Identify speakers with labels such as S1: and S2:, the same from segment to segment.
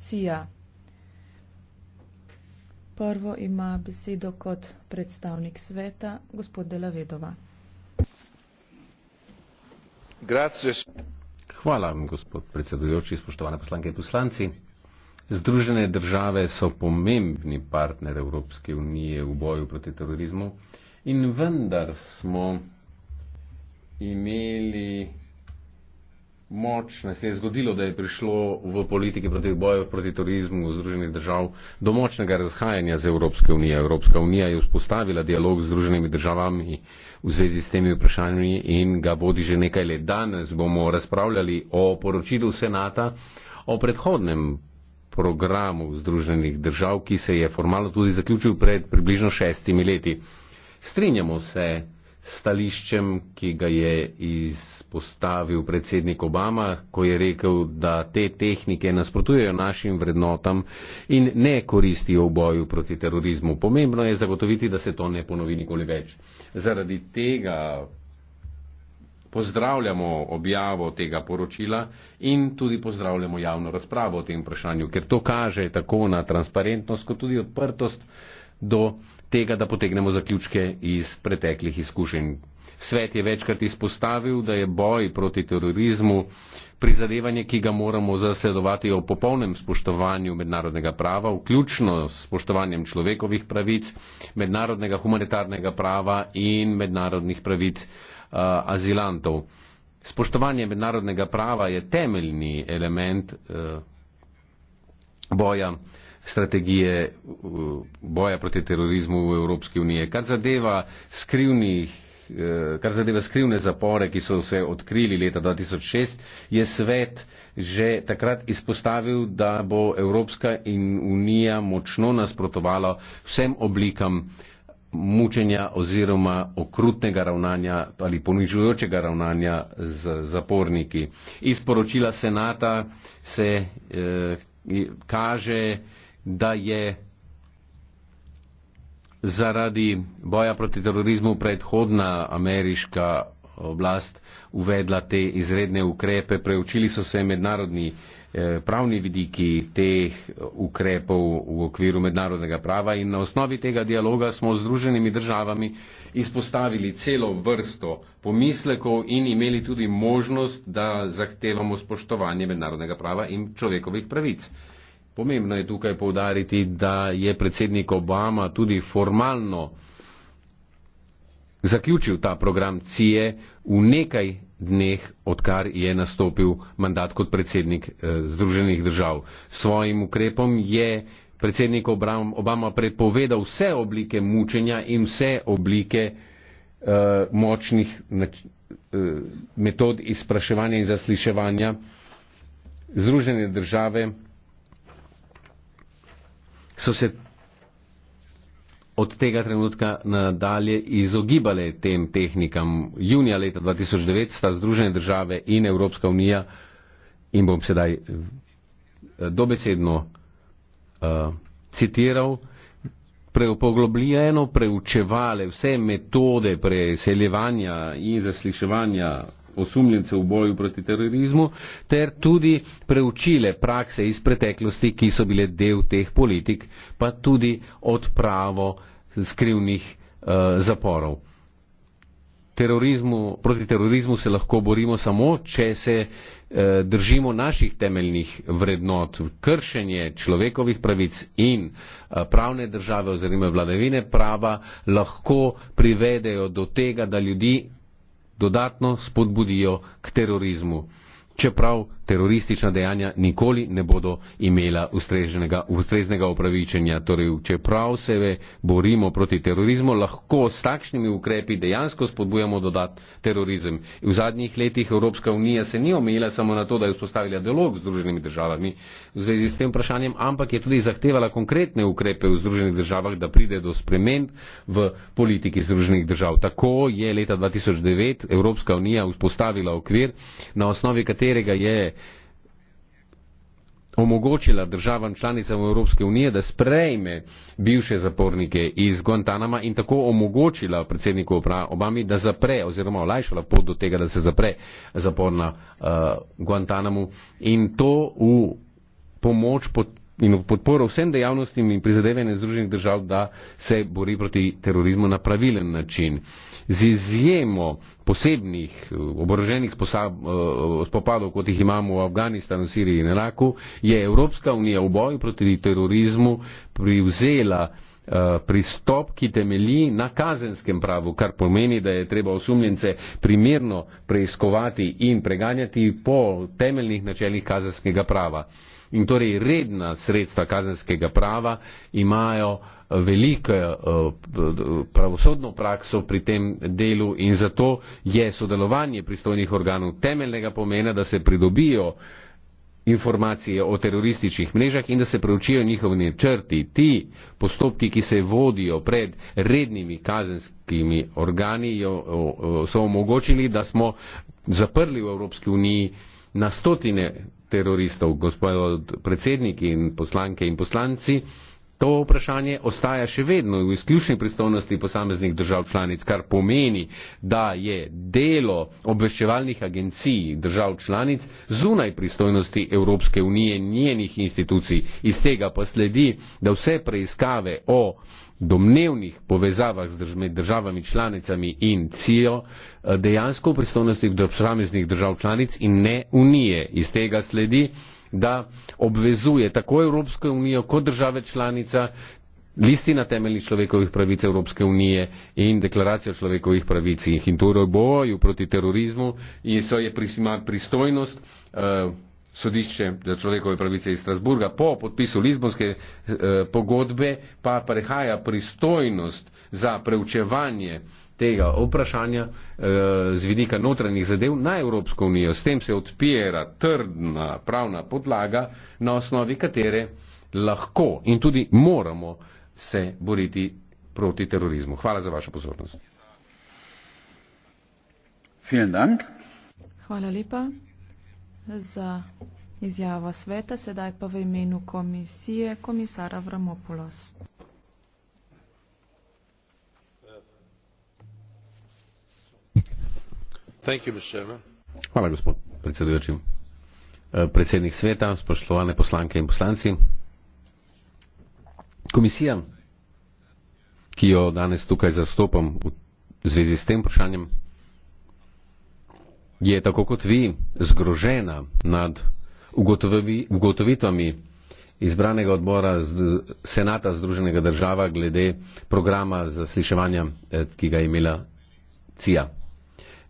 S1: Korupcija. Prvo ima besedo kot predstavnik sveta, gospod Delavedova.
S2: Hvala, gospod predsedujoči, spoštovane poslanke in poslanci. Združene države so pomembni partner Evropske unije v boju proti terorizmu in vendar smo imeli močne, se je zgodilo, da je prišlo v politiki proti boju proti turizmu v Združenih držav do močnega razhajanja z Evropske unije. Evropska unija je vzpostavila dialog z Združenimi državami v zvezi s temi vprašanji in ga vodi že nekaj let. Danes bomo razpravljali o poročilu Senata o predhodnem programu Združenih držav, ki se je formalno tudi zaključil pred približno šestimi leti. Strinjamo se, stališčem, ki ga je izpostavil predsednik Obama, ko je rekel, da te tehnike nasprotujejo našim vrednotam in ne koristijo v boju proti terorizmu. Pomembno je zagotoviti, da se to ne ponovi nikoli več. Zaradi tega pozdravljamo objavo tega poročila in tudi pozdravljamo javno razpravo o tem vprašanju, ker to kaže tako na transparentnost, kot tudi odprtost do tega, da potegnemo zaključke iz preteklih izkušenj. Svet je večkrat izpostavil, da je boj proti terorizmu prizadevanje, ki ga moramo zasledovati o popolnem spoštovanju mednarodnega prava, vključno s spoštovanjem človekovih pravic, mednarodnega humanitarnega prava in mednarodnih pravic uh, azilantov. Spoštovanje mednarodnega prava je temeljni element uh, boja strategije uh, boja proti terorizmu v Evropski uniji. Kar zadeva skrivnih eh, kar zadeva skrivne zapore, ki so se odkrili leta 2006, je svet že takrat izpostavil, da bo Evropska in Unija močno nasprotovala vsem oblikam mučenja oziroma okrutnega ravnanja ali ponižujočega ravnanja z zaporniki. Iz poročila Senata se eh, kaže, da je zaradi boja proti terorizmu predhodna ameriška oblast uvedla te izredne ukrepe. Preučili so se mednarodni eh, pravni vidiki teh ukrepov v okviru mednarodnega prava in na osnovi tega dialoga smo z Združenimi državami izpostavili celo vrsto pomislekov in imeli tudi možnost, da zahtevamo spoštovanje mednarodnega prava in človekovih pravic. Pomembno je tukaj povdariti, da je predsednik Obama tudi formalno zaključil ta program CIE v nekaj dneh, odkar je nastopil mandat kot predsednik eh, Združenih držav. Svojim ukrepom je predsednik Obama prepovedal vse oblike mučenja in vse oblike eh, močnih eh, metod izpraševanja in zasliševanja Združene države so se od tega trenutka nadalje izogibale tem tehnikam. Junija leta 2009 sta Združene države in Evropska unija in bom sedaj eh, dobesedno uh, citiral, preopoglobljeno preučevale vse metode preseljevanja in zasliševanja osumljence v boju proti terorizmu, ter tudi preučile prakse iz preteklosti, ki so bile del teh politik, pa tudi odpravo skrivnih uh, zaporov. Terorizmu, proti terorizmu se lahko borimo samo, če se uh, držimo naših temeljnih vrednot. Kršenje človekovih pravic in uh, pravne države oziroma vladavine prava lahko privedejo do tega, da ljudi dodatno spodbudijo k terorizmu, čeprav teroristična dejanja nikoli ne bodo imela ustreznega upravičenja. Torej, čeprav se borimo proti terorizmu, lahko s takšnimi ukrepi dejansko spodbujamo dodat terorizem. V zadnjih letih Evropska unija se ni omejila samo na to, da je vzpostavila dialog z druženimi državami v zvezi s tem vprašanjem, ampak je tudi zahtevala konkretne ukrepe v združenih državah, da pride do sprememb v politiki združenih držav. Tako je leta 2009 Evropska unija vzpostavila okvir, na osnovi katerega je omogočila državam članicam Evropske unije, da sprejme bivše zapornike iz Guantanama in tako omogočila predsedniku Obami, da zapre oziroma olajšala pot do tega, da se zapre zapor na uh, Guantanamu in to v pomoč pod, in v podporo vsem dejavnostim in prizadevanjem Združenih držav, da se bori proti terorizmu na pravilen način. Uh, z izjemo posebnih eh, oboroženih eh, spopadov, kot jih imamo v Afganistanu, Siriji in Iraku, je Evropska unija v boju proti terorizmu privzela eh, pristop, ki temelji na kazenskem pravu, kar pomeni, da je treba osumljence primerno preiskovati in preganjati po temeljnih načelih kazenskega prava. In torej redna sredstva kazenskega prava imajo veliko eh, pravosodno prakso pri tem delu in zato je sodelovanje pristojnih organov temeljnega pomena, da se pridobijo informacije o terorističnih mrežah in da se preučijo njihovi črti. Ti postopki, ki se vodijo pred rednimi kazenskimi organi, so omogočili, da smo zaprli v Evropski uniji na stotine teroristov, gospod predsednik in poslanke in poslanci, to vprašanje ostaja še vedno v izključni pristojnosti posameznih držav članic, kar pomeni, da je delo obveščevalnih agencij držav članic zunaj pristojnosti Evropske unije in njenih institucij. Iz tega pa sledi, da vse preiskave o domnevnih povezavah med državami članicami in CIO eh, dejansko v pristojnosti posameznih držav članic in ne unije. Iz tega sledi, da obvezuje tako Evropsko unijo kot države članica listina temeljnih človekovih pravic Evropske unije in deklaracija človekovih pravic in hinturo torej boju proti terorizmu in so je pristojnost uh, sodišče za človekove pravice iz Strasburga po podpisu Lizbonske e, pogodbe pa prehaja pristojnost za preučevanje tega vprašanja e, z vidika notranjih zadev na Evropsko unijo. S tem se odpira trdna pravna podlaga, na osnovi katere lahko in tudi moramo se boriti proti terorizmu. Hvala za vašo pozornost.
S1: Hvala lepa za izjavo sveta, sedaj pa v imenu komisije komisara Vramopolos.
S2: Hvala, gospod predsedujoči. Eh, predsednik sveta, spoštovane poslanke in poslanci. Komisija, ki jo danes tukaj zastopam v zvezi s tem vprašanjem, je tako kot vi zgrožena nad ugotovi, ugotovitvami izbranega odbora Senata Združenega država glede programa zasliševanja, eh, ki ga je imela CIA.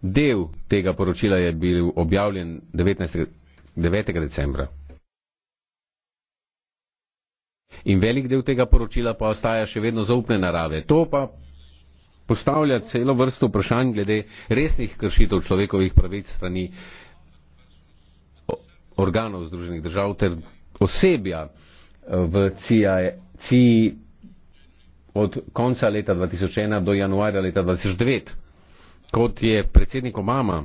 S2: Del tega poročila je bil objavljen 19. 9. decembra. In velik del tega poročila pa ostaja še vedno zaupne narave. To pa postavlja celo vrsto vprašanj glede resnih kršitev človekovih pravic strani organov Združenih držav ter osebja eh, v CIA, CIA od konca leta 2001 do januarja leta 2009. Kot je predsednik Obama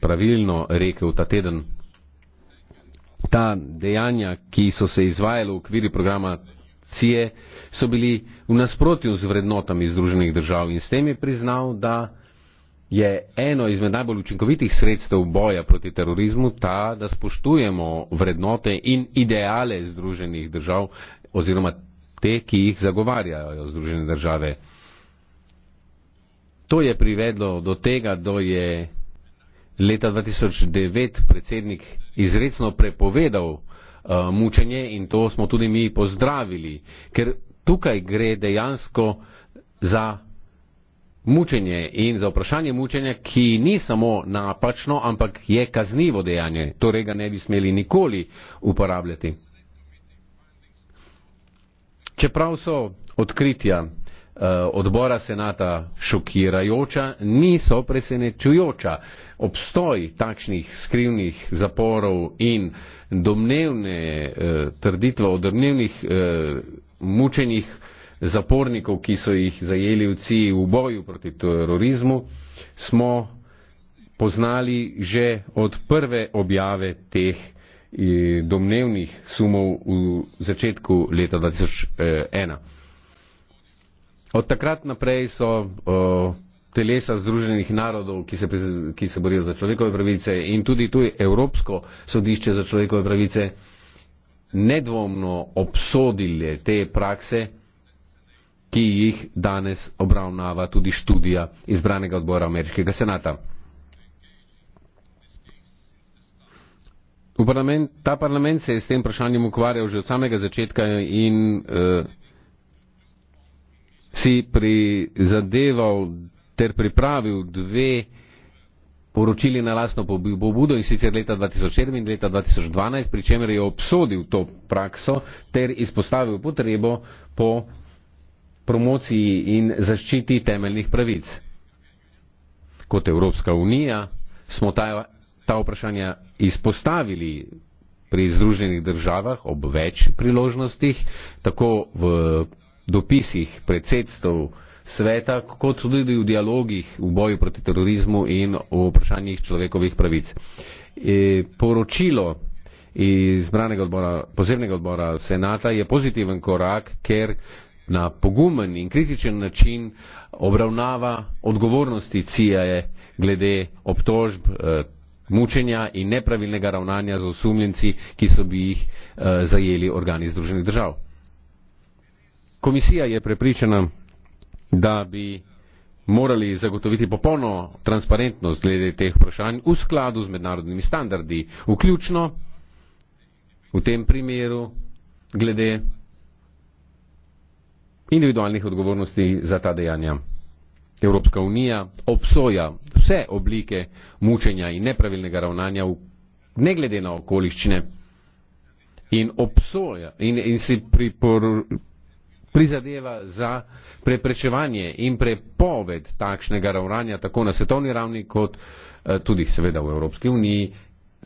S2: pravilno rekel ta teden, ta dejanja, ki so se izvajali v okviru programa sankcije so bili v nasprotju z vrednotami Združenih držav in s tem je priznal, da je eno izmed najbolj učinkovitih sredstev boja proti terorizmu ta, da spoštujemo vrednote in ideale Združenih držav oziroma te, ki jih zagovarjajo Združene države. To je privedlo do tega, da je leta 2009 predsednik izredno prepovedal uh, mučenje in to smo tudi mi pozdravili, ker tukaj gre dejansko za mučenje in za vprašanje mučenja, ki ni samo napačno, ampak je kaznivo dejanje. Torej ga ne bi smeli nikoli uporabljati. Čeprav so odkritja Eh, odbora senata šokirajoča, niso presenečujoča. Obstoj takšnih skrivnih zaporov in domnevne eh, trditve o domnevnih eh, mučenjih zapornikov, ki so jih zajeli v ciji v boju proti terorizmu, smo poznali že od prve objave teh eh, domnevnih sumov v začetku leta 2001. Od takrat naprej so uh, telesa Združenih narodov, ki se, ki se borijo za človekove pravice in tudi tu Evropsko sodišče za človekove pravice nedvomno obsodili te prakse, ki jih danes obravnava tudi študija izbranega odbora Ameriškega senata. Parlament, ta parlament se je s tem vprašanjem ukvarjal že od samega začetka in uh, si prizadeval ter pripravil dve poročili na lastno pobudo in sicer leta 2007 in leta 2012, pri čemer je obsodil to prakso ter izpostavil potrebo po promociji in zaščiti temeljnih pravic. Kot Evropska unija smo ta, ta vprašanja izpostavili pri Združenih državah ob več priložnostih, tako v dopisih predsedstv sveta, kot tudi v dialogih v boju proti terorizmu in v vprašanjih človekovih pravic. E, poročilo izbranega odbora, posebnega odbora senata je pozitiven korak, ker na pogumen in kritičen način obravnava odgovornosti CIA glede obtožb, e, mučenja in nepravilnega ravnanja z osumljenci, ki so bi jih e, zajeli organi Združenih držav komisija je prepričana da bi morali zagotoviti popolno transparentnost glede teh vprašanj v skladu z mednarodnimi standardi vključno v tem primeru glede individualnih odgovornosti za ta dejanja. Evropska unija obsoja vse oblike mučenja in nepravilnega ravnanja v, ne glede na okoliščine in, obsoja, in, in si priporo, prizadeva za preprečevanje in prepoved takšnega ravnanja tako na svetovni ravni kot eh, tudi seveda v Evropski uniji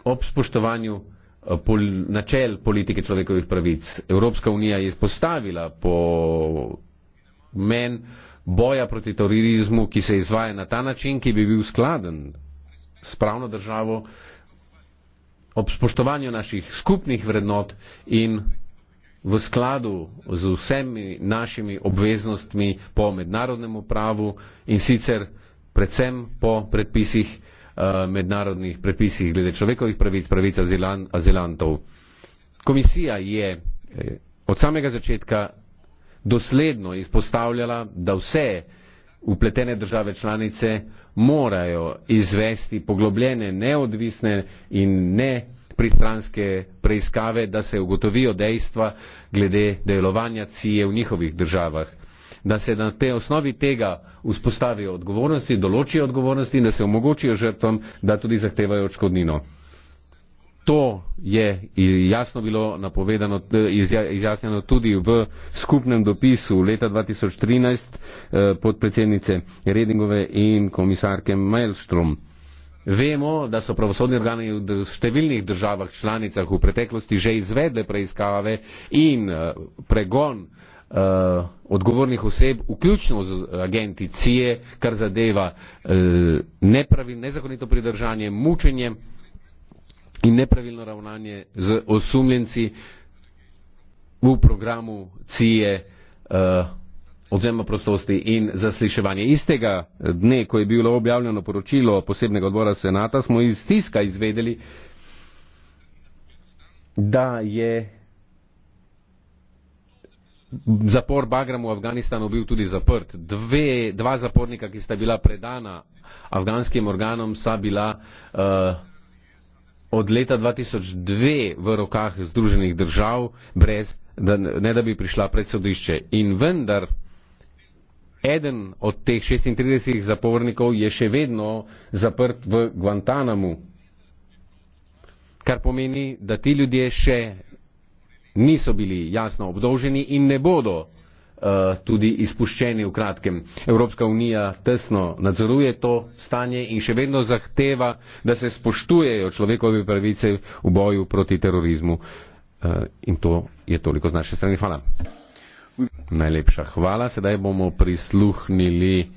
S2: ob spoštovanju eh, pol, načel politike človekovih pravic. Evropska unija je izpostavila po men boja proti terorizmu, ki se izvaja na ta način, ki bi bil skladen s pravno državo ob spoštovanju naših skupnih vrednot in v skladu z vsemi našimi obveznostmi po mednarodnem pravu in sicer predvsem po predpisih, eh, mednarodnih predpisih glede človekovih pravic, pravic azilantov. Komisija je eh, od samega začetka dosledno izpostavljala, da vse upletene države članice morajo izvesti poglobljene, neodvisne in ne pristranske preiskave, da se ugotovijo dejstva glede delovanja CIA e v njihovih državah, da se na te osnovi tega vzpostavijo odgovornosti, določijo odgovornosti in da se omogočijo žrtvam, da tudi zahtevajo odškodnino. To je jasno bilo napovedano, izjasnjeno tudi v skupnem dopisu leta 2013 eh, podpredsednice Redingove in komisarke Maelstrom. Vemo, da so pravosodni organi v številnih državah članicah v preteklosti že izvedle preiskave in eh, pregon eh, odgovornih oseb, vključno z agenti CIE, kar zadeva eh, nepravil, nezakonito pridržanje, mučenje in nepravilno ravnanje z osumljenci v programu CIE odvzema prostosti in zasliševanje. Istega dne, ko je bilo objavljeno poročilo posebnega odbora senata, smo iz tiska izvedeli, da je zapor Bagram v Afganistanu bil tudi zaprt. Dve, dva zapornika, ki sta bila predana afganskim organom, sta bila uh, od leta 2002 v rokah Združenih držav, brez, da, ne da bi prišla pred sodišče. In vendar, eden od teh 36 zapornikov je še vedno zaprt v Guantanamu, kar pomeni, da ti ljudje še niso bili jasno obdolženi in ne bodo eh, tudi izpuščeni v kratkem. Evropska unija tesno nadzoruje to stanje in še vedno zahteva, da se spoštujejo človekove pravice v boju proti terorizmu. Eh, in to je toliko z naše strani. Hvala. Najlepša hvala. Sedaj bomo prisluhnili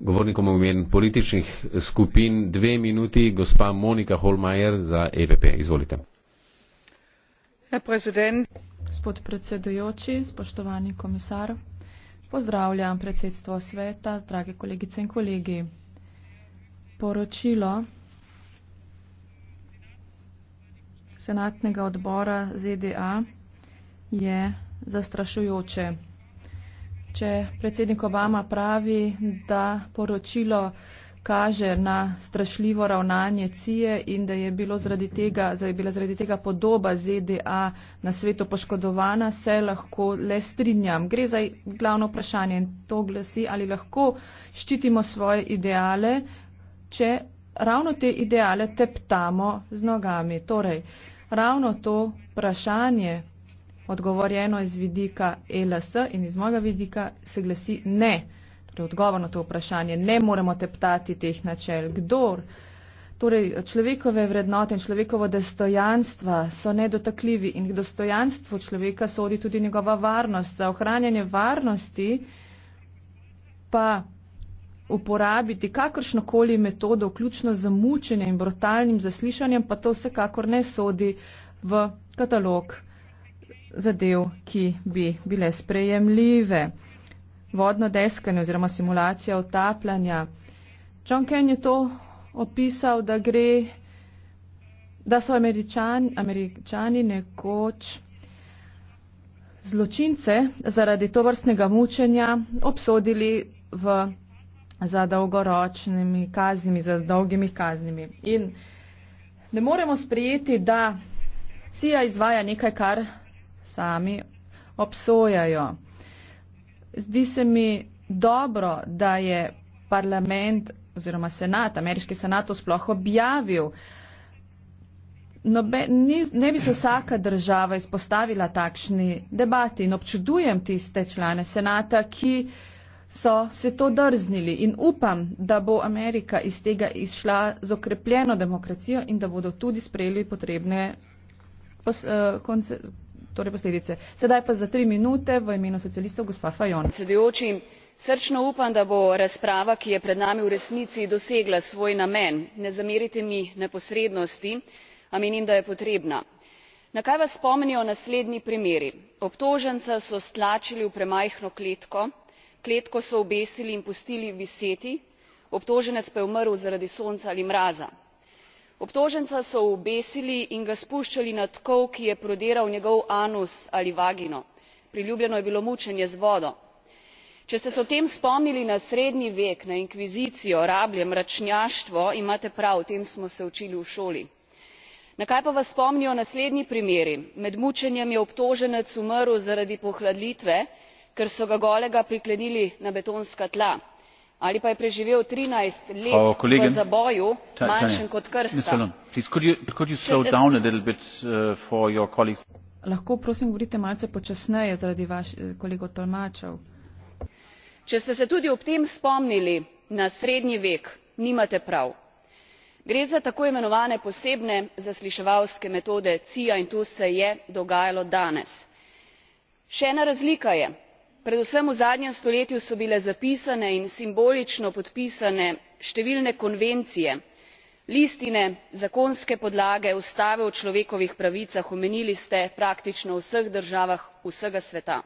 S2: govornikom omen političnih skupin. Dve minuti, gospa Monika Holmajer za EPP. Izvolite.
S1: Gospod predsedujoči, spoštovani komisar, pozdravljam predsedstvo sveta, drage kolegice in kolegi. Poročilo senatnega odbora ZDA je zastrašujoče. Če predsednik Obama pravi, da poročilo kaže na strašljivo ravnanje CIE in da je, bilo zaradi tega, da je bila zaradi tega podoba ZDA na svetu poškodovana, se lahko le strinjam. Gre za glavno vprašanje in to glasi, ali lahko ščitimo svoje ideale, če ravno te ideale teptamo z nogami. Torej, ravno to vprašanje odgovorjeno iz vidika e LS in iz mojega vidika se glasi ne. Torej, odgovor na to vprašanje, ne moremo teptati teh načel. Kdor? Torej, človekove vrednote in človekovo dostojanstva so nedotakljivi in k dostojanstvu človeka sodi tudi njegova varnost. Za ohranjanje varnosti pa uporabiti kakršnokoli metodo, vključno z mučenjem in brutalnim zaslišanjem, pa to vsekakor ne sodi v katalog zadev, ki bi bile sprejemljive. Vodno deskanje oziroma simulacija otapljanja. John Ken je to opisal, da, gre, da so američani, američani nekoč zločince zaradi to vrstnega mučenja obsodili v, za dolgoročnimi kaznimi, za dolgimi kaznimi. In ne moremo sprijeti, da CIA izvaja nekaj, kar sami obsojajo. Zdi se mi dobro, da je parlament oziroma senat, ameriški senat, sploh objavil. Nobe, ni, ne bi se vsaka država izpostavila takšni debati in občudujem tiste člane senata, ki so se to drznili in upam, da bo Amerika iz tega izšla z okrepljeno demokracijo in da bodo tudi sprejeli potrebne pos, uh, konce, torej posledice. sedaj pa za tri minute v imenu socialistov gospa fajon.
S3: srčno upam da bo razprava ki je pred nami v resnici dosegla svoj namen ne zamerite mi neposrednosti a menim da je potrebna. na kaj vas spomnijo naslednji primeri obtoženca so stlačili v premajhno kletko kletko so obesili in pustili viseti obtoženec pa je umrl zaradi sonca ali mraza obtoženca so obesili in ga spuščali na tkov ki je prodiral njegov anus ali vagino priljubljeno je bilo mučenje z vodo. če ste se o tem spomnili na srednji vek na inkvizicijo rablje mračnjaštvo imate prav o tem smo se učili v šoli. na kaj pa vas spomnijo naslednji primeri med mučenjem je obtoženec umrl zaradi pohladitve ker so ga golega priklenili na betonska tla ali pa je preživel trinajst let v zaboju manjšem kot krsta.
S2: Uh,
S3: lahko prosim govorite
S1: malce počasneje zaradi vaših eh, kolegov tolmačev.
S3: če ste se tudi ob tem spomnili na srednji vek nimate prav. gre za tako imenovane posebne zasliševalske metode cia in to se je dogajalo danes. še ena razlika je predvsem v zadnjem stoletju so bile zapisane in simbolično podpisane številne konvencije listine zakonske podlage ustave o človekovih pravicah omenili ste praktično v vseh državah vsega sveta.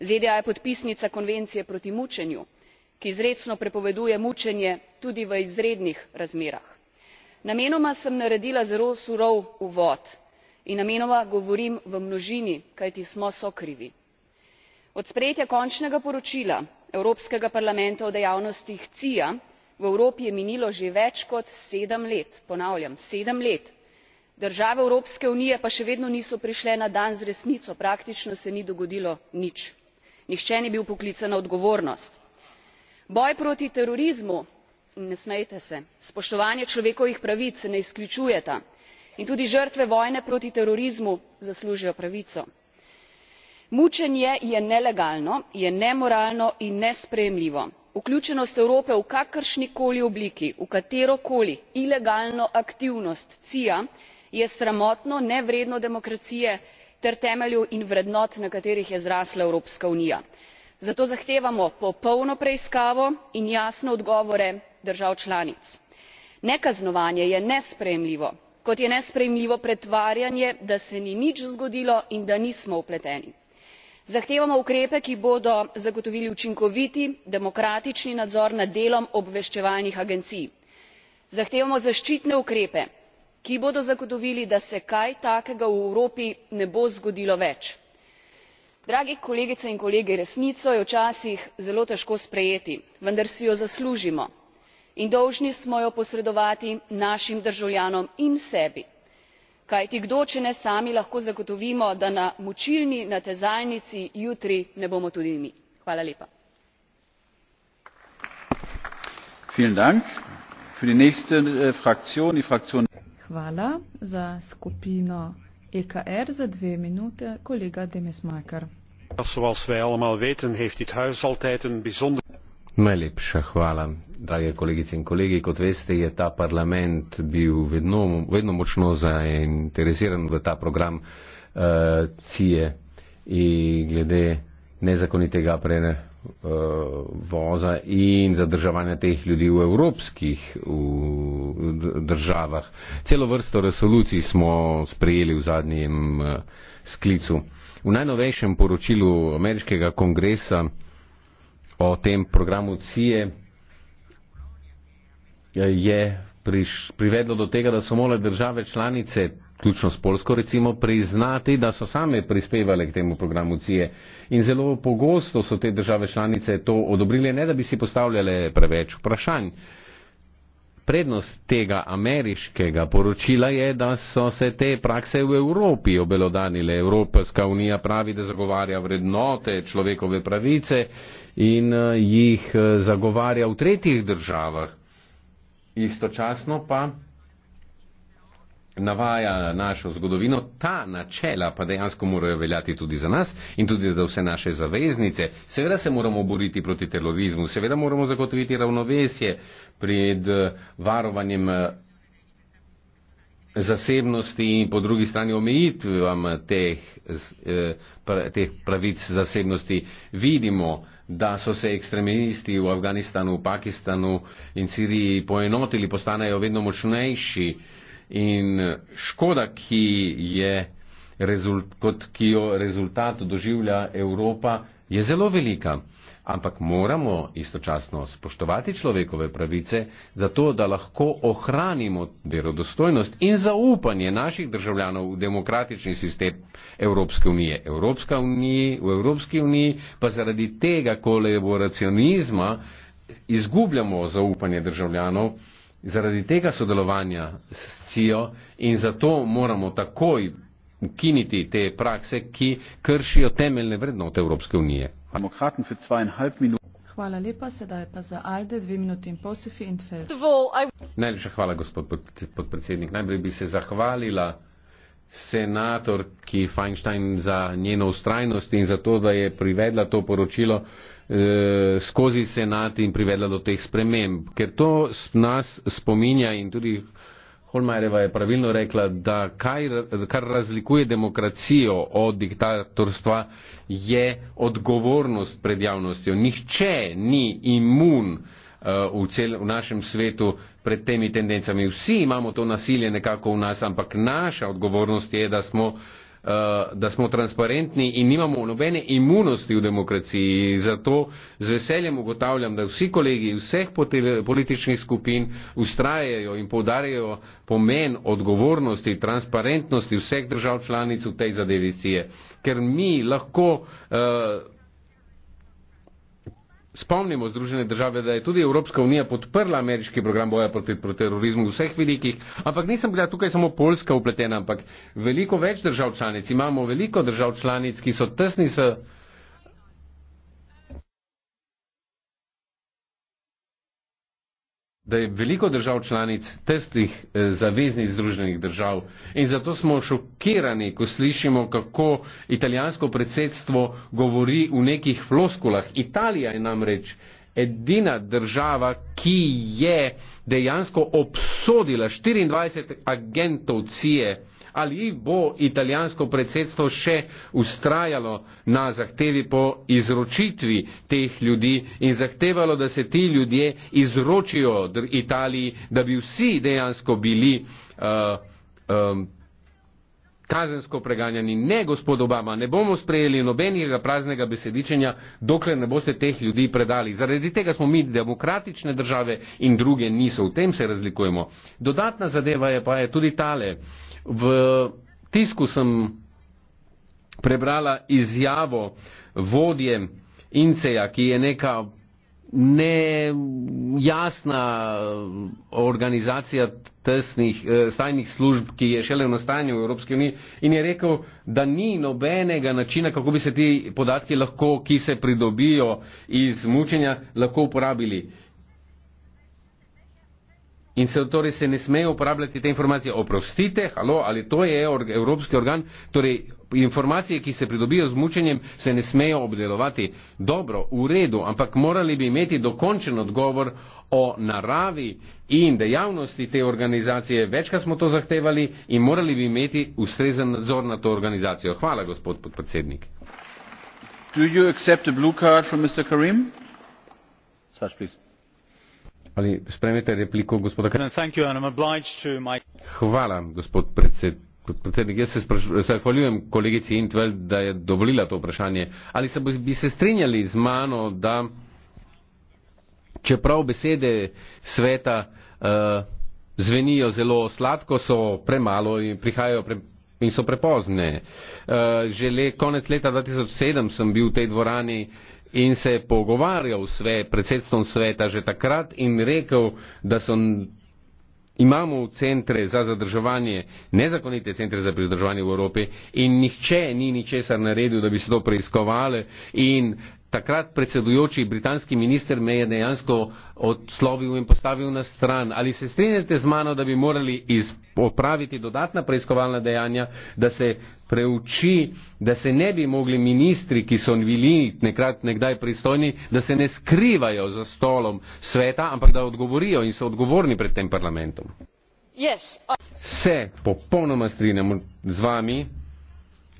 S3: zda je podpisnica konvencije proti mučenju ki izrecno prepoveduje mučenje tudi v izrednih razmerah. namenoma sem naredila zelo surov uvod in namenoma govorim v množini kajti smo sokrivi od sprejetja končnega poročila evropskega parlamenta o dejavnostih cia v evropi je minilo že več kot sedem let ponavljam sedem let države evropske unije pa še vedno niso prišle na dan z resnico praktično se ni dogodilo nič nihče ni bil poklican na odgovornost. boj proti terorizmu in ne smejte se spoštovanje človekovih pravic se ne izključujeta in tudi žrtve vojne proti terorizmu zaslužijo pravico mučenje je nelegalno je nemoralno in nesprejemljivo. vključenost evrope v kakršnikoli obliki v katerokoli ilegalno aktivnost cia je sramotno nevredno demokracije ter temeljev in vrednot na katerih je zrasla evropska unija. zato zahtevamo popolno preiskavo in jasne odgovore držav članic. nekaznovanje je nesprejemljivo kot je nesprejemljivo pretvarjanje da se ni nič zgodilo in da nismo vpleteni zahtevamo ukrepe ki bodo zagotovili učinkovit demokratični nadzor nad delom obveščevalnih agencij zahtevamo zaščitne ukrepe ki bodo zagotovili da se kaj takega v evropi ne bo zgodilo več. drage kolegice in kolegi resnico je včasih zelo težko sprejeti vendar si jo zaslužimo in dolžni smo jo posredovati našim državljanom in sebi kajti kdo če ne sami lahko zagotovimo da na mučilni natezalnici jutri ne bomo tudi mi. Äh,
S4: e zoals wij allemaal weten heeft dit huis altijd een bijzonder.
S2: Najlepša hvala, drage kolegice in kolegi. Kot veste, je ta parlament bil vedno, vedno močno zainteresiran v ta program uh, eh, CIE in glede nezakonitega prevoza uh, in zadrževanja teh ljudi v evropskih v državah. Celo vrsto resolucij smo sprejeli v zadnjem uh, sklicu. V najnovejšem poročilu ameriškega kongresa o tem programu CIE eh, je priš, privedlo do tega, da so mole države članice, ključno s Polsko recimo, priznati, da so same prispevale k temu programu CIE. In zelo pogosto so te države članice to odobrile, ne da bi si postavljale preveč vprašanj. Prednost tega ameriškega poročila je, da so se te prakse v Evropi obelodanile. Evropska unija pravi, da zagovarja vrednote človekove pravice in eh, jih eh, zagovarja v tretjih državah. Istočasno pa navaja našo zgodovino, ta načela pa dejansko morajo veljati tudi za nas in tudi za vse naše zaveznice. Seveda se moramo boriti proti terorizmu, seveda moramo zagotoviti ravnovesje pred eh, varovanjem zasebnosti in po drugi strani omejitvam teh, teh pravic zasebnosti. Vidimo, da so se ekstremisti v Afganistanu, Pakistanu in Siriji poenotili, postanejo vedno močnejši in eh, škoda, ki, je, rezult, kot, ki jo rezultat doživlja Evropa, je zelo velika ampak moramo istočasno spoštovati človekove pravice, zato da lahko ohranimo verodostojnost in zaupanje naših državljanov v demokratični sistem Evropske unije. Evropska unija v Evropski uniji pa zaradi tega kolaboracionizma izgubljamo zaupanje državljanov zaradi tega sodelovanja s CIO in zato moramo takoj ukiniti te prakse, ki kršijo temeljne vrednote Evropske unije demokraten für zweieinhalb Minuten.
S1: Hvala lepa, sedaj pa za Alde, dve minuti in pol se fin fel.
S2: Najlepša hvala, gospod podpredsednik. Najprej bi se zahvalila senatorki Feinstein za njeno ustrajnost in za to, da je privedla to poročilo eh, skozi senat in privedla do teh sprememb. Ker to nas spominja in tudi Holmajreva je pravilno rekla, da kaj, kar razlikuje demokracijo od diktatorstva je odgovornost pred javnostjo. Nihče ni imun uh, v, cel, v našem svetu pred temi tendencami. Vsi imamo to nasilje nekako v nas, ampak naša odgovornost je, da smo uh, Eh, da smo transparentni in nimamo nobene imunosti v demokraciji. Zato z veseljem ugotavljam, da vsi kolegi vseh političnih skupin ustrajajo in povdarjajo pomen odgovornosti, transparentnosti vseh držav članic v tej zadevici. Ker mi lahko uh, Spomnimo Združene države, da je tudi Evropska unija podprla ameriški program boja proti, proti terorizmu vseh velikih, ampak nisem bila tukaj samo Poljska upletena, ampak veliko več držav članic. Imamo veliko držav članic, ki so tesni s da je veliko držav članic testih eh, zaveznih združenih držav. In zato smo šokirani, ko slišimo, kako italijansko predsedstvo govori v nekih floskulah. Italija je namreč edina država, ki je dejansko obsodila 24 agentov CIE ali bo italijansko predsedstvo še ustrajalo na zahtevi po izročitvi teh ljudi in zahtevalo, da se ti ljudje izročijo Italiji, da bi vsi dejansko bili uh, um, kazensko preganjani. Ne, gospod Obama, ne bomo sprejeli nobenega praznega besedičenja, dokler ne boste teh ljudi predali. Zaradi tega smo mi demokratične države in druge niso. V tem se razlikujemo. Dodatna zadeva je pa je tudi tale. Uh, V tisku sem prebrala izjavo vodje Inceja, ki je neka nejasna eh, organizacija tesnih, eh, stajnih služb, ki je šele v nastajanju v Evropski uniji in je rekel, da ni nobenega načina, kako bi se ti podatki lahko, ki se pridobijo iz mučenja, lahko uporabili in se torej se ne smejo uporabljati te informacije. Oprostite, halo, ali to je or, evropski organ, torej informacije, ki se pridobijo z mučenjem, se ne smejo obdelovati dobro, v redu, ampak morali bi imeti dokončen odgovor o naravi in dejavnosti te organizacije, večkrat smo to zahtevali in morali bi imeti ustrezen nadzor na to organizacijo. Hvala, gospod podpredsednik. Do you accept a blue card from Mr. Karim? Such, please. Ali spremete repliko gospoda Kranjca? Hvala, gospod predsednik. Jaz se zahvaljujem kolegici Intveld, da je dovolila to vprašanje. Ali se bi se strinjali z mano, da čeprav besede sveta uh, zvenijo zelo sladko, so premalo in prihajajo pre, in so prepozne. Uh, že le konec leta 2007 sem bil v tej dvorani uh, in se je pogovarjal s predsedstvom sveta že takrat in rekel, da so, imamo centre za zadrževanje, nezakonite centre za pridrževanje v Evropi in nihče ni ničesar naredil, da bi se to preiskovali in takrat predsedujoči britanski minister me je dejansko odslovil in postavil na stran. Ali se strinjate z mano, da bi morali opraviti dodatna preiskovalna dejanja, da se preuči, da se ne bi mogli ministri, ki so bili nekrat nekdaj pristojni, da se ne skrivajo za stolom sveta, ampak da odgovorijo in so odgovorni pred tem parlamentom? Yes, se popolnoma strinjam z vami.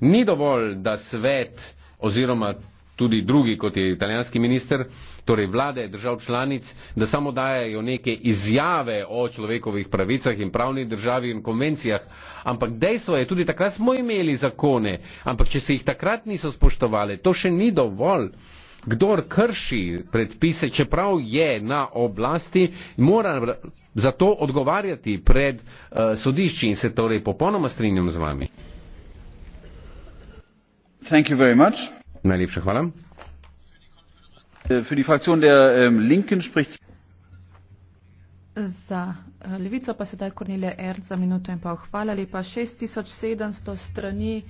S2: Ni dovolj, da svet oziroma tudi drugi, kot je italijanski minister, torej vlade držav članic, da samo dajajo neke izjave o človekovih pravicah in pravni državi in konvencijah. Ampak dejstvo je, tudi takrat smo imeli zakone, ampak če se jih takrat niso spoštovali, to še ni dovolj. Kdor krši predpise, čeprav je na oblasti, mora zato odgovarjati pred uh, sodišči in se torej popolnoma strinjam z vami. Hvala. Najlepša hvala. Ähm,
S1: za äh, levico pa sedaj Kornelija Erd za minuto in pol. Hvala lepa. 6700 strani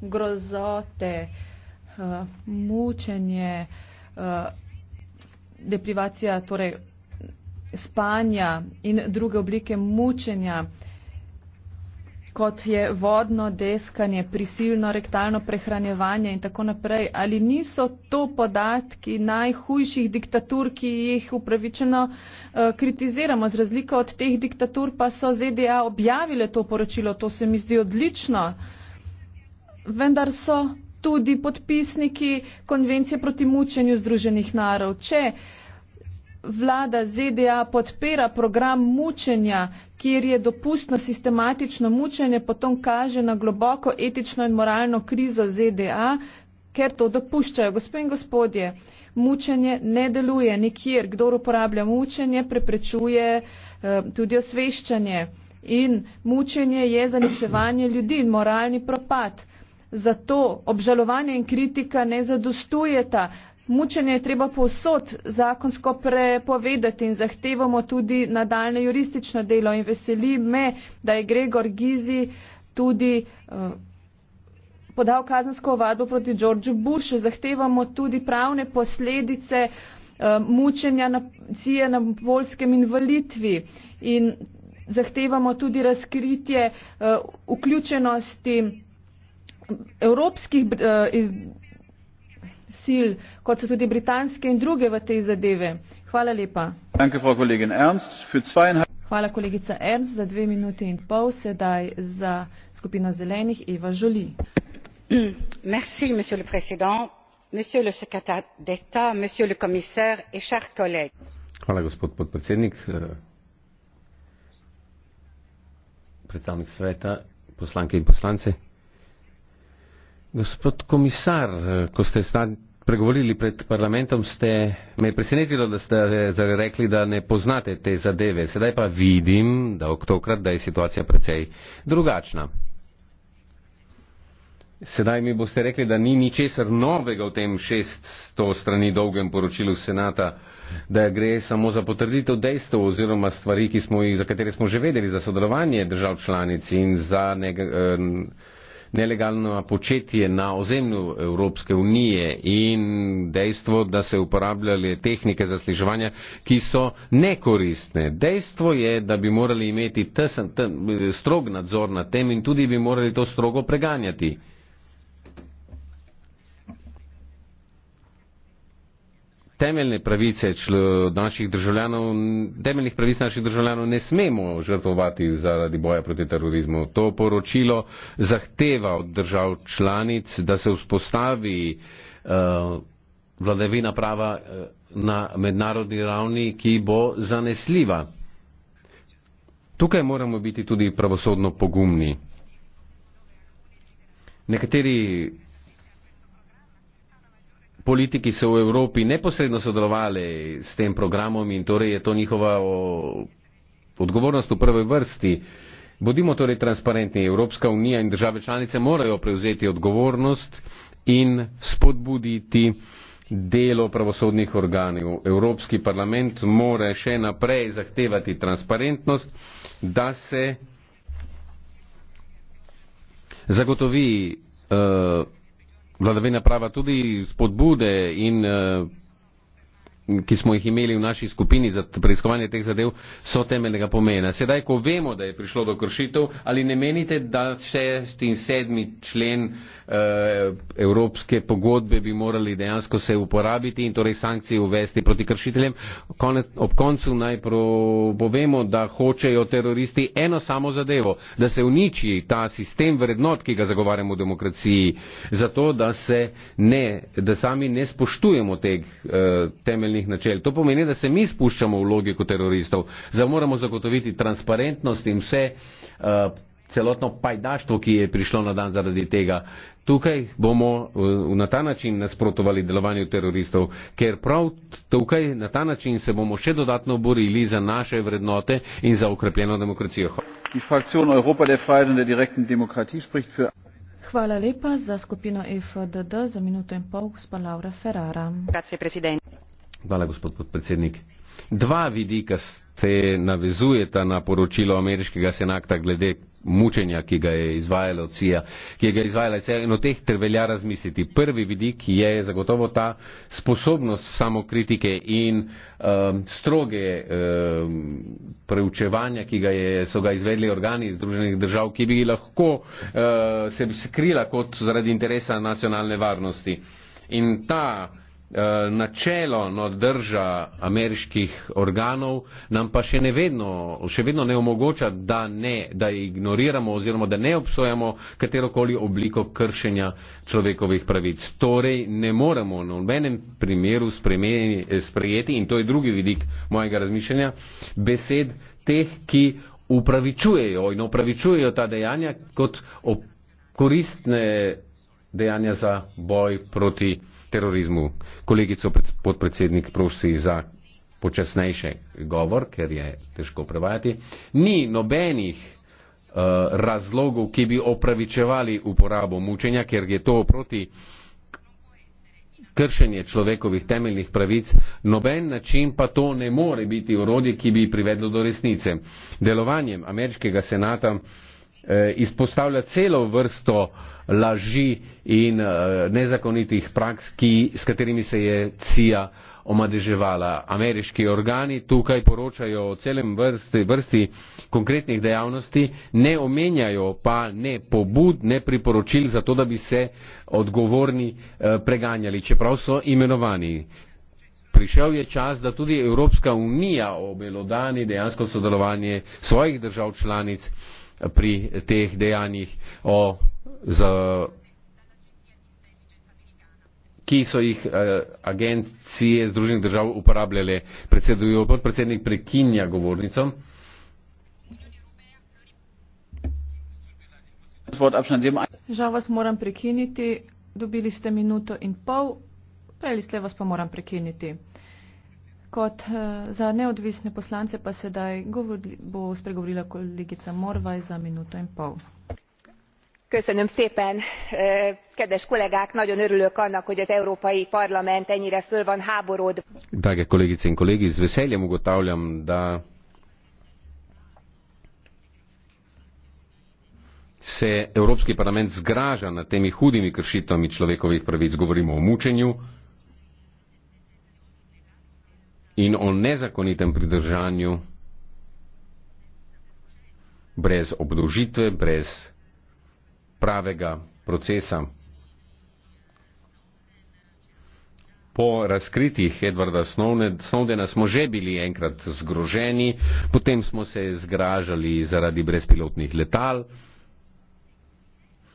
S1: grozote, äh, mučenje, äh, deprivacija, torej spanja in druge oblike mučenja kot je vodno deskanje, prisilno rektalno prehranjevanje in tako naprej. Ali niso to podatki najhujših diktatur, ki jih upravičeno uh, kritiziramo? Z razliko od teh diktatur pa so ZDA objavile to poročilo, to se mi zdi odlično. Vendar so tudi podpisniki konvencije proti mučenju Združenih narodov. Vlada ZDA podpira program mučenja, kjer je dopustno sistematično mučenje, potem kaže na globoko etično in moralno krizo ZDA, ker to dopuščajo. Gospe in gospodje, mučenje ne deluje nikjer. Kdor uporablja mučenje, preprečuje eh, tudi osveščanje. In mučenje je zaničevanje ljudi in moralni propad. Zato obžalovanje in kritika ne zadostujeta. Mučenje je treba povsod zakonsko prepovedati in zahtevamo tudi nadaljne juristično delo in veseli me, da je Gregor Gizi tudi eh, podal kazensko vadbo proti Georgeu Bushu. Zahtevamo tudi pravne posledice eh, mučenja nacije na Polskem in v Litvi in zahtevamo tudi razkritje eh, vključenosti evropskih sil, kot so tudi britanske in druge v tej zadeve. Hvala lepa. Hvala kolegica Ernst za dve minuti in pol sedaj za skupino zelenih Eva Žoli. Merci, monsieur le président, monsieur le secrétaire d'État, monsieur le commissaire et chers collègues.
S2: Hvala, gospod podpredsednik, predstavnik sveta, poslanke in poslanci. Gospod komisar, ko ste pregovorili pred parlamentom, ste me presenetili, da ste rekli, da ne poznate te zadeve. Sedaj pa vidim, da oktokrat, da je situacija precej drugačna. Sedaj mi boste rekli, da ni ničesar novega v tem 600 strani dolgem poročilu Senata, da gre samo za potrditev dejstev oziroma stvari, jih, za katere smo že vedeli, za sodelovanje držav članic in za nekaj. Eh, nelegalno početje na ozemlju Evropske unije in dejstvo, da se uporabljali tehnike zasliževanja, ki so nekoristne. Dejstvo je, da bi morali imeti tesen, strog nadzor nad tem in tudi bi morali to strogo preganjati. temeljne pravice naših državljanov, temeljnih pravic naših državljanov ne smemo žrtvovati zaradi boja proti terorizmu. To poročilo zahteva od držav članic, da se vzpostavi uh, vladavina prava eh, na mednarodni ravni, ki bo zanesljiva. Tukaj moramo biti tudi pravosodno pogumni. Nekateri politiki so v Evropi neposredno sodelovali s tem programom in torej je to njihova odgovornost v prvi vrsti. Bodimo torej transparentni, Evropska unija in države članice morajo prevzeti odgovornost in spodbuditi delo pravosodnih organov. Evropski parlament mora še naprej zahtevati transparentnost, da se zagotovi uh, vladavina prava tudi spodbude in uh, ki smo jih imeli v naši skupini za preiskovanje teh zadev, so temeljnega pomena. Sedaj, ko vemo, da je prišlo do kršitev, ali ne menite, da šest in sedmi člen eh, Evropske pogodbe bi morali dejansko se uporabiti in torej sankcije uvesti proti kršiteljem? Konec, ob koncu naj povemo, da hočejo teroristi eno samo zadevo, da se uniči ta sistem vrednot, ki ga zagovarjamo v demokraciji, zato da, ne, da sami ne spoštujemo teh eh, temeljnih temeljnih načel. To pomeni, da se mi spuščamo v logiko teroristov, da moramo zagotoviti transparentnost in vse uh, celotno pajdaštvo, ki je prišlo na dan zaradi tega. Tukaj bomo uh, na ta način nasprotovali delovanju teroristov, ker prav tukaj na ta način se bomo še dodatno borili za naše vrednote in za ukrepljeno demokracijo.
S1: Hvala lepa za skupino FDD za minuto in pol, gospod Laura Ferrara. Grazie,
S2: Hvala, gospod podpredsednik. Dva vidika ste navezujeta na poročilo ameriškega senata glede mučenja, ki ga je izvajala CIA, ki ga je izvajala CIA in o teh ter velja razmisliti. Prvi vidik je zagotovo ta sposobnost samokritike in um, stroge um, preučevanja, ki ga je, so ga izvedli organi Združenih držav, ki bi lahko uh, se skrila kot zaradi interesa nacionalne varnosti. In ta Eh, načelo no, drža ameriških organov nam pa še, nevedno, še vedno ne omogoča, da, ne, da ignoriramo oziroma da ne obsojamo katerokoli obliko kršenja človekovih pravic. Torej ne moremo na nobenem primeru sprejeti in to je drugi vidik mojega razmišljanja besed teh, ki upravičujejo in upravičujejo ta dejanja kot koristne dejanja za boj proti terorizmu. Kolegico podpredsednik prosi za počasnejše govor, ker je težko prevajati. Ni nobenih eh, razlogov, ki bi opravičevali uporabo mučenja, ker je to proti kršenje človekovih temeljnih pravic, noben način pa to ne more biti urodje, ki bi privedlo do resnice. Delovanjem ameriškega senata Eh, izpostavlja celo vrsto laži in eh, nezakonitih praks, ki, s katerimi se je CIA omadeževala. Ameriški organi tukaj poročajo o celem vrsti, vrsti konkretnih dejavnosti, ne omenjajo pa ne pobud, ne priporočil za to, da bi se odgovorni eh, preganjali, čeprav so imenovani. Prišel je čas, da tudi Evropska unija obelodani dejansko sodelovanje svojih držav članic pri teh dejanjih, o, z, ki so jih eh, agencije Združenih držav uporabljale. Predsedujo, podpredsednik prekinja govornico.
S1: Žal vas moram prekiniti. Dobili ste minuto in pol, prej ali slej vas pa moram prekiniti. Kot eh, za neodvisne poslance pa sedaj govori, bo spregovorila kolegica Morvaj za minuto in pol.
S5: Köszönöm szépen, eh, kedves kollégák, nagyon örülök annak, hogy az Európai Parlament ennyire föl van háborodva.
S2: Drage kolegice in kolegi, z veseljem ugotavljam, da se Evropski parlament zgraža nad temi hudimi kršitvami človekovih pravic. Govorimo o mučenju, in o nezakonitem pridržanju brez obdožitve, brez pravega procesa. Po razkritjih Edvarda Snowdena smo že bili enkrat zgroženi, potem smo se zgražali zaradi brezpilotnih letal.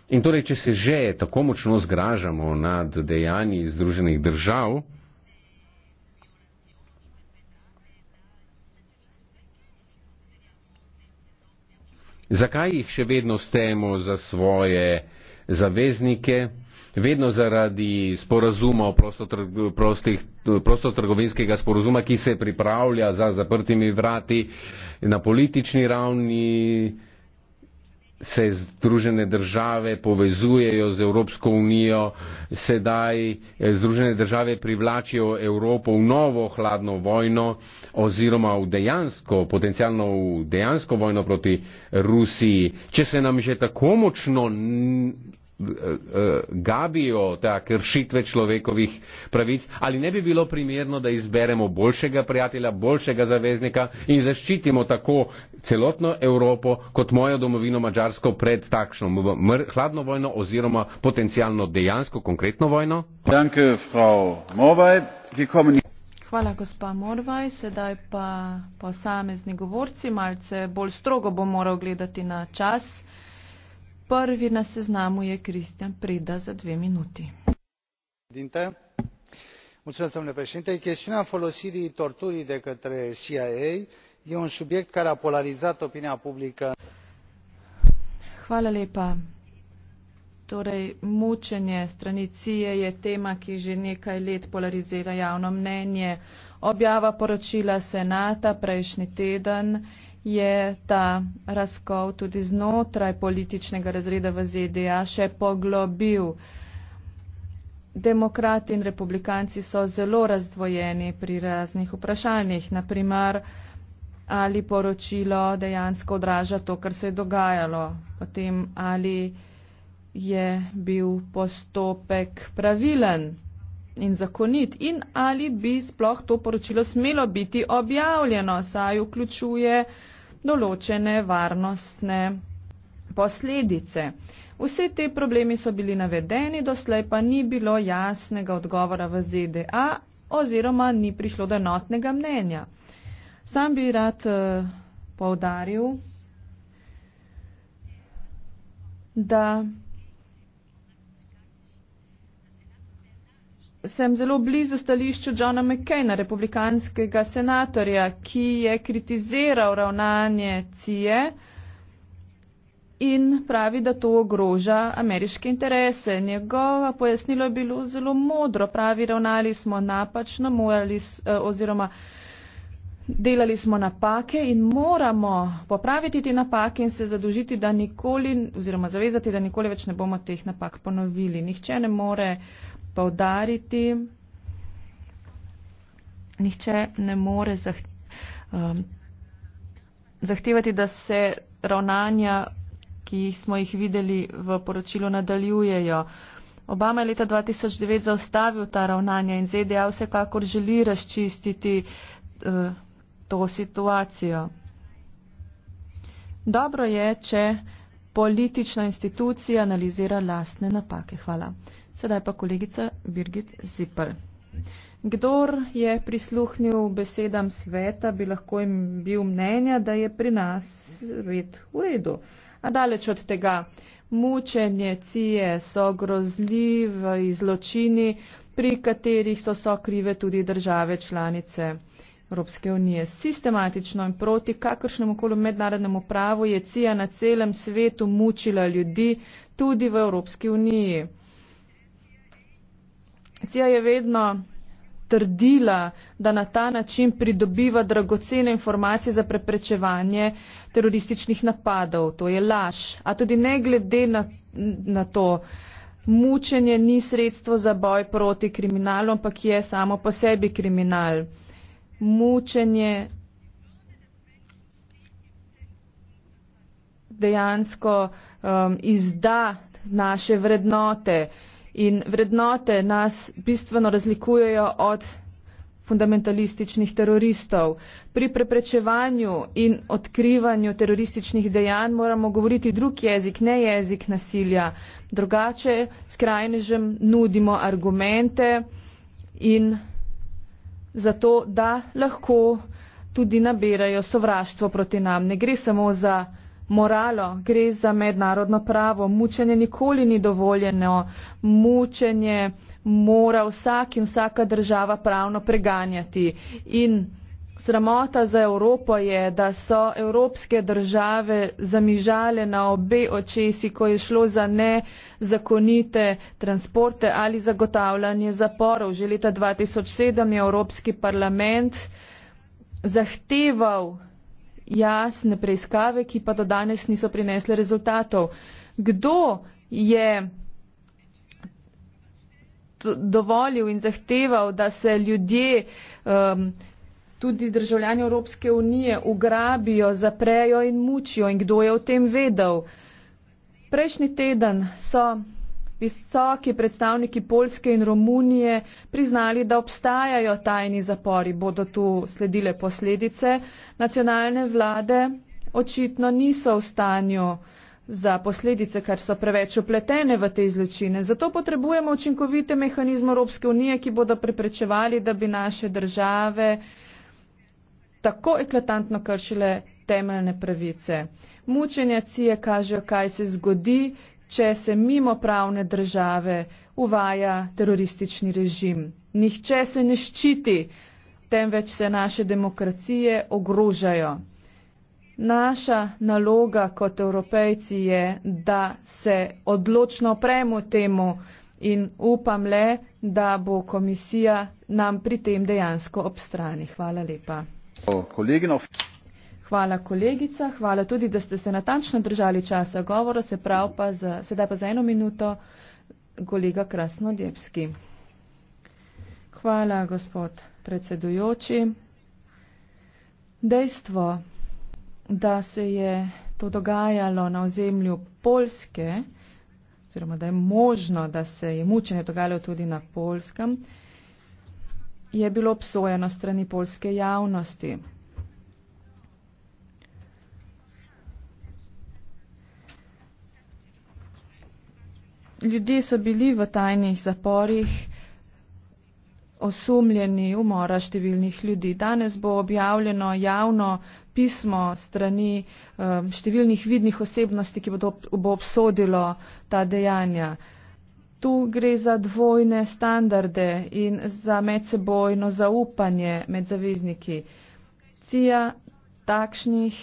S2: In torej, če se že tako močno zgražamo nad dejanji Združenih držav, Zakaj jih še vedno stemo za svoje zaveznike? Vedno zaradi sporazuma o prostotrgovinskega prostih, sporazuma, ki se pripravlja za zaprtimi vrati na politični ravni, se Združene države povezujejo z Evropsko unijo, sedaj eh, Združene države privlačijo Evropo v novo hladno vojno oziroma v dejansko, potencialno v dejansko vojno proti Rusiji. Če se nam že tako močno Eh, eh, gabijo ta kršitve človekovih pravic, ali ne bi bilo primerno, da izberemo boljšega prijatelja, boljšega zaveznika in zaščitimo tako celotno Evropo kot mojo domovino Mačarsko pred takšno hladno vojno oziroma potencijalno dejansko konkretno vojno? Danke,
S1: Hvala, gospa Morvaj. Sedaj pa posamezni govorci, malce bolj strogo bo moral gledati na čas. Prvi na seznamu je Cristian Preda za dve minuti.
S4: Dinte. Mulțumesc, domnule președinte. Chestiunea folosirii torturii de către CIA e un subiect care a polarizat opinia publică.
S1: Hvala lepa. Torej, mučenje strani CIA je tema, ki že nekaj let polarizira javno mnenje. Objava poročila Senata prejšnji teden je ta razkol tudi znotraj političnega razreda v ZDA še poglobil. Demokrati in republikanci so zelo razdvojeni pri raznih vprašanjih, naprimer, ali poročilo dejansko odraža to, kar se je dogajalo, potem ali je bil postopek pravilen in zakonit in ali bi sploh to poročilo smelo biti objavljeno, saj vključuje določene varnostne posledice. Vse te problemi so bili navedeni, doslej pa ni bilo jasnega odgovora v ZDA oziroma ni prišlo do enotnega mnenja. Sam bi rad uh, poudaril, da sem zelo blizu stališču Johna McCaina, republikanskega senatorja, ki je kritiziral ravnanje CIA in pravi, da to ogroža ameriške interese. Njegova pojasnilo je bilo zelo modro. Pravi, ravnali smo napačno, morali eh, oziroma. Delali smo napake in moramo popraviti te napake in se zadužiti, da nikoli oziroma zavezati, da nikoli več ne bomo teh napak ponovili. Nihče ne more uh, poudariti, nihče ne more um, zahtevati, da se ravnanja, ki smo jih videli v poročilu, nadaljujejo. Obama je leta 2009 zaustavil ta ravnanja in ZDA vsekakor želi razčistiti uh, to situacijo. Dobro je, če politična institucija analizira lastne napake. Hvala. Sedaj pa kolegica Birgit Zipel. Kdor je prisluhnil besedam sveta, bi lahko jim bil mnenja, da je pri nas svet v redu. A daleč od tega, mučenje cije so grozljive izločini, pri katerih so sokrive tudi države članice Evropske unije. Sistematično in proti kakršnemu koli mednarodnemu pravu je cija na celem svetu mučila ljudi, tudi v Evropski uniji policija je vedno trdila, da na ta način pridobiva dragocene informacije za preprečevanje terorističnih napadov. To je laž. A tudi ne glede na, na to, mučenje ni sredstvo za boj proti kriminalu, ampak je samo po sebi kriminal. Mučenje dejansko um, izda naše vrednote. In vrednote nas bistveno razlikujejo od fundamentalističnih teroristov. Pri preprečevanju in odkrivanju terorističnih dejanj moramo govoriti drug jezik, ne jezik nasilja. Drugače, skrajnežem nudimo argumente in zato, da lahko tudi naberajo sovraštvo proti nam. Ne gre samo za moralo, gre za mednarodno pravo, mučenje nikoli ni dovoljeno, mučenje mora vsak in vsaka država pravno preganjati. In sramota za Evropo je, da so evropske države zamižale na obe očesi, ko je šlo za nezakonite transporte ali zagotavljanje zaporov. Že leta 2007 je Evropski parlament zahteval jasne preiskave, ki pa do danes niso prinesle rezultatov. Kdo je dovolil in zahteval, da se ljudje, um, tudi državljani Evropske unije, ugrabijo, zaprejo in mučijo in kdo je o tem vedel? Prejšnji teden so visoki predstavniki Polske in Romunije priznali, da obstajajo tajni zapori. Bodo tu sledile posledice. Nacionalne vlade očitno niso v stanju za posledice, kar so preveč upletene v te zločine. Zato potrebujemo učinkovite mehanizme Evropske unije, ki bodo preprečevali, da bi naše države tako eklatantno kršile temeljne pravice. Mučenja cije kažejo, kaj se zgodi, če se mimo pravne države uvaja teroristični režim. Nihče se ne ščiti, temveč se naše demokracije ogrožajo. Naša naloga kot evropejci je, da se odločno opremo temu in upam le, da bo komisija nam pri tem dejansko obstrani. Hvala lepa. O, Hvala kolegica, hvala tudi, da ste se natančno držali časa govora, se prav pa za, sedaj pa za eno minuto, kolega Krasnodjepski. Hvala, gospod predsedujoči. Dejstvo, da se je to dogajalo na ozemlju Polske, oziroma da je možno, da se je mučenje dogajalo tudi na Polskem, je bilo obsojeno strani polske javnosti. ljudje so bili v tajnih zaporih osumljeni umora številnih ljudi. Danes bo objavljeno javno pismo strani um, številnih vidnih osebnosti, ki bo obsodilo ta dejanja. Tu gre za dvojne standarde in za medsebojno zaupanje med zavezniki. Cija takšnih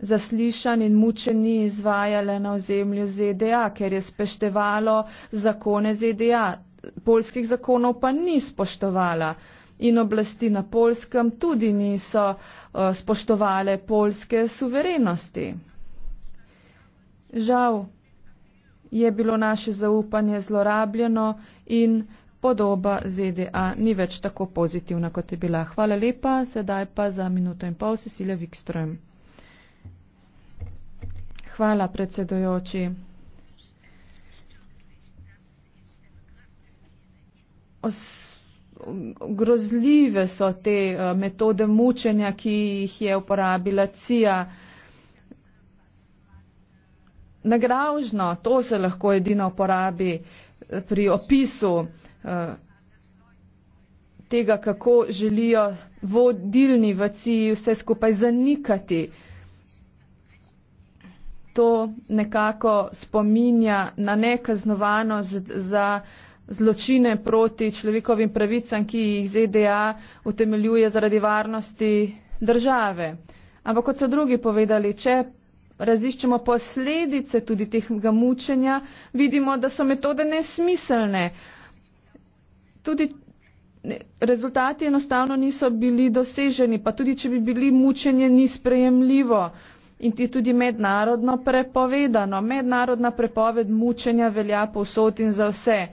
S1: zaslišanj in mučenj ni izvajala na ozemlju ZDA, ker je spoštevalo zakone ZDA. Polskih zakonov pa ni spoštovala in oblasti na polskem tudi niso uh, spoštovale polske suverenosti. Žal je bilo naše zaupanje zlorabljeno in podoba ZDA ni več tako pozitivna, kot je bila. Hvala lepa, sedaj pa za minuto in pol Cecilia Wikström. Hvala, predsedujoči. Os grozljive so te eh, metode mučenja, ki jih je uporabila CIA. Nagražno, to se lahko edino uporabi eh, pri opisu eh, tega, kako želijo vodilni v CIA vse skupaj zanikati to nekako spominja na nekaznovanost za zločine proti človekovim pravicam, ki jih ZDA utemeljuje zaradi varnosti države. Ampak kot so drugi povedali, če raziščemo posledice tudi teh mučenja, vidimo, da so metode nesmiselne. Tudi rezultati enostavno niso bili doseženi, pa tudi če bi bili mučenje ni sprejemljivo in je tudi mednarodno prepovedano. Mednarodna prepoved mučenja velja povsod in za vse.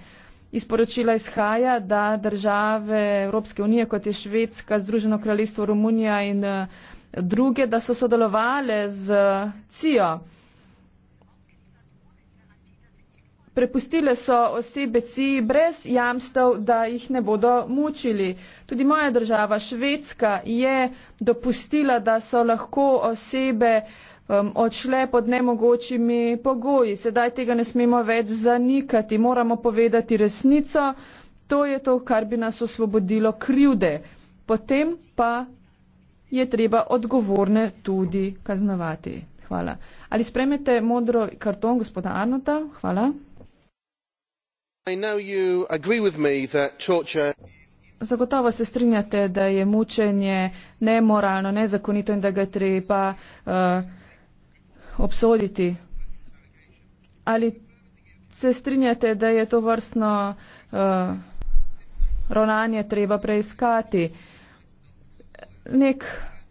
S1: Iz poročila izhaja, da države Evropske unije, kot je Švedska, Združeno kraljestvo Romunija in eh, druge, da so sodelovali z CIO. Prepustile so osebeci brez jamstev, da jih ne bodo mučili. Tudi moja država Švedska je dopustila, da so lahko osebe um, odšle pod nemogočimi pogoji. Sedaj tega ne smemo več zanikati, moramo povedati resnico. To je to, kar bi nas osvobodilo krivde. Potem pa je treba odgovorne tudi kaznovati. Hvala. Ali spremete modro karton gospoda Arnota? Hvala. Zagotovo se strinjate, da je mučenje nemoralno, nezakonito in da ga treba uh, obsoditi. Ali se strinjate, da je to vrstno uh, ravnanje treba preiskati? Nek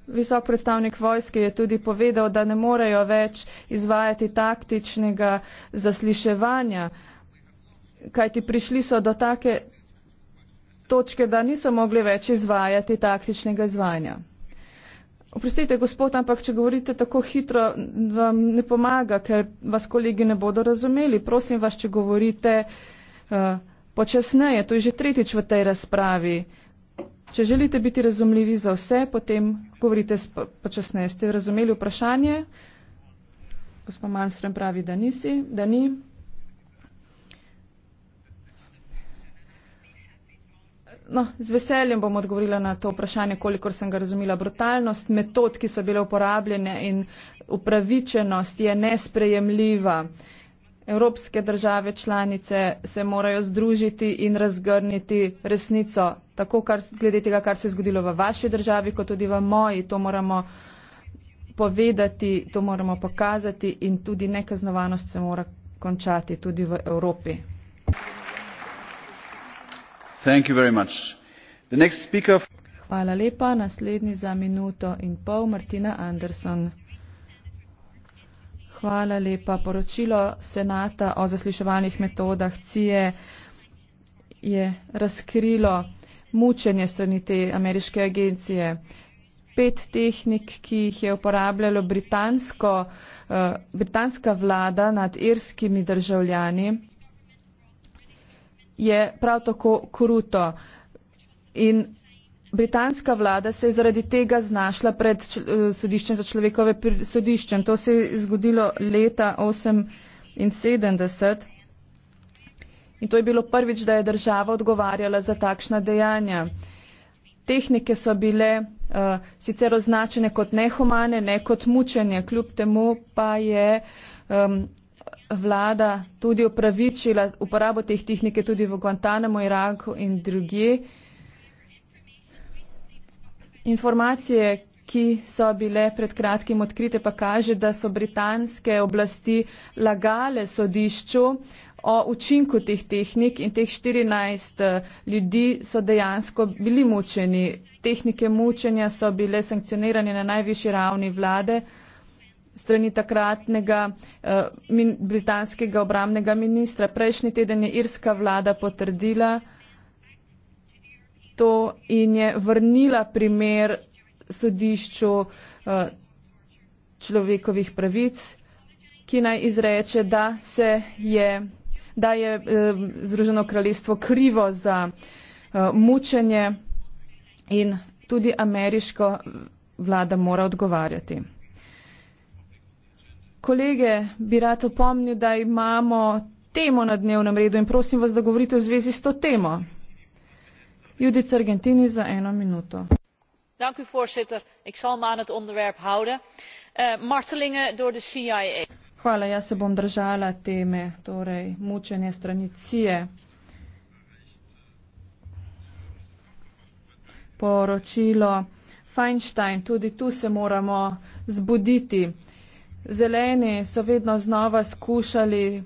S1: visok predstavnik vojske je tudi povedal, da ne morejo več izvajati taktičnega zasliševanja. Uh, kajti prišli so do take točke, da niso mogli več izvajati taktičnega izvajanja. Oprostite, gospod, ampak če govorite tako hitro, vam ne pomaga, ker vas kolegi ne bodo razumeli. Prosim vas, če govorite uh, počasneje, to je že tretjič v tej razpravi. Če želite biti razumljivi za vse, potem govorite počasneje. Ste razumeli vprašanje? Gospod Malmström pravi, da nisi, da ni. No, z veseljem bom odgovorila na to vprašanje, kolikor sem ga razumela. Brutalnost metod, ki so bile uporabljene in upravičenost je nesprejemljiva. Evropske države članice se morajo združiti in razgrniti resnico, tako kar, glede tega, kar se je zgodilo v vaši državi, kot tudi v moji. To moramo povedati, to moramo pokazati in tudi nekaznovanost se mora končati tudi v Evropi.
S3: Thank you very much. The next speaker.
S1: Hvala lepa. Naslednji za minuto in pol, Martina Anderson. Hvala lepa. Poročilo senata o zasliševalnih metodah CIE je razkrilo mučenje strani te ameriške agencije. Pet tehnik, ki jih je uporabljalo britansko, uh, britanska vlada nad irskimi državljani, je prav tako kruto. In britanska vlada se je zaradi tega znašla pred eh, sodiščem za človekove sodiščem. To se je zgodilo leta 1978 in to je bilo prvič, da je država odgovarjala za takšna dejanja. Tehnike so bile uh, sicer označene kot nehumane, ne kot mučenje, kljub temu pa je. Um, vlada tudi opravičila uporabo teh tehnike tudi v Guantanamo, Iraku in drugje. Informacije, ki so bile pred kratkim odkrite, pa kaže, da so britanske oblasti lagale sodišču o učinku teh tehnik in teh 14 eh, ljudi so dejansko bili mučeni. Tehnike mučenja so bile sankcionirane na najvišji ravni vlade strani takratnega uh, min, britanskega obramnega ministra. Prejšnji teden je irska vlada potrdila to in je vrnila primer sodišču uh, človekovih pravic, ki naj izreče, da, je, da je eh, Združeno kraljestvo krivo za uh, mučenje in tudi ameriško vlada mora odgovarjati kolege bi rad opomnil, da imamo temo na dnevnem redu in prosim vas, da govorite v zvezi s to temo. Judica Argentini za eno minuto.
S3: Dank u voorzitter. Ik zal me aan het onderwerp houden. Uh, martelingen door de CIA. Hvala,
S1: ja se bom držala teme, torej mučenje strani CIA. Poročilo Feinstein, tudi tu se moramo zbuditi. Zeleni so vedno znova skušali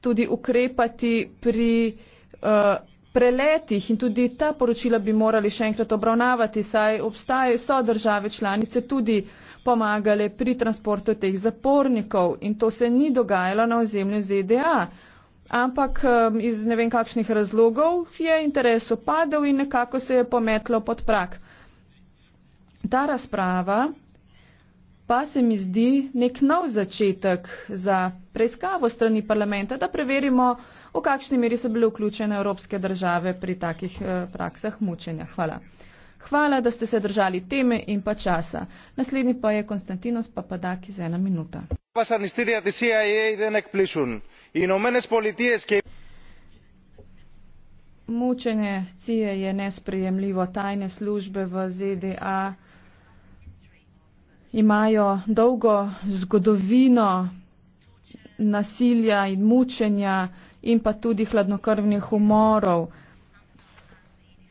S1: tudi ukrepati pri uh, preletih in tudi ta poročila bi morali še enkrat obravnavati, saj obstaje so države članice tudi pomagale pri transportu teh zapornikov in to se ni dogajalo na ozemlju ZDA. Ampak iz ne vem kakšnih razlogov je interes opadel in nekako se je pometlo pod prak ta razprava pa se mi zdi nek nov začetek za preiskavo strani parlamenta, da preverimo, v kakšni meri so bile vključene evropske države pri takih eh, praksah mučenja. Hvala. Hvala, da ste se držali teme in pa časa. Naslednji pa je Konstantinos Papadaki za ena minuta. Mučenje CIA je nesprejemljivo. Tajne službe v ZDA imajo dolgo zgodovino nasilja in mučenja in pa tudi hladnokrvnih umorov.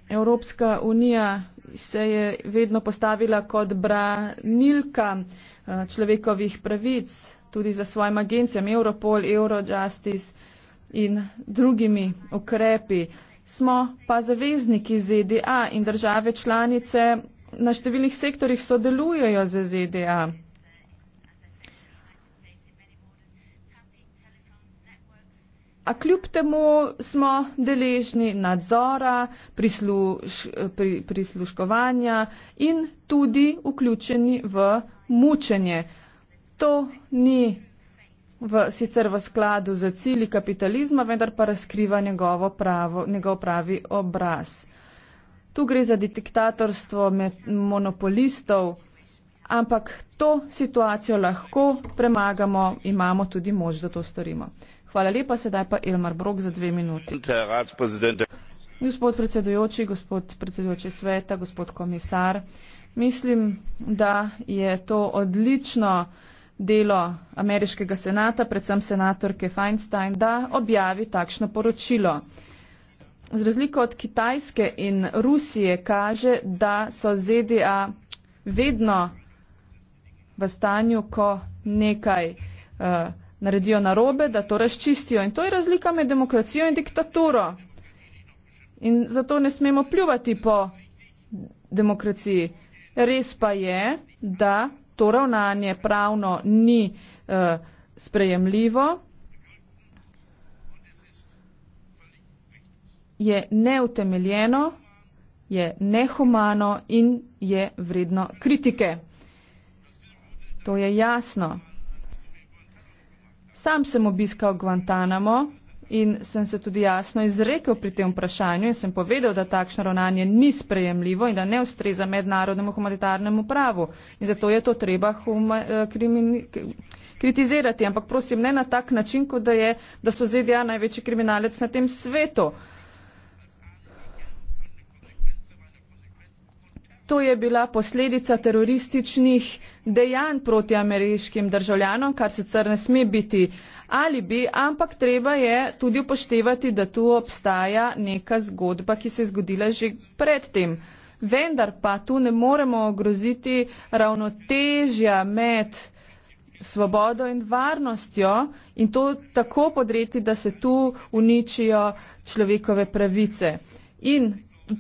S1: Evropska unija se je vedno postavila kot branilka eh, človekovih pravic, tudi za svojim agencijam Europol, Eurojustice in drugimi ukrepi. Smo pa zavezniki ZDA in države članice na številnih sektorjih sodelujejo z ZDA. A kljub temu smo deležni nadzora, prisluš, pri, prisluškovanja in tudi vključeni v mučenje. To ni v, sicer v skladu z cili kapitalizma, vendar pa razkriva njegovo pravo, njegov pravi obraz. Tu gre za diktatorstvo monopolistov, ampak to situacijo lahko premagamo, imamo tudi mož, da to storimo. Hvala lepa, sedaj pa Elmar Brok za dve minuti. Gospod predsedujoči, gospod predsedujoči sveta, gospod komisar, mislim, da je to odlično delo ameriškega senata, predvsem senatorke Feinstein, da objavi takšno poročilo z razliko od Kitajske in Rusije kaže, da so ZDA vedno v stanju, ko nekaj uh, naredijo narobe, da to razčistijo. In to je razlika med demokracijo in diktaturo. In zato ne smemo pljuvati po demokraciji. Res pa je, da to ravnanje pravno ni uh, sprejemljivo. je neutemeljeno, je nehumano in je vredno kritike. To je jasno. Sam sem obiskal Guantanamo in sem se tudi jasno izrekel pri tem vprašanju in sem povedal, da takšno ravnanje ni sprejemljivo in da ne ustreza mednarodnemu humanitarnemu pravu. In zato je to treba eh, kritizirati, ampak prosim, ne na tak način, kot da, je, da so ZDA največji kriminalec na tem svetu. Uh, To je bila posledica terorističnih dejanj proti ameriškim državljanom, kar sicer ne sme biti ali bi, ampak treba je tudi upoštevati, da tu obstaja neka zgodba, ki se je zgodila že predtem. Vendar pa tu ne moremo ogroziti ravnotežja med svobodo in varnostjo in to tako podreti, da se tu uničijo človekove pravice. In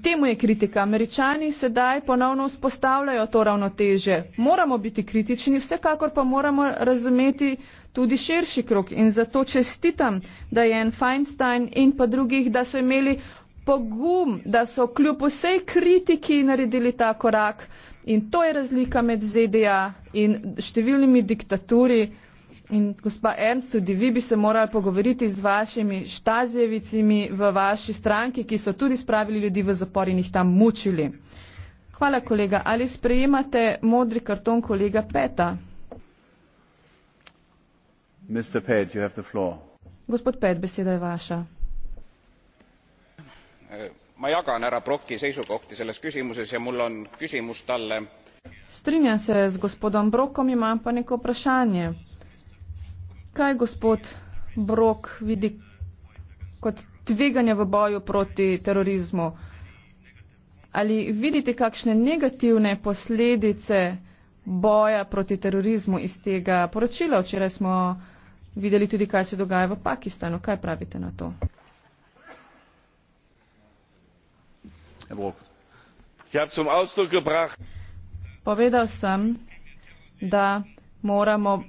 S1: temu je kritika. Američani sedaj ponovno vzpostavljajo to ravnotežje. Moramo biti kritični, vsekakor pa moramo razumeti tudi širši krok. In zato čestitam, da je en Feinstein in pa drugih, da so imeli pogum, da so kljub vsej kritiki naredili ta korak. In to je razlika med ZDA in številnimi diktaturi, In gospa Ernst, tudi vi bi se morali pogovoriti z vašimi štazjevicimi v vaši stranki, ki so tudi spravili ljudi v zapor in jih tam mučili. Hvala, kolega. Ali sprejemate modri karton kolega Peta?
S6: Pet, you have the floor.
S1: Gospod Pet, beseda je vaša.
S2: Eh, ma jagan ära Brocki seisukohti selles küsimuses ja mul on küsimus talle.
S1: Strinjam se z gospodom Brokom, imam pa neko vprašanje kaj gospod Brok vidi kot tveganje v boju proti terorizmu? Ali vidite kakšne negativne posledice boja proti terorizmu iz tega poročila? Včeraj smo videli tudi, kaj se dogaja v Pakistanu. Kaj pravite na to? Povedal sem, da moramo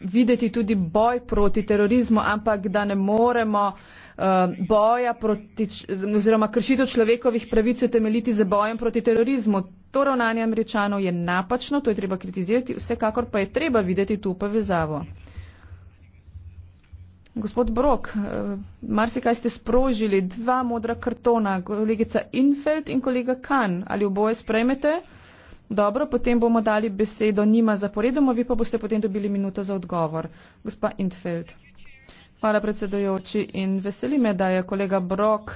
S1: videti tudi boj proti terorizmu, ampak da ne moremo eh, boja proti, oziroma kršitev človekovih pravic utemeljiti za bojem proti terorizmu. To ravnanje američanov je napačno, to je treba kritizirati, vsekakor pa je treba videti tu povezavo. Gospod Brok, eh, marsikaj ste sprožili dva modra kartona, kolegica Infeld in kolega Kan, ali oboje sprejmete? Dobro, potem bomo dali besedo njima zaporedoma, vi pa boste potem dobili minuto za odgovor. Gospa Intfeld. Hvala predsedojoči in veseli me, da je kolega Brok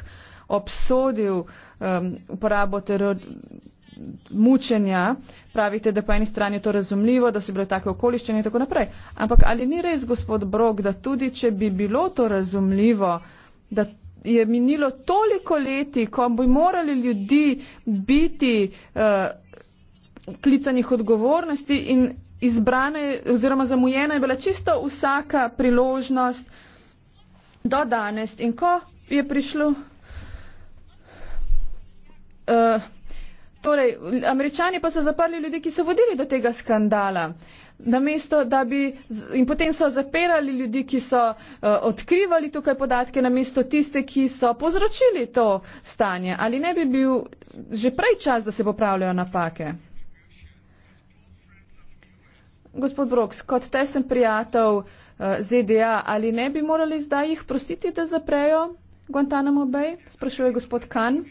S1: obsodil um, uporabo teror mučenja. Pravite, da po eni strani je to razumljivo, da so bile take okoliščine in tako naprej. Ampak ali ni res, gospod Brok, da tudi, če bi bilo to razumljivo, da je minilo toliko leti, ko bi morali ljudi biti. Uh, klicanih odgovornosti in izbrane oziroma zamujena je bila čisto vsaka priložnost do danes. In ko je prišlo. Uh, torej, američani pa so zaprli ljudi, ki so vodili do tega skandala. Namesto, da bi, in potem so zapirali ljudi, ki so uh, odkrivali tukaj podatke, namesto tiste, ki so povzročili to stanje. Ali ne bi bil že prej čas, da se popravljajo napake? gospod Broks, kot tesen prijatelj eh, ZDA, ali ne bi morali zdaj jih prositi, da zaprejo Guantanamo Bay? Sprašuje gospod Kan.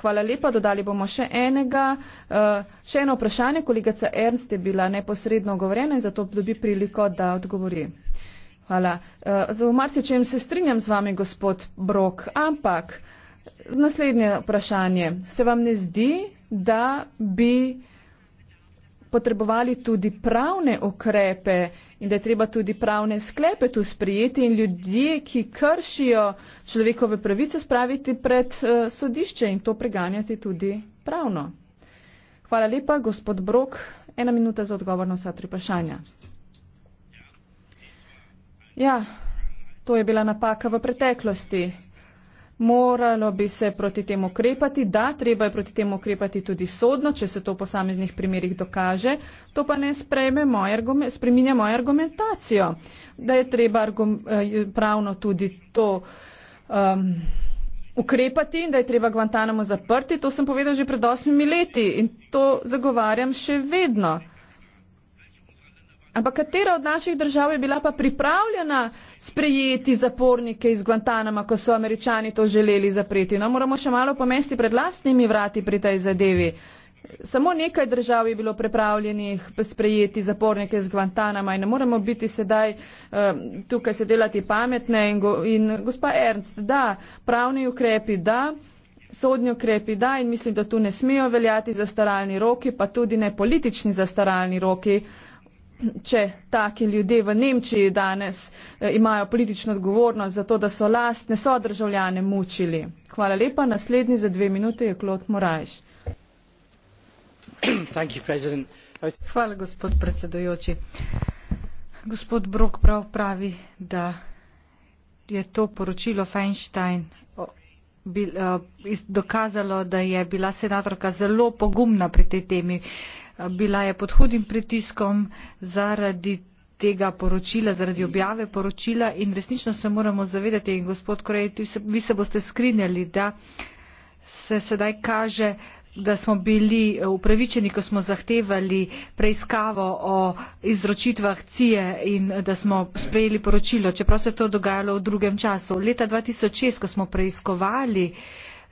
S1: Hvala lepa, dodali bomo še enega. Eh, še eno vprašanje, kolegica Ernst je bila neposredno govorjena in zato dobi priliko, da odgovori. Hvala. Eh, Za marsičem se strinjam z vami, gospod Brok, ampak naslednje vprašanje. Se vam ne zdi, da bi potrebovali tudi pravne okrepe in da je treba tudi pravne sklepe tu sprijeti in ljudje, ki kršijo človekove pravice, spraviti pred eh, sodišče in to preganjati tudi pravno. Hvala lepa, gospod Brok. Ena minuta za odgovor na vsa tri vprašanja. Ja, to je bila napaka v preteklosti. Moralo bi se proti tem ukrepati, da treba je proti tem ukrepati tudi sodno, če se to v posameznih primerjih dokaže. To pa ne moj spreminja moja argumentacijo, da je treba argum, eh, pravno tudi to um, ukrepati in da je treba Guantanamo zaprti. To sem povedal že pred osmimi leti in to zagovarjam še vedno. Ampak katera od naših držav je bila pa pripravljena sprejeti zapornike iz Guantanama, ko so američani to želeli zapreti. No, moramo še malo pomesti pred lastnimi vrati pri tej zadevi. Samo nekaj držav je bilo prepravljenih sprejeti zapornike z Guantanama in ne moremo biti sedaj uh, tukaj se delati pametne. In, go, in gospa Ernst, da, pravni ukrepi, da, sodni ukrepi, da in mislim, da tu ne smijo veljati zastaralni roki, pa tudi ne politični zastaralni roki. Uh, če take ljudje v Nemčiji danes eh, imajo politično odgovornost za to, da so lastne sodržavljane mučili. Hvala lepa. Naslednji za dve minute je Klot Morajš. Hvala, gospod
S7: predsedujoči. Gospod Brok prav pravi, da je to poročilo Feinstein bil, uh, dokazalo, da je bila senatorka zelo pogumna pri tej temi. Uh, Eh, bila je pod hudim pritiskom zaradi tega poročila zaradi objave poročila in resnično se moramo zavedati in gospod korej vi se boste strinjali da se sedaj kaže da smo bili eh, upravičeni ko smo zahtevali preiskavo o izročitvah cije in eh, da smo sprejeli poročilo čeprav se je to dogajalo v drugem času. leta dva tisoč šest ko smo preiskovali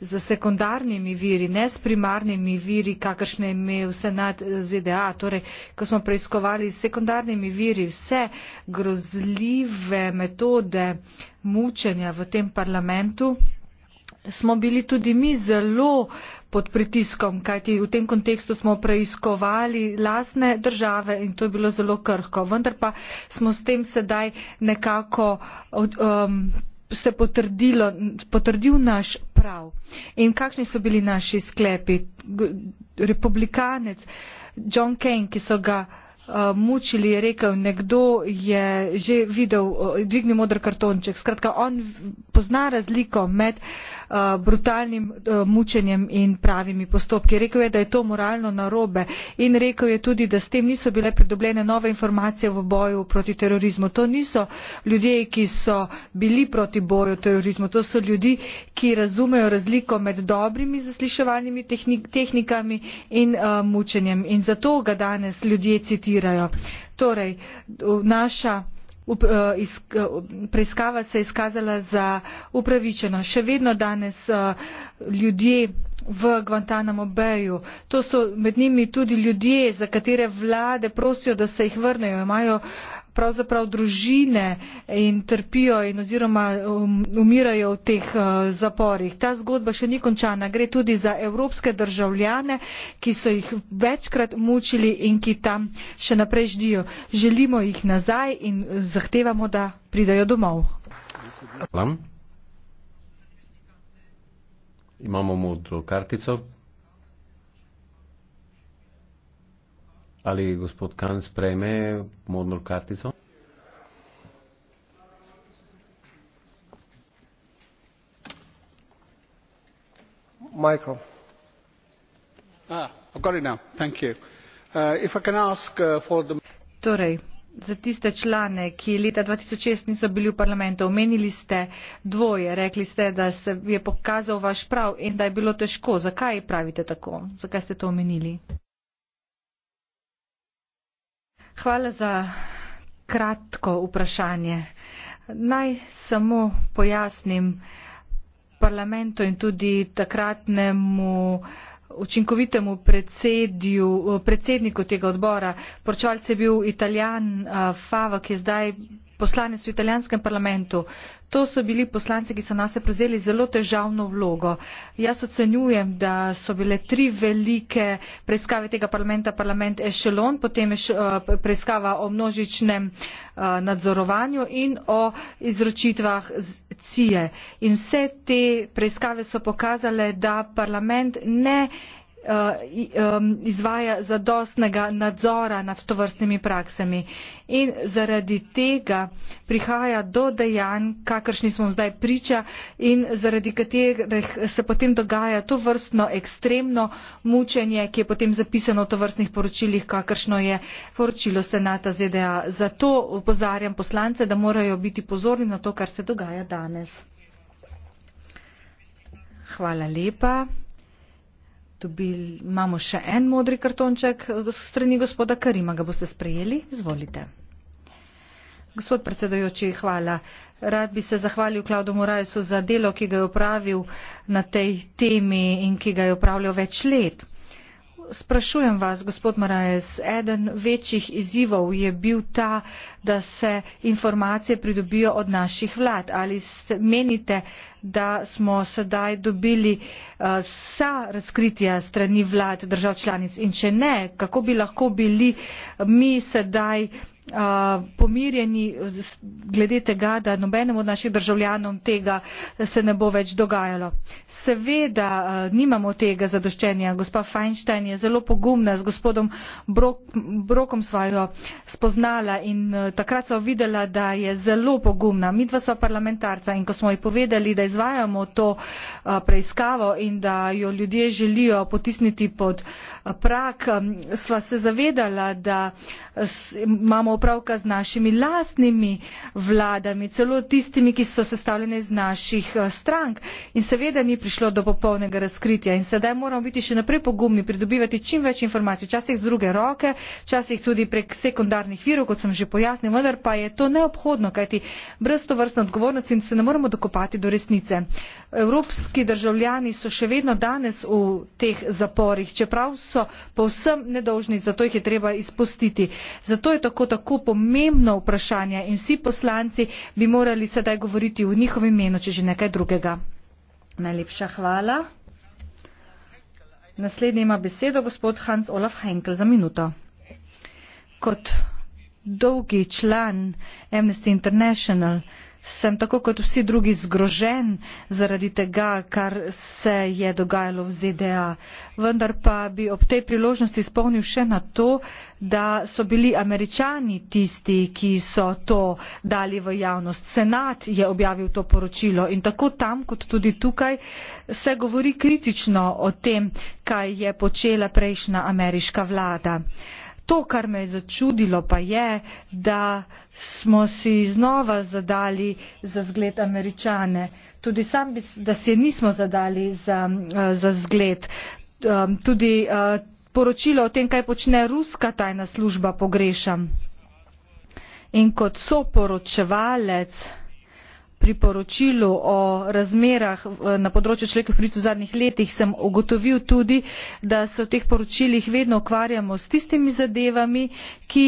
S7: z sekundarnimi viri ne s primarnimi viri kakršne je imel senat eh, zda torej ko smo preiskovali s sekundarnimi viri vse grozljive metode mučenja v tem parlamentu smo bili tudi mi zelo pod pritiskom kajti v tem kontekstu smo preiskovali lastne države in to je bilo zelo krhko vendar pa smo s tem sedaj nekako um, se potrdil naš prav in kakšni so bili naši sklepi. Republikanec John Kane, ki so ga uh, mučili, je rekel, nekdo je že videl, uh, dvigni modri kartonček. Skratka, on pozna razliko med uh, Eh, brutalnim eh, mučenjem in pravimi postopki. rekel je da je to moralno narobe in rekel je tudi da s tem niso bile pridobljene nove informacije v boju proti terorizmu. to niso ljudje ki so bili proti boju terorizmu to so ljudje ki razumejo razliko med dobrimi zasliševalnimi tehnikami in eh, mučenjem in zato ga danes ljudje citirajo. torej naša Eh, preiskava se je izkazala za upravičeno še vedno danes eh, ljudje v guantanamo bayju to so med njimi tudi ljudje za katere vlade prosijo da se jih vrnejo imajo pravzaprav družine in trpijo in oziroma um, umirajo v teh uh, zaporih. Ta zgodba še ni končana, gre tudi za evropske državljane, ki so jih večkrat mučili in ki tam še naprej ždijo. Želimo jih nazaj in uh, zahtevamo, da pridajo domov.
S2: Hvala. Imamo modro kartico. Ali gospod Kan sprejme modno kartico?
S4: Michael. Ah, got it now. Thank you. Uh, if I can ask uh, for the.
S7: Torej. Za tiste člane, ki leta 2006 niso bili v parlamentu, omenili ste dvoje, rekli ste, da se je pokazal vaš prav in da je bilo težko. Zakaj pravite tako? Zakaj ste to omenili? Hvala za kratko vprašanje. Naj samo pojasnim parlamentu in tudi takratnemu učinkovitemu predsedju, predsedniku tega odbora. Poročevalce je bil italijan eh, Fava, ki je zdaj poslanec v italijanskem parlamentu to so bili poslanci ki so nase prevzeli zelo težavno vlogo jaz ocenjujem da so bile tri velike preiskave tega parlamenta parlament echelon potem eh, preiskava o množičnem eh, nadzorovanju in o izročitvah cie in vse te preiskave so pokazale da parlament ne Eh, izvaja zadostnega nadzora nad tovrstnimi praksami. In zaradi tega prihaja do dejanj, kakršni smo zdaj priča in zaradi katerih se potem dogaja to vrstno ekstremno mučenje, ki je potem zapisano v tovrstnih poročilih, kakršno je poročilo Senata ZDA. Zato upozarjam poslance, da morajo biti pozorni na to, kar se dogaja danes. Hvala lepa. Dobili, imamo še en modri kartonček eh, strani gospoda Karima, ga boste sprejeli. Izvolite. Gospod predsedojoči, hvala. Rad bi se zahvalil Klaudu Morajsu za delo, ki ga je opravil na tej temi in ki ga je opravljal več let sprašujem vas gospod moraes eden večjih izzivov je bil ta da se informacije pridobijo od naših vlad ali menite da smo sedaj dobili eh, vsa razkritja s strani vlad držav članic in če ne kako bi lahko bili mi sedaj pomirjeni glede tega, da nobenemu od naših državljanom tega se ne bo več dogajalo. Seveda nimamo tega zadoščenja. Gospa Feinstein je zelo pogumna z gospodom Brokom svojo spoznala in takrat so videla, da je zelo pogumna. Mi dva so parlamentarca in ko smo ji povedali, da izvajamo to preiskavo in da jo ljudje želijo potisniti pod uh, prag um, sva se zavedala da imamo opravka z našimi lastnimi vladami celo tistimi ki so sestavljene iz naših uh, strank in seveda ni prišlo do popolnega razkritja in sedaj moramo biti še naprej pogumni pridobivati čim več informacij včasih z druge roke včasih tudi prek sekundarnih virov kot sem že pojasnil vendar pa je to neobhodno kajti brez tovrstne odgovornosti se ne moremo dokopati do resnice. evropski državljani so še vedno danes v teh zaporih čeprav niso povsem nedolžni zato jih je treba izpustiti. zato je tako tako pomembno vprašanje in vsi poslanci bi morali sedaj govoriti v njihovem imenu če že nekaj drugega. najlepša hvala. naslednji ima besedo gospod Hans Olaf Henkel za minuto. kot dolgi član Amnesty International sem tako kot vsi drugi zgrožen zaradi tega, kar se je dogajalo v ZDA. Vendar pa bi ob tej priložnosti spomnil še na to, da so bili američani tisti, ki so to dali v javnost. Senat je objavil to poročilo in tako tam kot tudi tukaj se govori kritično o tem, kaj je počela prejšnja ameriška vlada. To, kar me je začudilo, pa je, da smo si znova zadali za zgled američane. Tudi sam bi, da si je nismo zadali za, eh, za zgled. Eh, tudi eh, poročilo o tem, kaj počne ruska tajna služba, pogrešam. In kot soporočevalec, priporočilu o razmerah na področju človekovih pravic v zadnjih letih sem ugotovil tudi da se v teh poročilih vedno ukvarjamo s tistimi zadevami ki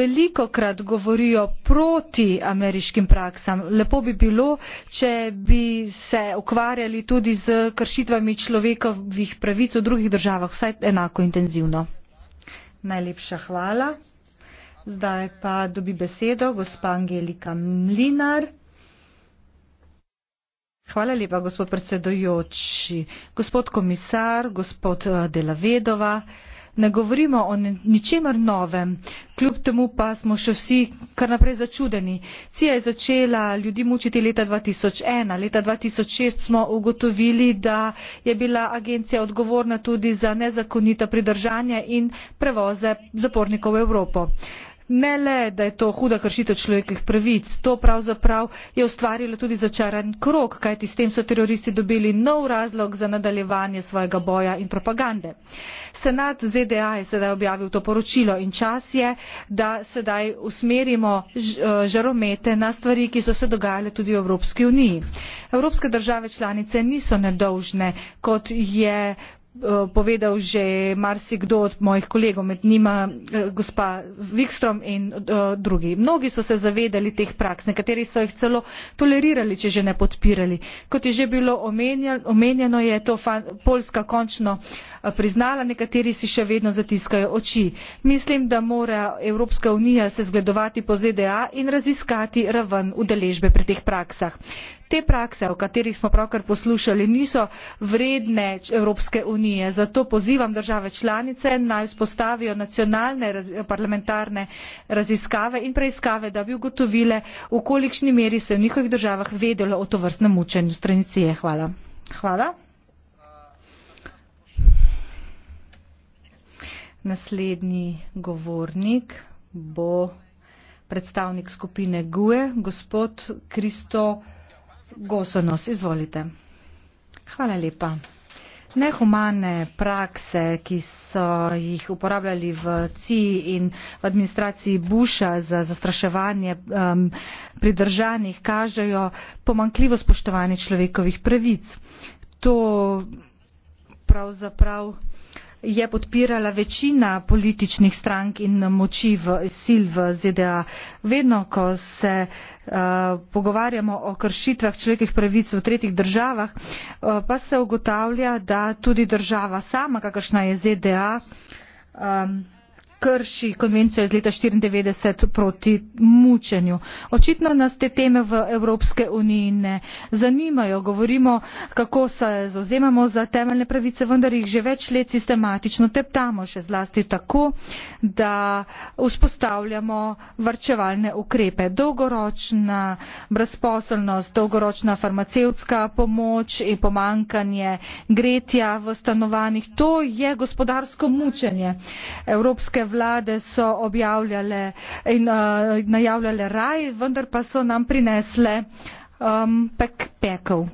S7: velikokrat govorijo proti ameriškim praksam. lepo bi bilo če bi se ukvarjali tudi s kršitvami človekovih pravic v drugih državah vsaj enako intenzivno. najlepša hvala. zdaj pa dobi besedo gospa angelika mlinar. Hvala lepa, gospod predsedojoči. Gospod komisar, gospod eh, Delavedova, ne govorimo o ničemer novem, kljub temu pa smo še vsi kar naprej začudeni. CIA je začela ljudi mučiti leta 2001. Leta 2006 smo ugotovili, da je bila agencija odgovorna tudi za nezakonito pridržanje in prevoze zapornikov v Evropo ne le da je to huda kršitev človekovih pravic to pravzaprav je ustvarilo tudi začaran krog kajti s tem so teroristi dobili nov razlog za nadaljevanje svojega boja in propagande. senat zda je sedaj objavil to poročilo in čas je da sedaj usmerimo eh, žaromete na stvari ki so se dogajale tudi v evropski uniji. evropske države članice niso nedolžne kot je Eh, povedal že marsikdo od mojih kolegov med njima eh, gospa wikstrm in eh, drugi. mnogi so se zavedali teh praks nekateri so jih celo tolerirali če že ne podpirali. kot je že bilo omenjeno je to poljska končno Eh, priznala nekateri si še vedno zatiskajo oči. mislim da mora evropska unija se zgledovati po zda in raziskati raven udeležbe pri teh praksah. te prakse o katerih smo pravkar poslušali niso vredne evropske unije zato pozivam države članice naj vzpostavijo nacionalne parlamentarne raziskave in preiskave da bi ugotovile v kolikšni meri se je v njihovih državah vedelo o tovrstnem mučenju s strani cije. Naslednji govornik bo predstavnik skupine GUE, gospod Kristo Gosonos. Izvolite. Hvala lepa. Nehumane prakse, ki so jih uporabljali v CIA in v administraciji Busha za zastraševanje um, pridržanih, kažejo pomankljivo spoštovanje človekovih pravic. To pravzaprav je podpirala večina političnih strank in moči v sil v zda vedno ko se eh, pogovarjamo o kršitvah človekovih pravic v tretjih državah eh, pa se ugotavlja da tudi država sama kakršna je zda eh, krši konvencijo iz leta štiriindevetdeset proti mučenju. očitno nas te teme v evropske uniji ne zanimajo govorimo kako se zavzemamo za temeljne pravice vendar jih že več let sistematično teptamo še zlasti tako da vzpostavljamo varčevalne ukrepe dolgoročna brezposelnost dolgoročna farmacevtska pomoč in pomankanje gretja v stanovanjih to je gospodarsko mučenje evropske vlade so objavljale in uh, najavljale raj, vendar pa so nam prinesle um, pek pekel.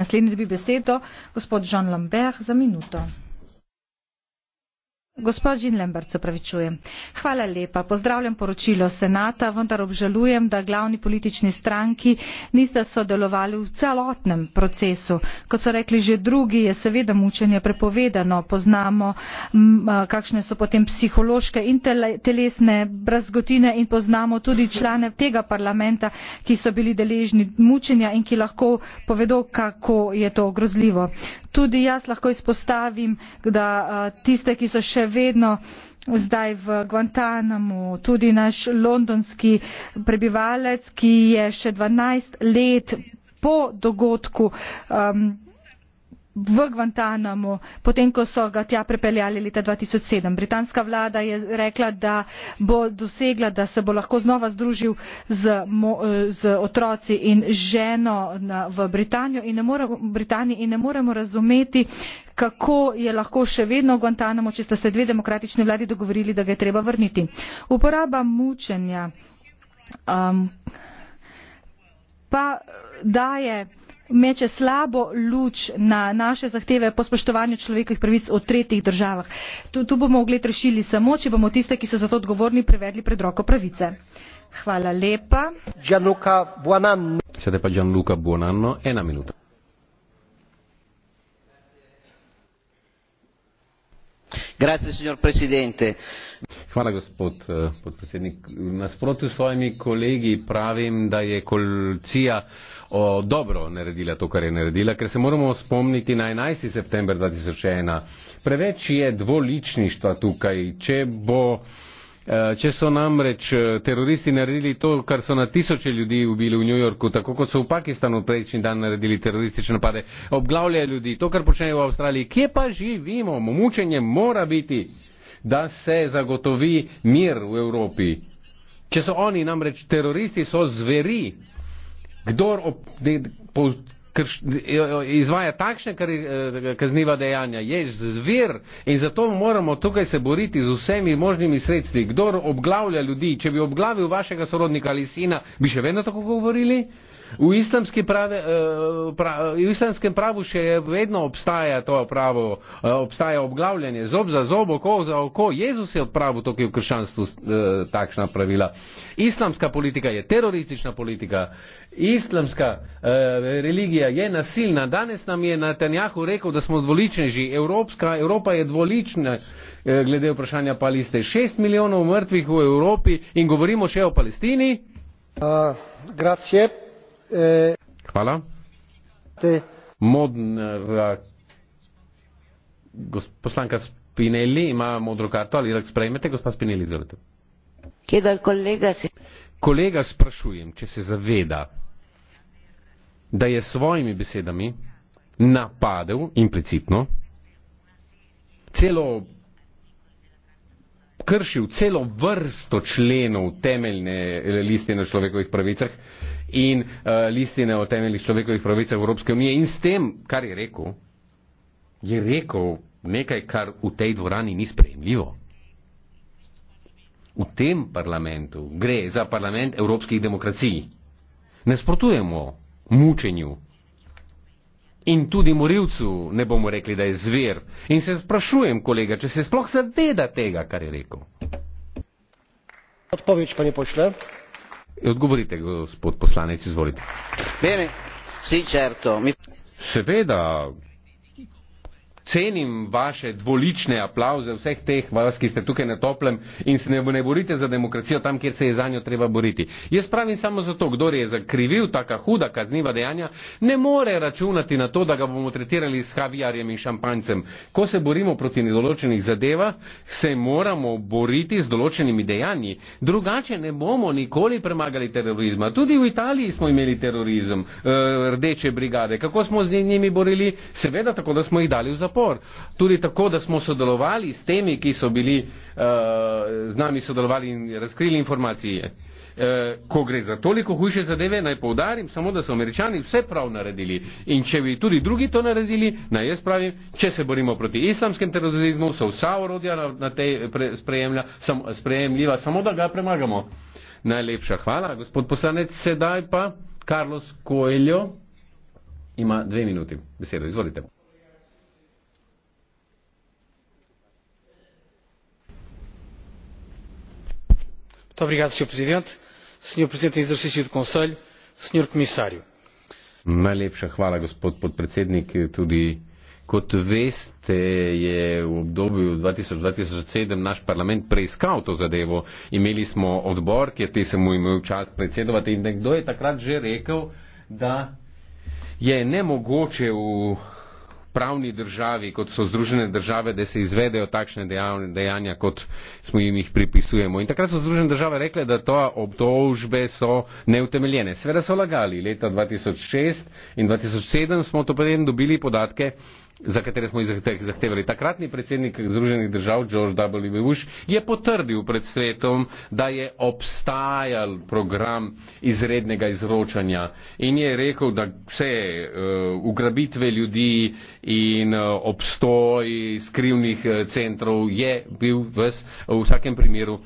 S7: Naslednji dobi besedo gospod Jean Lambert za minuto. Gospod Žinlember, se pravičujem. Hvala lepa. Pozdravljam poročilo Senata, vendar obžalujem, da glavni politični stranki niste sodelovali v celotnem procesu. Kot so rekli že drugi, je seveda mučenje prepovedano. Poznamo, kakšne so potem psihološke in telesne brazgotine in poznamo tudi člane tega parlamenta, ki so bili deležni mučenja in ki lahko povedo, kako je to grozljivo tudi jaz lahko izpostavim da tiste ki so še vedno zdaj v guantanamu tudi naš londonski prebivalec ki je še dvanajst let po dogodku um, v Guantanamo, potem ko so ga tja prepeljali leta 2007. Britanska vlada je rekla, da bo dosegla, da se bo lahko znova združil z, eh, z otroci in ženo na, v Britanijo in ne, more, in ne moremo razumeti, kako je lahko še vedno v Guantanamo, če sta se dve demokratični vladi dogovorili, da ga je treba vrniti. Uporaba mučenja um, pa daje meče slabo luč na naše zahteve po spoštovanju človekovih pravic v tretjih državah. Tu, tu bomo ogled rešili samo, če bomo tiste, ki so za to odgovorni, prevedli pred roko pravice. Hvala lepa.
S2: Sedaj pa Gianluca Buonanno, ena minuta. gospod eh, podpredsednik v nasprotju s svojimi kolegi pravim da je koalicija dobro naredila to kar je naredila ker se moramo spomniti na enajst september dva tisoč ena preveč je dvoličništva tukaj če bo Eh, če so namreč eh, teroristi naredili to, kar so na tisoče ljudi ubili v New Yorku, tako kot so v Pakistanu prejšnji dan naredili teroristične napade, obglavljajo ljudi, to, kar počnejo v Avstraliji, kje pa živimo, mučenje mora biti, da se zagotovi mir v Evropi. Če so oni namreč teroristi, so zveri, kdor ob, ne, po, krš, e, e, izvaja takšne e, kazniva dejanja, je zver in zato moramo tukaj se boriti z vsemi možnimi sredstvi. Kdor obglavlja ljudi, če bi obglavil vašega sorodnika ali sina, bi še vedno tako govorili? V, prave, eh, pra, v islamskem pravu še vedno obstaja to pravo, eh, obstaja obglavljanje, zob za zob, oko za oko. Jezus je odpravil to, ki je v krščanstvu eh, takšna pravila. Islamska politika je teroristična politika, islamska eh, religija je nasilna. Danes nam je Netanjahu rekel, da smo dvoličneži. Evropska, Evropa je dvolična eh, glede vprašanja Paliste. Šest milijonov mrtvih v Evropi in govorimo še o Palestini.
S4: Uh, grazie.
S2: Hvala. Modra. Poslanka Spinelli ima modro karto ali lahko sprejmete, gospa Spinelli, izvolite. Kolega, se... kolega sprašujem, če se zaveda, da je svojimi besedami napadel implicitno, celo kršil celo vrsto členov temeljne liste na človekovih pravicah, in uh, listine o temeljih človekovih pravic Evropske unije in s tem, kar je rekel, je rekel nekaj, kar v tej dvorani ni sprejemljivo. V tem parlamentu gre za parlament evropskih demokracij. Nasprotujemo mučenju in tudi morilcu ne bomo rekli, da je zver. In se sprašujem, kolega, če se sploh zaveda tega, kar je rekel.
S8: Odpoveď, pani pošle.
S2: E odgovorite, gospod poslanec, izvolite. Bene, sì, certo. Mi... Seveda, cenim vaše dvolične aplauze vseh teh vas, ki ste tukaj na toplem in se ne, ne borite za demokracijo tam, kjer se je za njo treba boriti. Jaz pravim samo zato, kdo je zakrivil taka huda kazniva dejanja, ne more računati na to, da ga bomo tretirali s kavijarjem in šampancem. Ko se borimo proti nedoločenih zadeva, se moramo boriti z določenimi dejanji. Drugače ne bomo nikoli premagali terorizma. Tudi v Italiji smo imeli terorizem, eh, rdeče brigade. Kako smo z njimi borili? Seveda tako, da smo jih dali v zapor zapor. Tudi tako, da smo sodelovali s temi, ki so bili uh, z nami sodelovali in razkrili informacije. Eh, ko gre za toliko hujše zadeve, naj povdarim samo, da so američani vse prav naredili in če bi tudi drugi to naredili, naj jaz pravim, če se borimo proti islamskem terorizmu, so vsa orodja na tej sprejemlja, sam, sprejemljiva, samo da ga premagamo. Najlepša hvala, gospod poslanec, sedaj pa Carlos Coelho ima dve minuti besedo, izvolite.
S8: senhor presidente senhor presidente em exercício do conselho senhor
S2: comissário Najlepša hvala, gospod podpredsednik. Tudi kot veste, je v obdobju 2007 naš parlament preiskal to zadevo. Imeli smo odbor, kjer te sem mu imel čas predsedovati in nekdo je takrat že rekel, da je nemogoče v pravni državi, kot so Združene države, da se izvedejo takšne dejanja, kot smo jim jih pripisujemo. In takrat so Združene države rekle, da to obtožbe so neutemeljene. Sveda so lagali. Leta 2006 in 2007 smo to potem dobili podatke za katere smo jih zahtevali. Takratni predsednik Združenih držav George W. Bush je potrdil pred svetom, da je obstajal program izrednega izročanja in je rekel, da vse uh, ugrabitve ljudi in uh, obstoj skrivnih uh, centrov je bil ves, v vsakem primeru uh,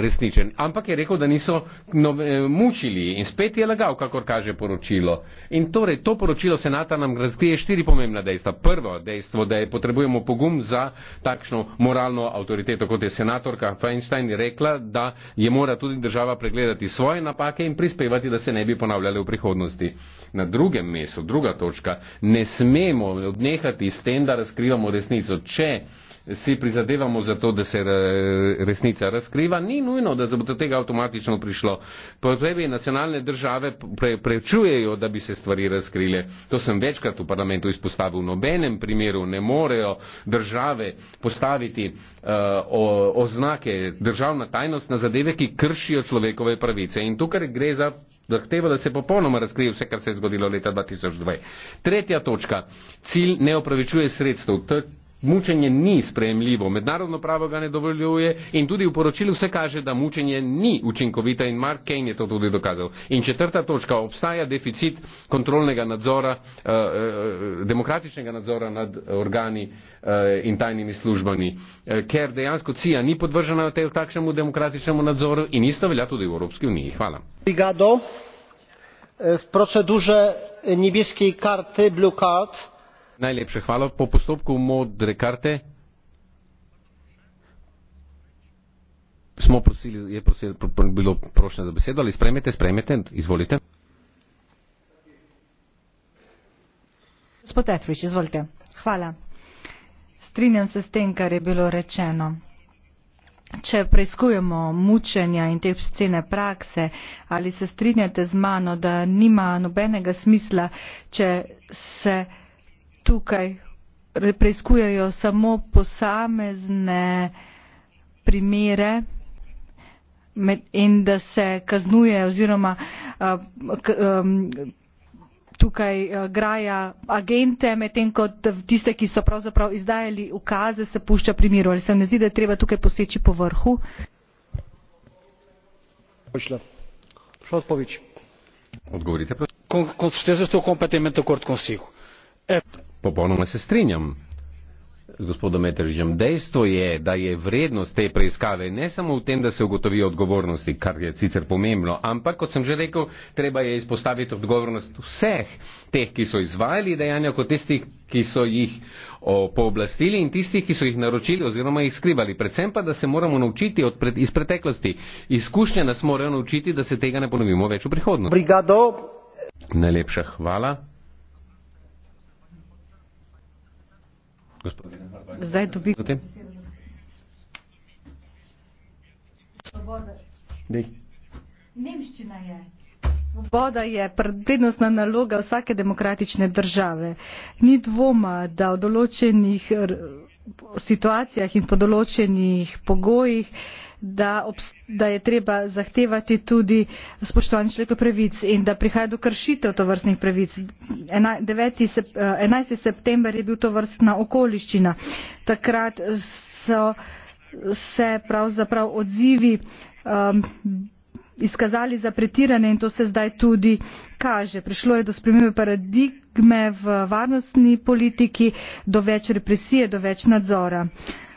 S2: resničen. Ampak je rekel, da niso nove, mučili in spet je lagal, kakor kaže poročilo. In torej to poročilo senata nam razkrije štiri pomembna dejstva prvo dejstvo, da je potrebujemo pogum za takšno moralno avtoriteto, kot je senatorka Feinstein rekla, da je mora tudi država pregledati svoje napake in prispevati, da se ne bi ponavljali v prihodnosti. Na drugem mestu, druga točka, ne smemo odnehati s tem, da razkrivamo resnico. Če si prizadevamo za to, da se eh, resnica razkriva, ni nujno, da bo do tega avtomatično prišlo. Potrebe nacionalne države pre, prečujejo, da bi se stvari razkrile. To sem večkrat v parlamentu izpostavil. V nobenem primeru ne morejo države postaviti uh, o, oznake državna tajnost na zadeve, ki kršijo človekove pravice. In tukaj gre za zahtevo, da se popolnoma razkrije vse, kar se je zgodilo leta 2002. Tretja točka. Cilj ne opravičuje sredstev. Mučenje ni sprejemljivo, mednarodno pravo ga ne dovoljuje in tudi v poročilu se kaže, da mučenje ni učinkovita in Mark Kane je to tudi dokazal. In četrta točka, obstaja deficit kontrolnega nadzora, eh, eh, demokratičnega nadzora nad organi eh, in tajnimi službami, eh, ker dejansko CIA ni podvržena takšnemu demokratičnemu nadzoru in isto velja tudi v Evropski uniji. Hvala. Brigado, eh, v procedure eh, niebeske karte, blue card, Najlepša hvala. Po postopku modre karte smo prosili, je prosil, pr pr bilo prošljeno za besedo, ali sprejmete, sprejmete, izvolite.
S7: Gospod Etrič, izvolite. Hvala. Strinjam se s tem, kar je bilo rečeno. Če preizkujemo mučenja in te obscene prakse, ali se strinjate z mano, da nima nobenega smisla, če se tukaj preiskujejo samo posamezne primere in da se kaznuje oziroma tukaj graja agente medtem ko tiste ki so pravzaprav izdajali ukaze se pušča pri miru ali se vam ne zdi da je treba tukaj poseči po vrhu
S2: Popolnoma se strinjam z gospodom Metržem. Dejstvo je, da je vrednost te preiskave ne samo v tem, da se ugotovi odgovornosti, kar je sicer pomembno, ampak, kot sem že rekel, treba je izpostaviti odgovornost vseh teh, ki so izvajali dejanja, kot tistih, ki so jih pooblastili in tistih, ki so jih naročili oziroma jih skrivali. Predvsem pa, da se moramo naučiti od pred, iz preteklosti. Izkušnje nas morajo naučiti, da se tega ne ponovimo več v prihodnosti. Brigado. Najlepša hvala.
S7: Zdaj dobi. Nemščina je. Svoboda je prednostna naloga vsake demokratične države. Ni dvoma, da v določenih situacijah in po določenih pogojih da je treba zahtevati tudi spoštovanje človekovih pravic in da prihaja do kršitev tovrstnih pravic. 11. Eh, september je bil tovrstna okoliščina. Takrat so se pravzaprav odzivi um, izkazali za pretirane in to se zdaj tudi kaže. Prišlo je do spremembe paradigme v varnostni politiki, do več represije, do več nadzora. Uh,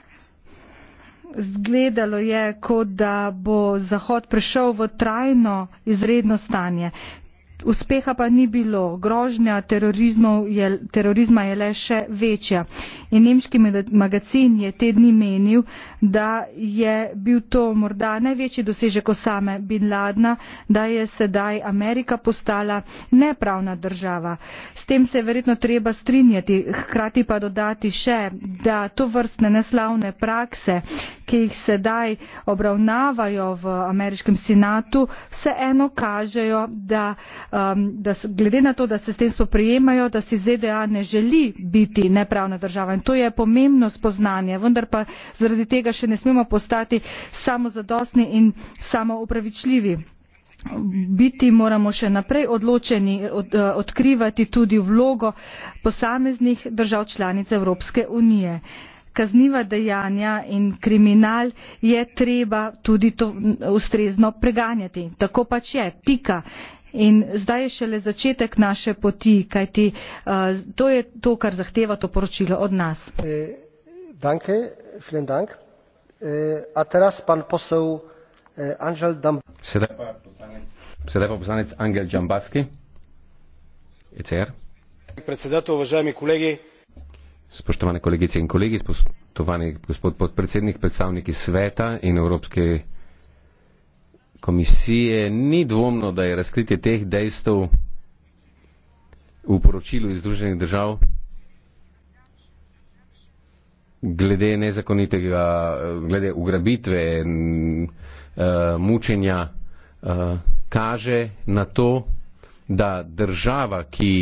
S7: zgledalo je, kot da bo Zahod prešel v trajno izredno stanje. Uspeha pa ni bilo, grožnja je, terorizma je le še večja in nemški magazin je te dni menil, da je bil to morda največji dosežek osame bin Ladna, da je sedaj Amerika postala nepravna država. S tem se je verjetno treba strinjati, hkrati pa dodati še, da to vrstne neslavne prakse, ki jih sedaj obravnavajo v ameriškem senatu, vseeno kažejo, da, um, da glede na to, da se s tem spoprijemajo, da si ZDA ne želi biti nepravna država. In to je pomembno spoznanje vendar pa zaradi tega še ne smemo postati samozadostni in samoopravičljivi. biti moramo še naprej odločeni od, eh, odkrivati tudi vlogo posameznih držav članic evropske unije. kazniva dejanja in kriminal je treba tudi to ustrezno preganjati tako pač je pika. In zdaj je šele začetek naše poti, kajti uh, to je to, kar zahteva to poročilo od nas.
S8: Eh, danke, vielen Dank. Eh, a teraz pan posel
S4: eh, Angel Dam.
S2: Sedaj pa poslanec Angel Džambaski. ECR.
S4: Predsedatelj, uvaženi kolegi.
S2: Spoštovane kolegice in kolegi, spoštovani gospod podpredsednik, predstavniki sveta in Evropske unije komisije, ni dvomno, da je razkritje teh dejstev v poročilu iz Združenih držav glede nezakonitega, glede ugrabitve, eh, mučenja, eh, kaže na to, da država, ki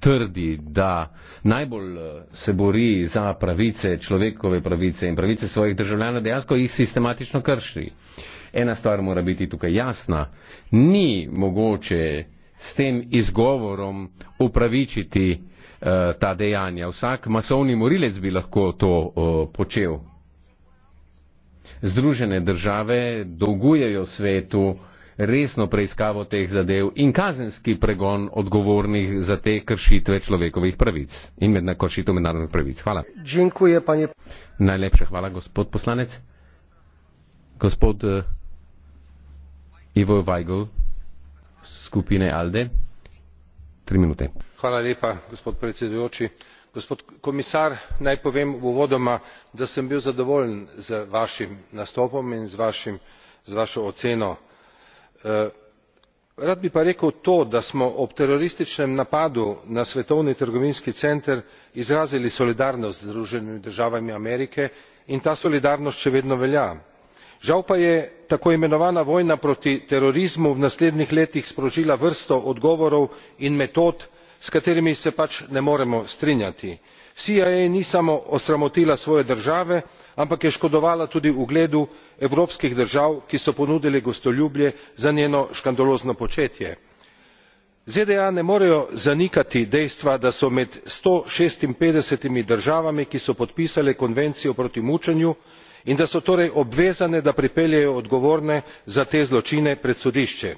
S2: trdi, da najbolj eh, se bori za pravice, človekove pravice in pravice svojih državljanov, dejansko jih sistematično krši. Uh, ena stvar mora biti tukaj jasna. Ni mogoče s tem izgovorom upravičiti uh, ta dejanja. Vsak masovni morilec bi lahko to uh, počel. Združene države dolgujejo svetu resno preiskavo teh zadev in kazenski pregon odgovornih za te kršitve človekovih pravic in med kršitev mednarodnih pravic. Hvala. Džinkuje, panje. Najlepše hvala, gospod poslanec. Gospod. Uh, Ivo Vajgl skupine ALDE. Tri minute.
S4: Hvala lepa, gospod predsedujoči. Gospod komisar, naj povem uvodoma, da sem bil zadovoljen z vašim nastopom in z, vašim, z vašo oceno. E, rad bi pa rekel to, da smo ob terorističnem napadu na svetovni trgovinski center izrazili solidarnost z združenimi državami Amerike in ta solidarnost še vedno velja žal pa je tako imenovana vojna proti terorizmu v naslednjih letih sprožila vrsto odgovorov in metod s katerimi se pač ne moremo strinjati. cia ni samo osramotila svoje države ampak je škodovala tudi ugledu evropskih držav ki so ponudile gostoljubje za njeno škandalozno početje. zda ne morejo zanikati dejstva da so med sto šestinpetdeset državami ki so podpisale konvencijo proti mučenju in da so torej obvezane da pripeljejo odgovorne za te zločine pred sodišče.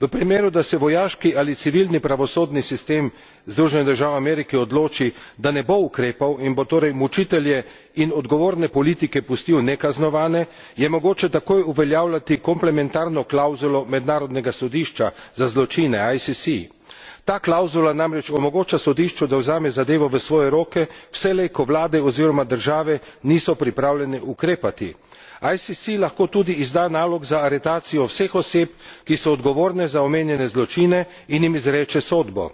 S4: v primeru da se vojaški ali civilni pravosodni sistem združenih držav amerike odloči da ne bo ukrepal in bo torej mučitelje in odgovorne politike pustil nekaznovane je mogoče takoj uveljavljati komplementarno klavzulo mednarodnega sodišča za zločine icc ta klavzula namreč omogoča sodišču da vzame zadevo v svoje roke vselej ko vlade oziroma države niso pripravljene ukrepati. icc lahko tudi izda nalog za aretacijo vseh oseb ki so odgovorne za omenjene zločine in jim izreče sodbo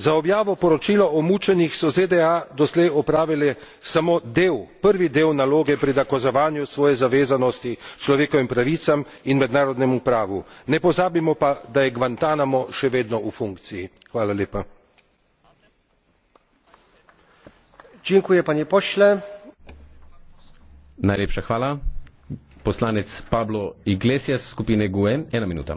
S4: za objavo poročila o mučenjih so zda doslej opravile samo del prvi del naloge pri dokazovanju svoje zavezanosti človekovim pravicam in mednarodnemu pravu ne pozabimo pa da je guantnamo še vedno v funkciji.
S2: najlepša hvala. poslanec pablo iglesias skupina gue ena minuta.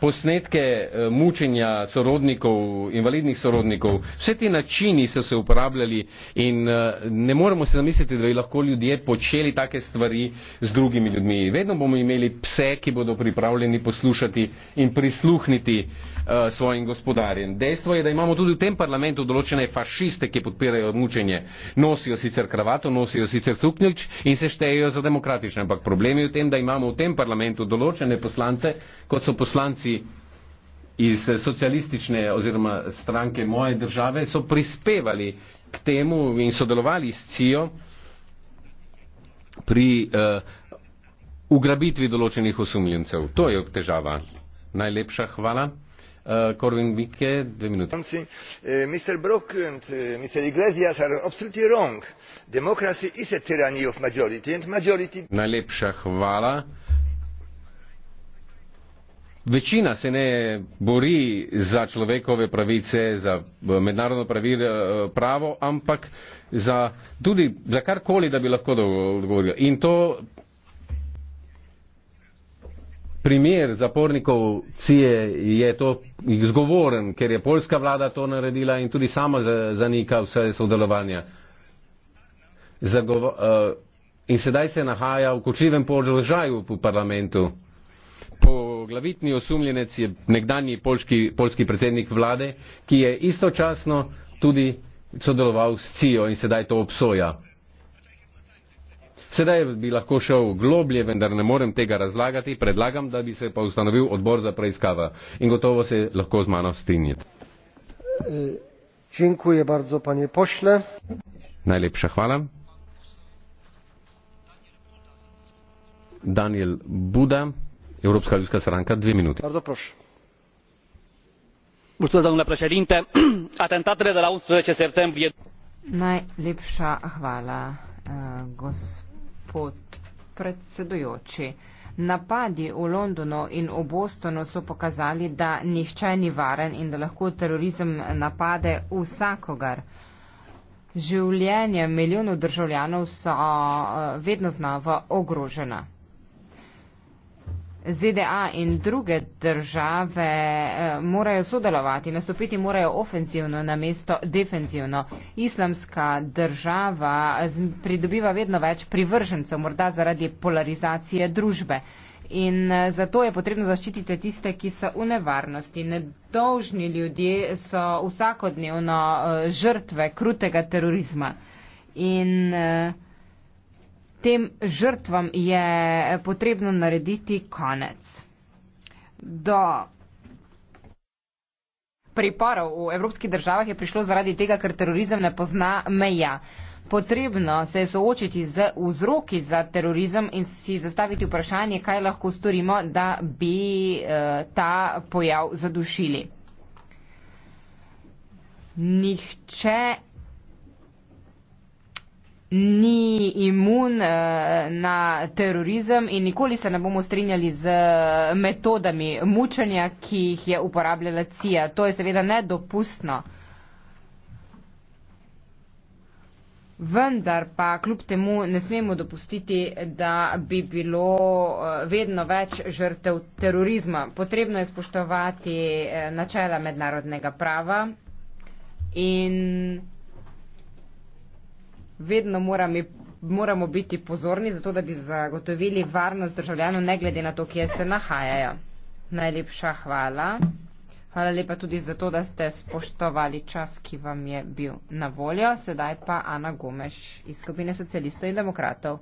S2: posnetke eh, mučenja sorodnikov, invalidnih sorodnikov, vse ti načini so se uporabljali in eh, ne moremo se zamisliti, da bi lahko ljudje počeli take stvari z drugimi ljudmi. Vedno bomo imeli pse, ki bodo pripravljeni poslušati in prisluhniti eh, svojim gospodarjem. Dejstvo je, da imamo tudi v tem parlamentu določene fašiste, ki podpirajo mučenje. Nosijo sicer kravato, nosijo sicer suknjič in se štejejo za demokratične, ampak problem je v tem, da imamo v tem parlamentu določene poslance, kot so poslanci delavci iz socialistične oziroma stranke moje države so prispevali k temu in sodelovali s CIO pri uh, ugrabitvi določenih osumljencev. To je težava. Najlepša hvala. Uh, eh, Corwin Wicke, dve minuti.
S8: Uh, Mr. Brook and uh, eh, Mr. Iglesias are absolutely wrong. Democracy is a tyranny of majority and majority...
S2: Najlepša hvala. Večina se ne bori za človekove pravice, za eh, mednarodno eh, pravo, ampak za, tudi za karkoli, da bi lahko odgovorila. In to primer zapornikov CIE je to izgovoren, ker je polska vlada to naredila in tudi sama zanika vse sodelovanja. Zagovo, uh, in sedaj se nahaja v kočljivem položaju v parlamentu. Glavitni osumljenec je nekdanji polski, polski predsednik vlade, ki je istočasno tudi sodeloval s CIO e in sedaj to obsoja. Sedaj bi lahko šel globlje, vendar ne morem tega razlagati. Predlagam, da bi se pa ustanovil odbor za preiskava in gotovo se lahko z mano strinjate.
S4: E, dziękuję bardzo, panie pośle.
S2: Najlepsza chwala. Daniel Buda evropska ljudska stranka dve minuti. domnule președinte atentatele de la unsprezece septembrie.
S5: najlepša hvala eh, gospod predsedujoči. napadi v londonu in v bostonu so pokazali da nihče ni varen in da lahko terorizem napade vsakogar. življenje milijonov državljanov so eh, vedno znova ogrožena. ZDA in druge države eh, morajo sodelovati, nastopiti morajo ofenzivno na mesto defenzivno. Islamska država pridobiva vedno več privržencev, morda zaradi polarizacije družbe. In eh, zato je potrebno zaščititi tiste, ki so v nevarnosti. Nedolžni ljudje so vsakodnevno eh, žrtve krutega terorizma. In, uh, tem žrtvam je potrebno narediti konec. Do priporov v evropskih državah je prišlo zaradi tega, ker terorizem ne pozna meja. Potrebno se je soočiti z vzroki za terorizem in si zastaviti vprašanje, kaj lahko storimo, da bi eh, ta pojav zadušili. Nihče ni imun uh, na terorizem in nikoli se ne bomo strinjali z eh, metodami mučenja, ki jih je uporabljala CIA. To je seveda nedopustno. Vendar pa kljub temu ne smemo dopustiti, da bi bilo eh, vedno več žrtev terorizma. Potrebno je spoštovati načela mednarodnega prava in vedno morami, moramo biti pozorni, zato da bi zagotovili varnost državljanov, ne glede na to, kje se nahajajo. Najlepša hvala. Hvala lepa tudi za to, da ste spoštovali čas, ki vam je bil na voljo. Sedaj pa Ana Gomeš iz skupine socialistov in demokratov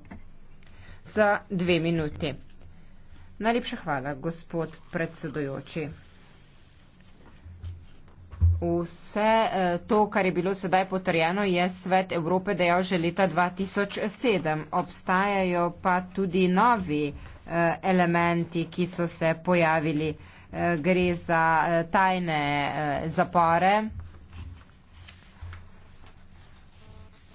S5: za dve minuti. Najlepša hvala, gospod predsedujoči. Vse eh, to, kar je bilo sedaj potrjeno, je svet Evrope dejal že leta 2007. Obstajajo pa tudi novi eh, elementi, ki so se pojavili. Eh, gre za tajne zapore,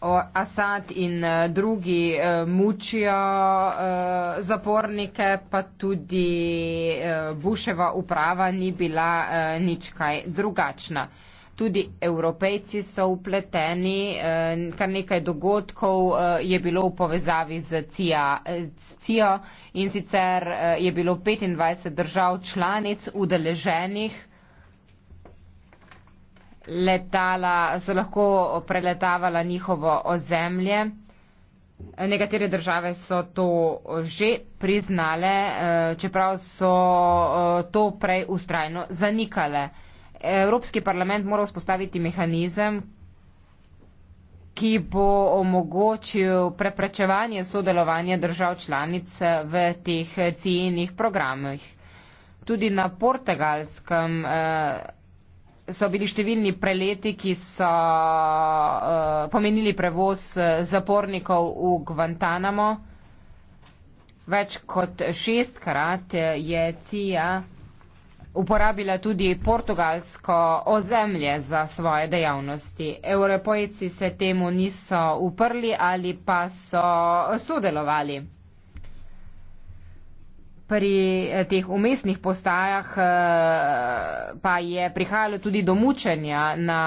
S5: Asad in eh, drugi eh, mučijo eh, zapornike, pa tudi Buševa uprava ni bila nič kaj drugačna. Tudi evropejci so upleteni, kar nekaj dogodkov je bilo v povezavi z CIA in sicer je bilo 25 držav članic udeleženih letala, so lahko preletavala njihovo ozemlje. Nekatere države so to že priznale, eh, čeprav so eh, to prej ustrajno zanikale. Evropski parlament mora vzpostaviti mehanizem, ki bo omogočil preprečevanje sodelovanja držav članic v teh ciljnih programih. Tudi na portugalskem eh, so bili številni preleti, ki so uh, pomenili prevoz eh, zapornikov v Guantanamo. Več kot šestkrat eh, je CIA uporabila tudi portugalsko ozemlje za svoje dejavnosti. Evropejci se temu niso uprli ali pa so sodelovali pri eh, teh umestnih postajah eh, pa je prihajalo tudi do mučenja na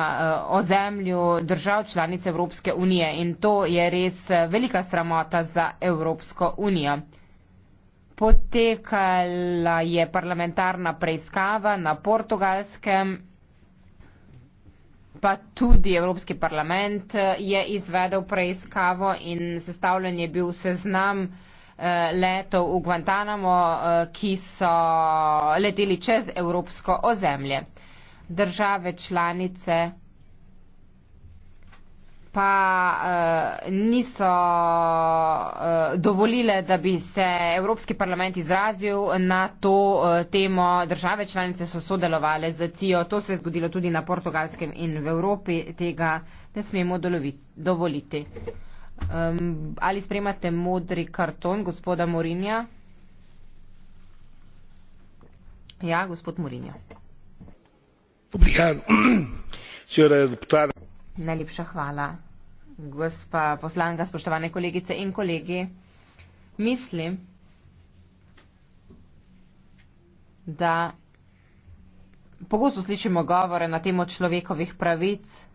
S5: eh, ozemlju držav članic Evropske unije in to je res velika sramota za Evropsko unijo. Potekala je parlamentarna preiskava na portugalskem. Pa tudi Evropski parlament je izvedel preiskavo in sestavljen je bil seznam eh, Eh, letov v Guantanamo, eh, ki so leteli čez evropsko ozemlje. Države članice pa eh, niso dovolile, da bi se Evropski parlament izrazil na to temo. Države članice so sodelovali z CIO. To se je zgodilo tudi na portugalskem in v Evropi. Tega ne smemo doloviti, dovoliti. Um, ali spremate modri karton gospoda Morinja? Ja, gospod Morinja. Najlepša hvala, gospa poslanka, spoštovane kolegice in kolegi. Mislim, da pogosto slišimo govore na temo človekovih pravic.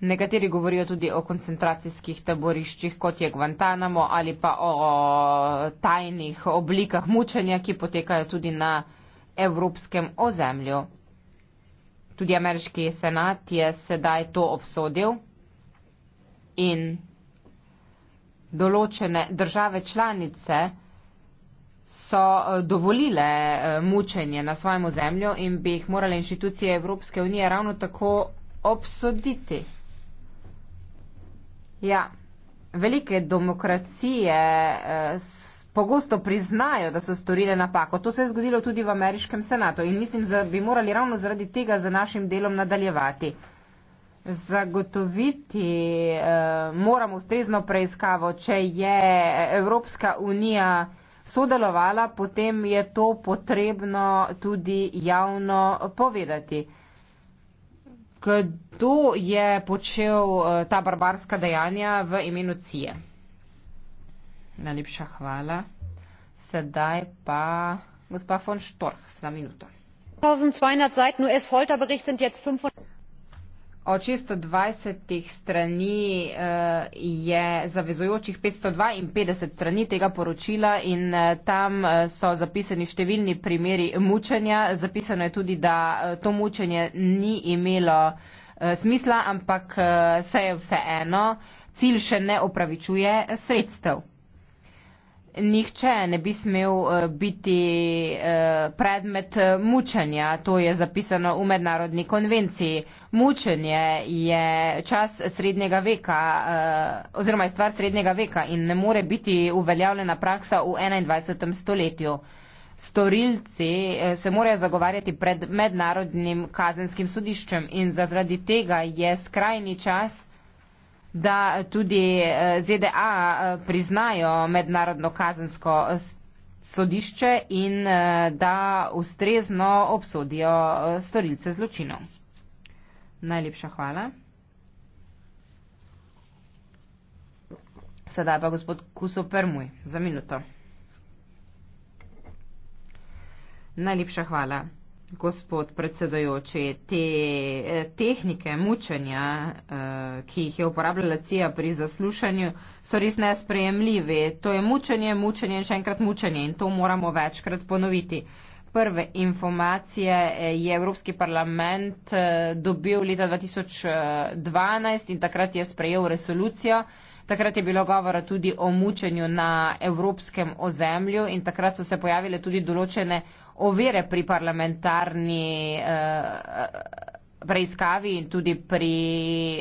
S5: Nekateri govorijo tudi o koncentracijskih taboriščih, kot je Guantanamo, ali pa o tajnih oblikah mučenja, ki potekajo tudi na evropskem ozemlju. Tudi ameriški senat je sedaj to obsodil in določene države članice so eh, dovolile eh, mučenje na svojem ozemlju in bi jih morale inštitucije Evropske unije ravno tako obsoditi. Ja, velike demokracije eh, pogosto priznajo, da so storile napako. To se je zgodilo tudi v ameriškem senatu in mislim, da bi morali ravno zaradi tega za našim delom nadaljevati. Zagotoviti eh, moramo ustrezno preiskavo, če je eh, Evropska unija sodelovala, potem je to potrebno tudi javno povedati kdo je počel eh, ta barbarska dejanja v imenu Cije. Najlepša hvala. Sedaj pa gospa von Storch za minuto.
S7: 1200 strani US-folterbericht sind jetzt 500.
S5: Od 620 strani eh, je zavezojočih 552 strani tega poročila in eh, tam eh, so zapisani številni primeri mučenja. Zapisano je tudi, da to mučenje ni imelo smisla, ampak se je vseeno. Cilj še ne opravičuje sredstev nihče ne bi smel eh, biti eh, predmet eh, mučenja. To je zapisano v mednarodni konvenciji. Mučenje je čas srednjega veka oziroma je stvar srednjega veka in ne more biti uveljavljena praksa v 21. stoletju. Storilci se morajo zagovarjati pred mednarodnim kazenskim sodiščem in zaradi tega je skrajni čas, da tudi eh, ZDA eh, priznajo mednarodno kazensko sodišče in eh, da ustrezno obsodijo storilce zločinov. Najlepša hvala. Sedaj pa gospod Kuso Permuj za minuto. Najlepša hvala gospod predsedojoči, te eh, tehnike mučenja, eh, ki jih je uporabljala CIA pri zaslušanju, so res nesprejemljive. To je mučenje, mučenje in še enkrat mučenje in to moramo večkrat ponoviti. Prve informacije eh, je Evropski parlament dobil leta 2012 in takrat je sprejel resolucijo. Takrat je bilo govora tudi o mučenju na evropskem ozemlju in takrat so se pojavile tudi določene ovire pri parlamentarni eh, preiskavi in tudi pri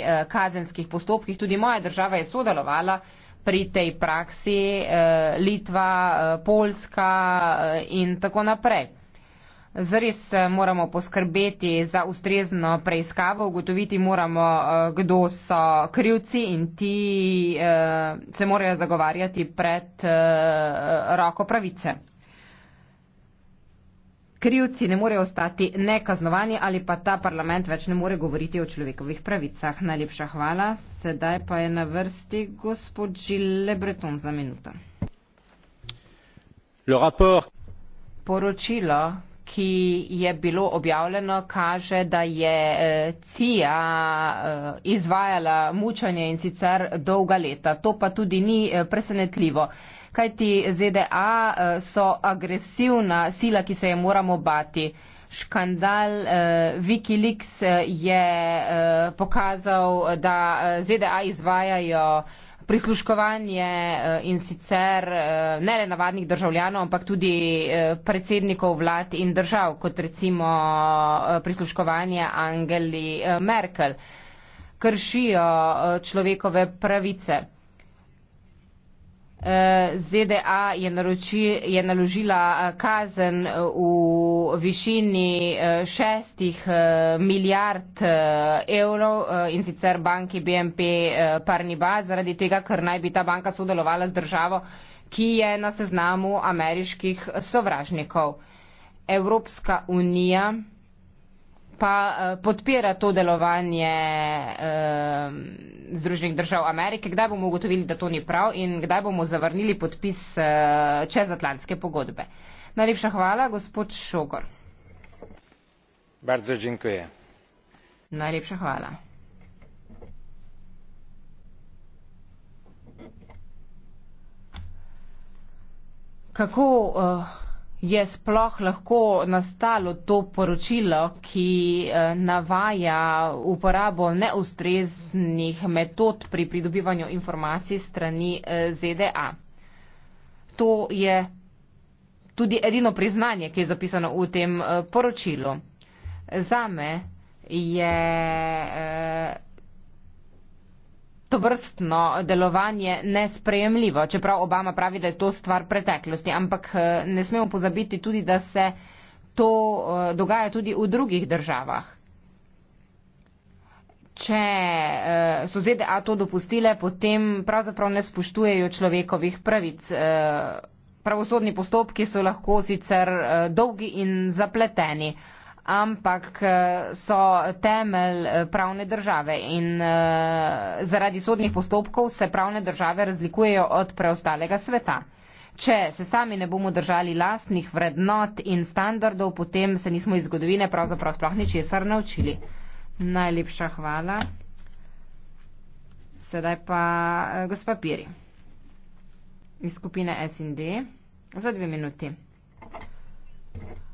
S5: eh, kazenskih postopkih. Tudi moja država je sodelovala pri tej praksi, eh, Litva, Poljska in tako naprej. Zares moramo poskrbeti za ustrezno preiskavo, ugotoviti moramo, kdo so krivci in ti se morajo zagovarjati pred roko pravice krivci ne morejo ostati nekaznovani ali pa ta parlament več ne more govoriti o človekovih pravicah. Najlepša hvala. Sedaj pa je na vrsti gospod Žile Breton za minuto. Poročilo, ki je bilo objavljeno, kaže, da je eh, CIA eh, izvajala mučanje in sicer dolga leta. To pa tudi ni eh, presenetljivo kajti ZDA eh, so agresivna sila, ki se je moramo bati. Škandal eh, Wikileaks eh, je eh, pokazal, da eh, ZDA izvajajo prisluškovanje eh, in sicer eh, ne le navadnih državljanov, ampak tudi eh, predsednikov vlad in držav, kot recimo eh, prisluškovanje Angeli eh, Merkel. Kršijo eh, človekove pravice. ZDA je, naroči, je naložila eh, kazen eh, v višini eh, šestih milijard evrov in sicer banki BNP Parniba zaradi tega, ker naj bi ta banka sodelovala z državo, ki je na seznamu ameriških sovražnikov. Evropska unija pa podpira to delovanje. Eh, Združenih držav Amerike, kdaj bomo ugotovili, da to ni prav in kdaj bomo zavrnili podpis eh, čezatlantske pogodbe. Najlepša hvala, gospod Šogor.
S4: Bardzo dziękuję.
S5: Najlepša hvala. Kako uh, je sploh lahko nastalo to poročilo, ki eh, navaja uporabo neustreznih metod pri pridobivanju informacij strani eh, ZDA. To je tudi edino priznanje, ki je zapisano v tem eh, poročilu. Zame je To vrstno delovanje nesprejemljivo, čeprav Obama pravi, da je to stvar preteklosti, ampak eh, ne smemo pozabiti tudi, da se to eh, dogaja tudi v drugih državah. Če eh, so ZDA to dopustile, potem pravzaprav ne spoštujejo človekovih pravic. Pravosodni postopki so lahko sicer dolgi in zapleteni ampak eh, so temelj eh, pravne države in eh, zaradi sodnih postopkov se pravne države razlikujejo od preostalega sveta. Če se sami ne bomo držali lastnih vrednot in standardov, potem se nismo iz zgodovine pravzaprav sploh ničesar naučili. Najlepša hvala. Sedaj pa gospa Piri iz skupine SND za dve minuti.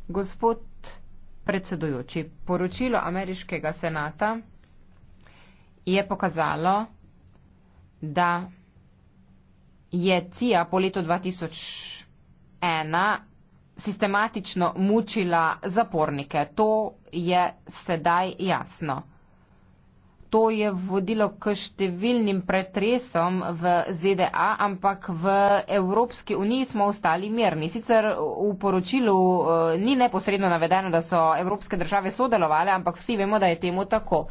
S5: Gospod predsedujoči. Poročilo ameriškega senata je pokazalo, da je CIA po letu 2001 sistematično mučila zapornike. To je sedaj jasno to je vodilo k številnim pretresom v ZDA, ampak v Evropski uniji smo ostali mirni. Sicer v poročilu eh, ni neposredno navedeno, da so evropske države sodelovali, ampak vsi vemo, da je temu tako.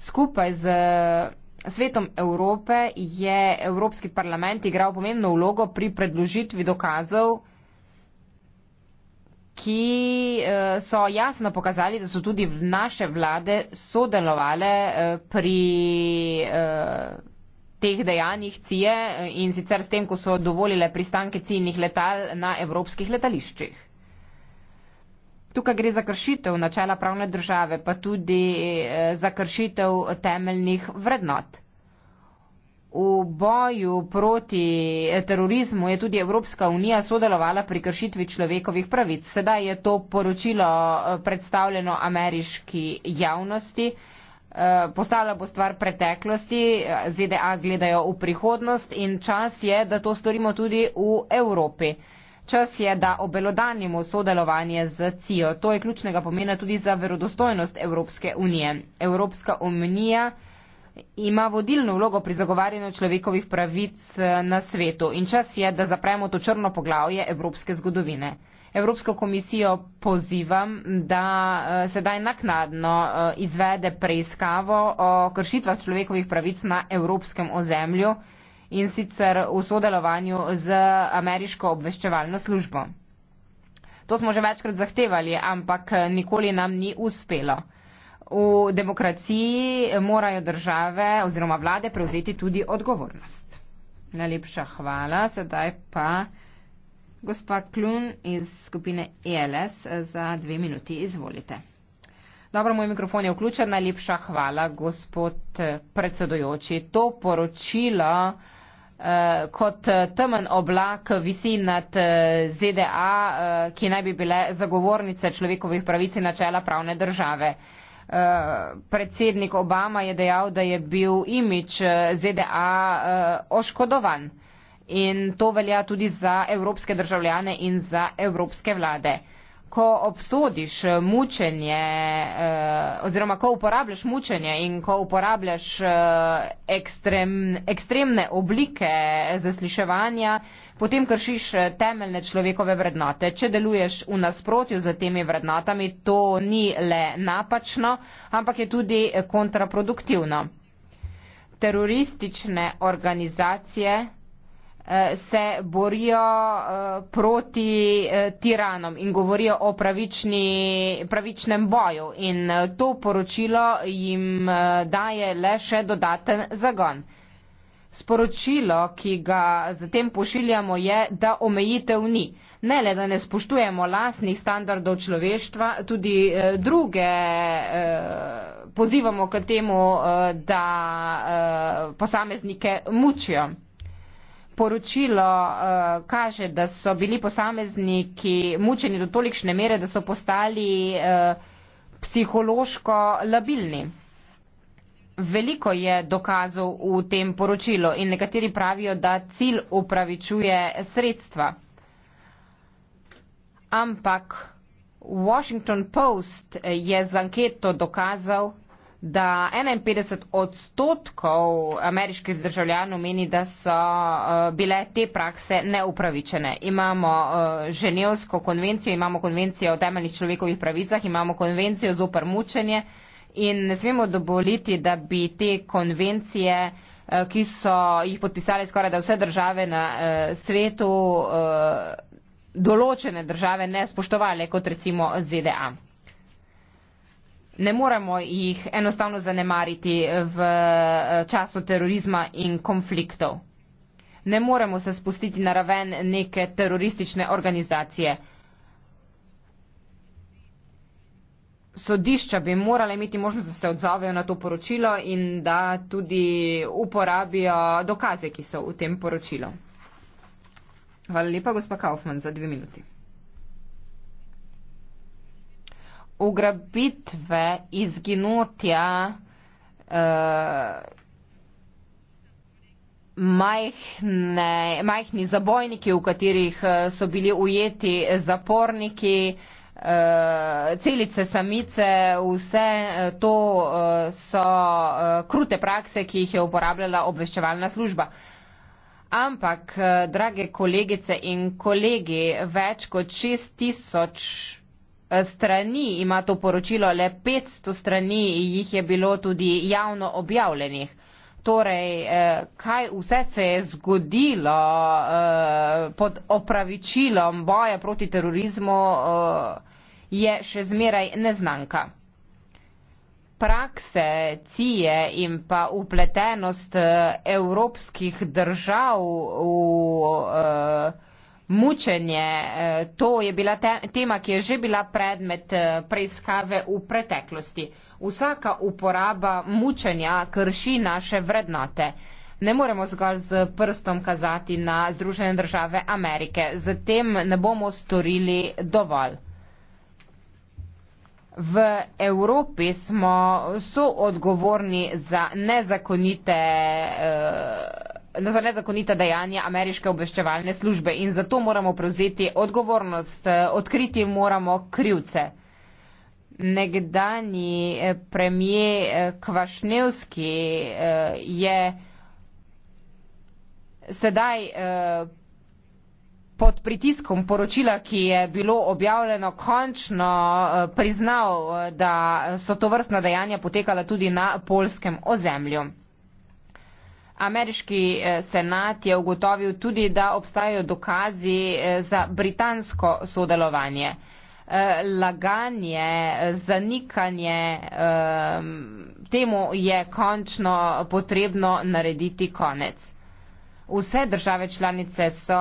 S5: Skupaj z eh, svetom Evrope je Evropski parlament igral pomembno vlogo pri predložitvi dokazov, ki eh, so jasno pokazali, da so tudi naše vlade sodelovale eh, pri eh, teh dejanjih CIE in sicer s tem, ko so dovolile pristanke ciljnih letal na evropskih letališčih. Tukaj gre za kršitev načela pravne države, pa tudi za kršitev temeljnih vrednot. V boju proti terorizmu je tudi Evropska unija sodelovala pri kršitvi človekovih pravic. Sedaj je to poročilo eh, predstavljeno ameriški javnosti. Eh, postala bo stvar preteklosti, ZDA gledajo v prihodnost in čas je, da to storimo tudi v Evropi. Čas je, da obelodanimo sodelovanje z CIO. To je ključnega pomena tudi za verodostojnost Evropske unije. Evropska unija ima vodilno vlogo pri zagovarjanju človekovih pravic eh, na svetu in čas je, da zapremo to črno poglavje evropske zgodovine. Evropsko komisijo pozivam, da eh, sedaj naknadno eh, izvede preiskavo o kršitvah človekovih pravic na evropskem ozemlju in sicer v sodelovanju z ameriško obveščevalno službo. To smo že večkrat zahtevali, ampak nikoli nam ni uspelo v demokraciji morajo države oziroma vlade prevzeti tudi odgovornost. Najlepša hvala. Sedaj pa gospa Klun iz skupine ELS za dve minuti. Izvolite. Dobro, moj mikrofon je vključen. Najlepša hvala, gospod predsedojoči. To poročilo eh, kot eh, temen oblak visi nad eh, ZDA, eh, ki naj bi bile zagovornice človekovih pravic in načela pravne države. Eh, Eh, predsednik Obama je dejal, da je bil imič eh, ZDA eh, oškodovan. In to velja tudi za evropske državljane in za evropske vlade ko obsodiš eh, mučenje eh, oziroma ko uporabljaš mučenje in ko uporabljaš eh, ekstrem, ekstremne oblike zasliševanja, potem kršiš temeljne človekove vrednote. Če deluješ v nasprotju z temi vrednotami, to ni le napačno, ampak je tudi kontraproduktivno. Teroristične organizacije Eh, se borijo eh, proti eh, tiranom in govorijo o pravični, pravičnem boju. In to poročilo jim daje le še dodaten zagon. Sporočilo, ki ga zatem pošiljamo, je, da omejitev ni. Ne le, da ne spoštujemo lastnih standardov človeštva, tudi druge pozivamo k temu, da posameznike mučijo poročilo uh, kaže, da so bili posamezniki mučeni do tolikšne mere, da so postali uh, psihološko labilni. Veliko je dokazov v tem poročilu in nekateri pravijo, da cilj upravičuje sredstva. Ampak Washington Post je z anketo dokazal, da 51 odstotkov ameriških državljanov meni, da so eh, bile te prakse neupravičene. Imamo eh, ženevsko konvencijo, imamo konvencijo o temeljnih človekovih pravicah, imamo konvencijo z opermučenje in ne smemo doboliti, da bi te konvencije eh, ki so jih podpisali skoraj da vse države na eh, svetu, eh, določene države ne spoštovali, kot recimo ZDA ne moremo jih enostavno zanemariti v eh, času terorizma in konfliktov. Ne moremo se spustiti na raven neke teroristične organizacije. Sodišča bi morale imeti možnost, da se odzovejo na to poročilo in da tudi uporabijo dokaze, ki so v tem poročilu. Hvala lepa, gospa Kaufman, za dve minuti. ugrabitve, izginotja uh, eh, majhnih zabojniki, v katerih eh, so bili ujeti zaporniki, uh, celice, samice, vse to uh, so uh, krute prakse, ki jih je uporabljala obveščevalna služba. Ampak, drage kolegice in kolegi, več kot 6000 strani ima to poročilo, le 500 strani jih je bilo tudi javno objavljenih. Torej, eh, kaj vse se je zgodilo eh, pod opravičilom boja proti terorizmu, eh, je še zmeraj neznanka. Prakse, cije in pa upletenost evropskih držav v mučenje, eh, to je bila tema, ki je že bila predmet eh, preiskave v preteklosti. Vsaka uporaba mučenja krši naše vrednote. Ne moremo zgolj z prstom kazati na Združene države Amerike. Zatem ne bomo storili dovolj. V Evropi smo soodgovorni za nezakonite. Uh, za nezakonita dejanja ameriške obveščevalne službe in zato moramo prevzeti odgovornost, odkriti moramo krivce. Nekdani eh, premije eh, Kvašnevski eh, je sedaj pod pritiskom poročila, ki je bilo objavljeno, končno priznal, da so to vrstna dejanja potekala tudi na polskem ozemlju. Ameriški eh, senat je ugotovil tudi, da obstajajo dokazi eh, za britansko sodelovanje. Eh, laganje, zanikanje, ehm, temu je končno potrebno narediti konec. Vse države članice so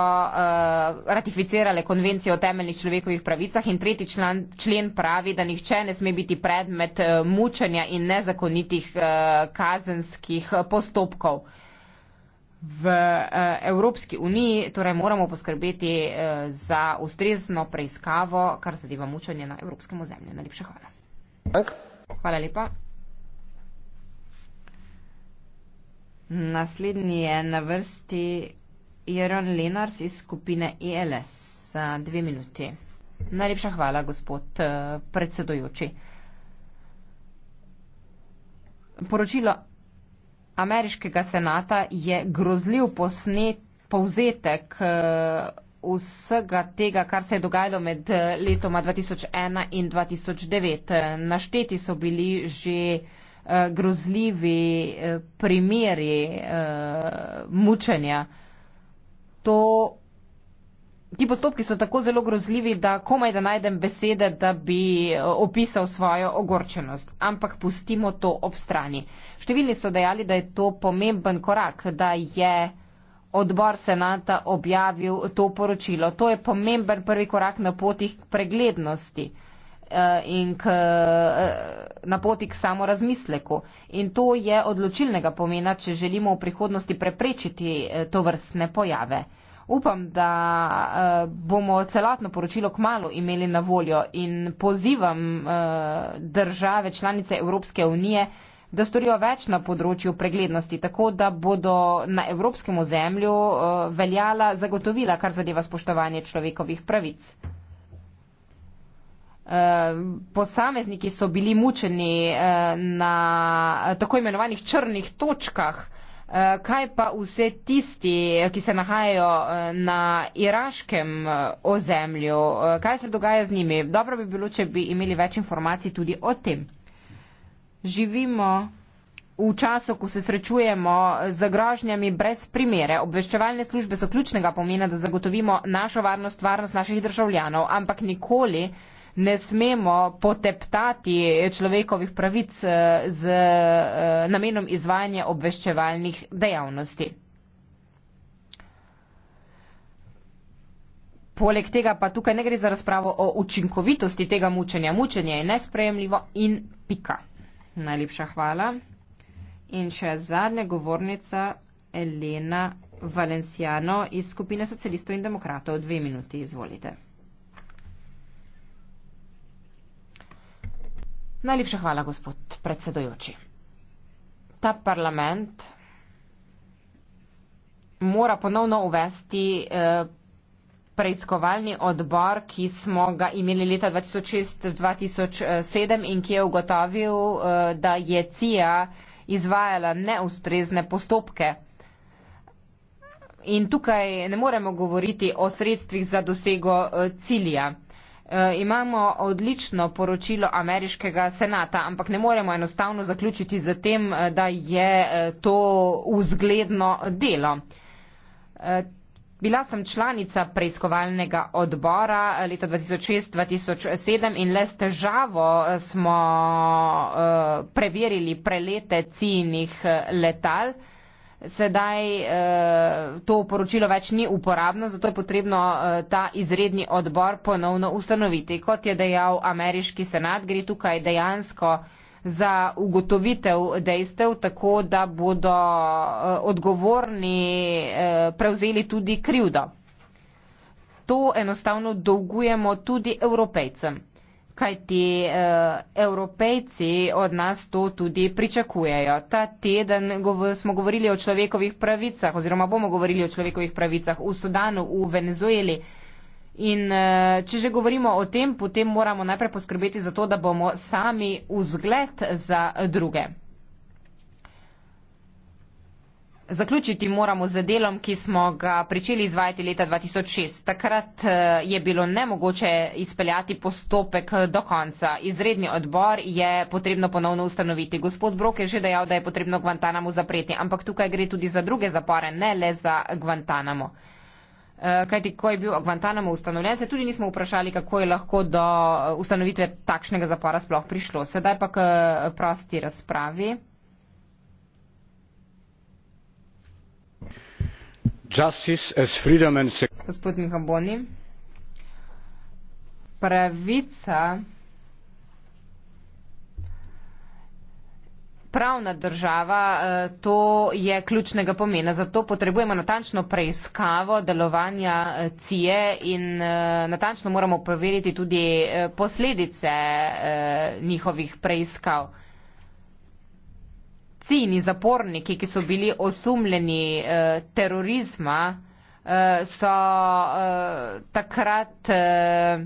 S5: ratificirale konvencijo o temeljnih človekovih pravicah in tretji član, člen pravi, da nihče ne sme biti predmet mučenja in nezakonitih kazenskih postopkov v eh, Evropski uniji, torej moramo poskrbeti eh, za ustrezno preiskavo, kar zadeva mučanje na evropskem ozemlju. Najlepša hvala. Hvala lepa. Naslednji je na vrsti Jeron Lenars iz skupine ELS. Dve minuti. Najlepša hvala, gospod eh, predsedojoči. Poročilo ameriškega senata je grozljiv posnet, povzetek eh, vsega tega, kar se je dogajalo med eh, letoma 2001 in 2009. Eh, našteti so bili že grozljivi primeri mučenja. To Ti postopki so tako zelo grozljivi, da komaj da najdem besede, da bi eh, opisal svojo ogorčenost. Ampak pustimo to ob strani. Številni so dejali, da je to pomemben korak, da je odbor senata objavil to poročilo. To je pomemben prvi korak na poti k preglednosti eh, in k, eh, na poti k samorazmisleku. In to je odločilnega pomena, če želimo v prihodnosti preprečiti to vrstne pojave upam, da eh, bomo celotno poročilo k malu imeli na voljo in pozivam eh, države članice Evropske unije, da storijo več na področju preglednosti, tako da bodo na evropskem ozemlju eh, veljala zagotovila, kar zadeva spoštovanje človekovih pravic. Posamezniki so bili mučeni na tako imenovanih črnih točkah, Eh, kaj pa vse tisti, eh, ki se nahajajo eh, na iraškem ozemlju, kaj se dogaja z njimi? Dobro bi bilo, če bi imeli več informacij tudi o tem. Živimo v času, ko se srečujemo z grožnjami brez primere. Obveščevalne službe so ključnega pomena, da zagotovimo našo varnost, varnost naših državljanov, ampak nikoli ne smemo poteptati človekovih pravic eh, z eh, namenom izvajanja obveščevalnih dejavnosti. Poleg tega pa tukaj ne gre za razpravo o učinkovitosti tega mučenja. Mučenje je nespremljivo in pika. Najlepša hvala. In še zadnja govornica, Elena Valenciano iz skupine socialistov in demokratov. Dve minuti, izvolite. Najlepša hvala, gospod predsedojoči. Ta parlament mora ponovno uvesti eh, preiskovalni odbor, ki smo ga imeli leta 2006-2007 in ki je ugotovil, eh, da je CIA izvajala neustrezne postopke. In tukaj ne moremo govoriti o sredstvih za dosego eh, cilja. Eh, imamo odlično poročilo ameriškega senata, ampak ne moremo enostavno zaključiti za tem, eh, da je eh, to vzgledno delo. Bila sem članica preiskovalnega odbora leta 2006-2007 in le s težavo smo preverili prelete ciljnih letal sedaj eh, to poročilo več ni uporabno, zato je potrebno eh, ta izredni odbor ponovno ustanoviti. Kot je dejal ameriški senat, gre tukaj dejansko za ugotovitev dejstev, tako da bodo eh, odgovorni eh, prevzeli tudi krivdo. To enostavno dolgujemo tudi evropejcem kajti uh, evropejci od nas to tudi pričakujejo. Ta teden gov smo govorili o človekovih pravicah oziroma bomo govorili o človekovih pravicah v Sudanu, v Venezueli. In eh, če že govorimo o tem, potem moramo najprej poskrbeti za to, da bomo sami vzgled za druge. Zaključiti moramo z delom, ki smo ga pričeli izvajati leta 2006. Takrat eh, je bilo nemogoče izpeljati postopek do konca. Izredni odbor je potrebno ponovno ustanoviti. Gospod Brok je že dejal, da je potrebno Guantanamo zapreti, ampak tukaj gre tudi za druge zapore, ne le za Guantanamo. Eh, kajti, ko je bil Guantanamo ustanovljen, se tudi nismo vprašali, kako je lahko do eh, ustanovitve takšnega zapora sploh prišlo. Sedaj pa k prosti razpravi. Gospod Mihaboni, pravica, pravna država, eh, to je ključnega pomena. Zato potrebujemo natančno preiskavo delovanja eh, CIE in eh, natančno moramo preveriti tudi posledice njihovih preiskav borci in zaporniki, ki so bili osumljeni eh, terorizma, eh, so eh, takrat eh,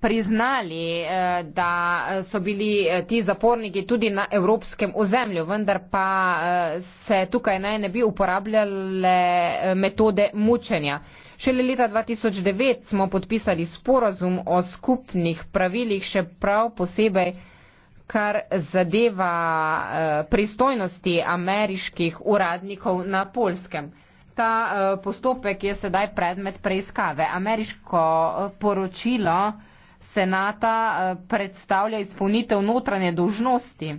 S5: priznali, eh, da so bili eh, ti zaporniki tudi na evropskem ozemlju, vendar pa eh, se tukaj naj ne bi uporabljale eh, metode mučenja. Šele leta 2009 smo podpisali sporozum o skupnih pravilih, še prav posebej kar zadeva eh, pristojnosti ameriških uradnikov na polskem. Ta eh, postopek je sedaj predmet preiskave. Ameriško eh, poročilo senata predstavlja izpolnitev notranje dožnosti,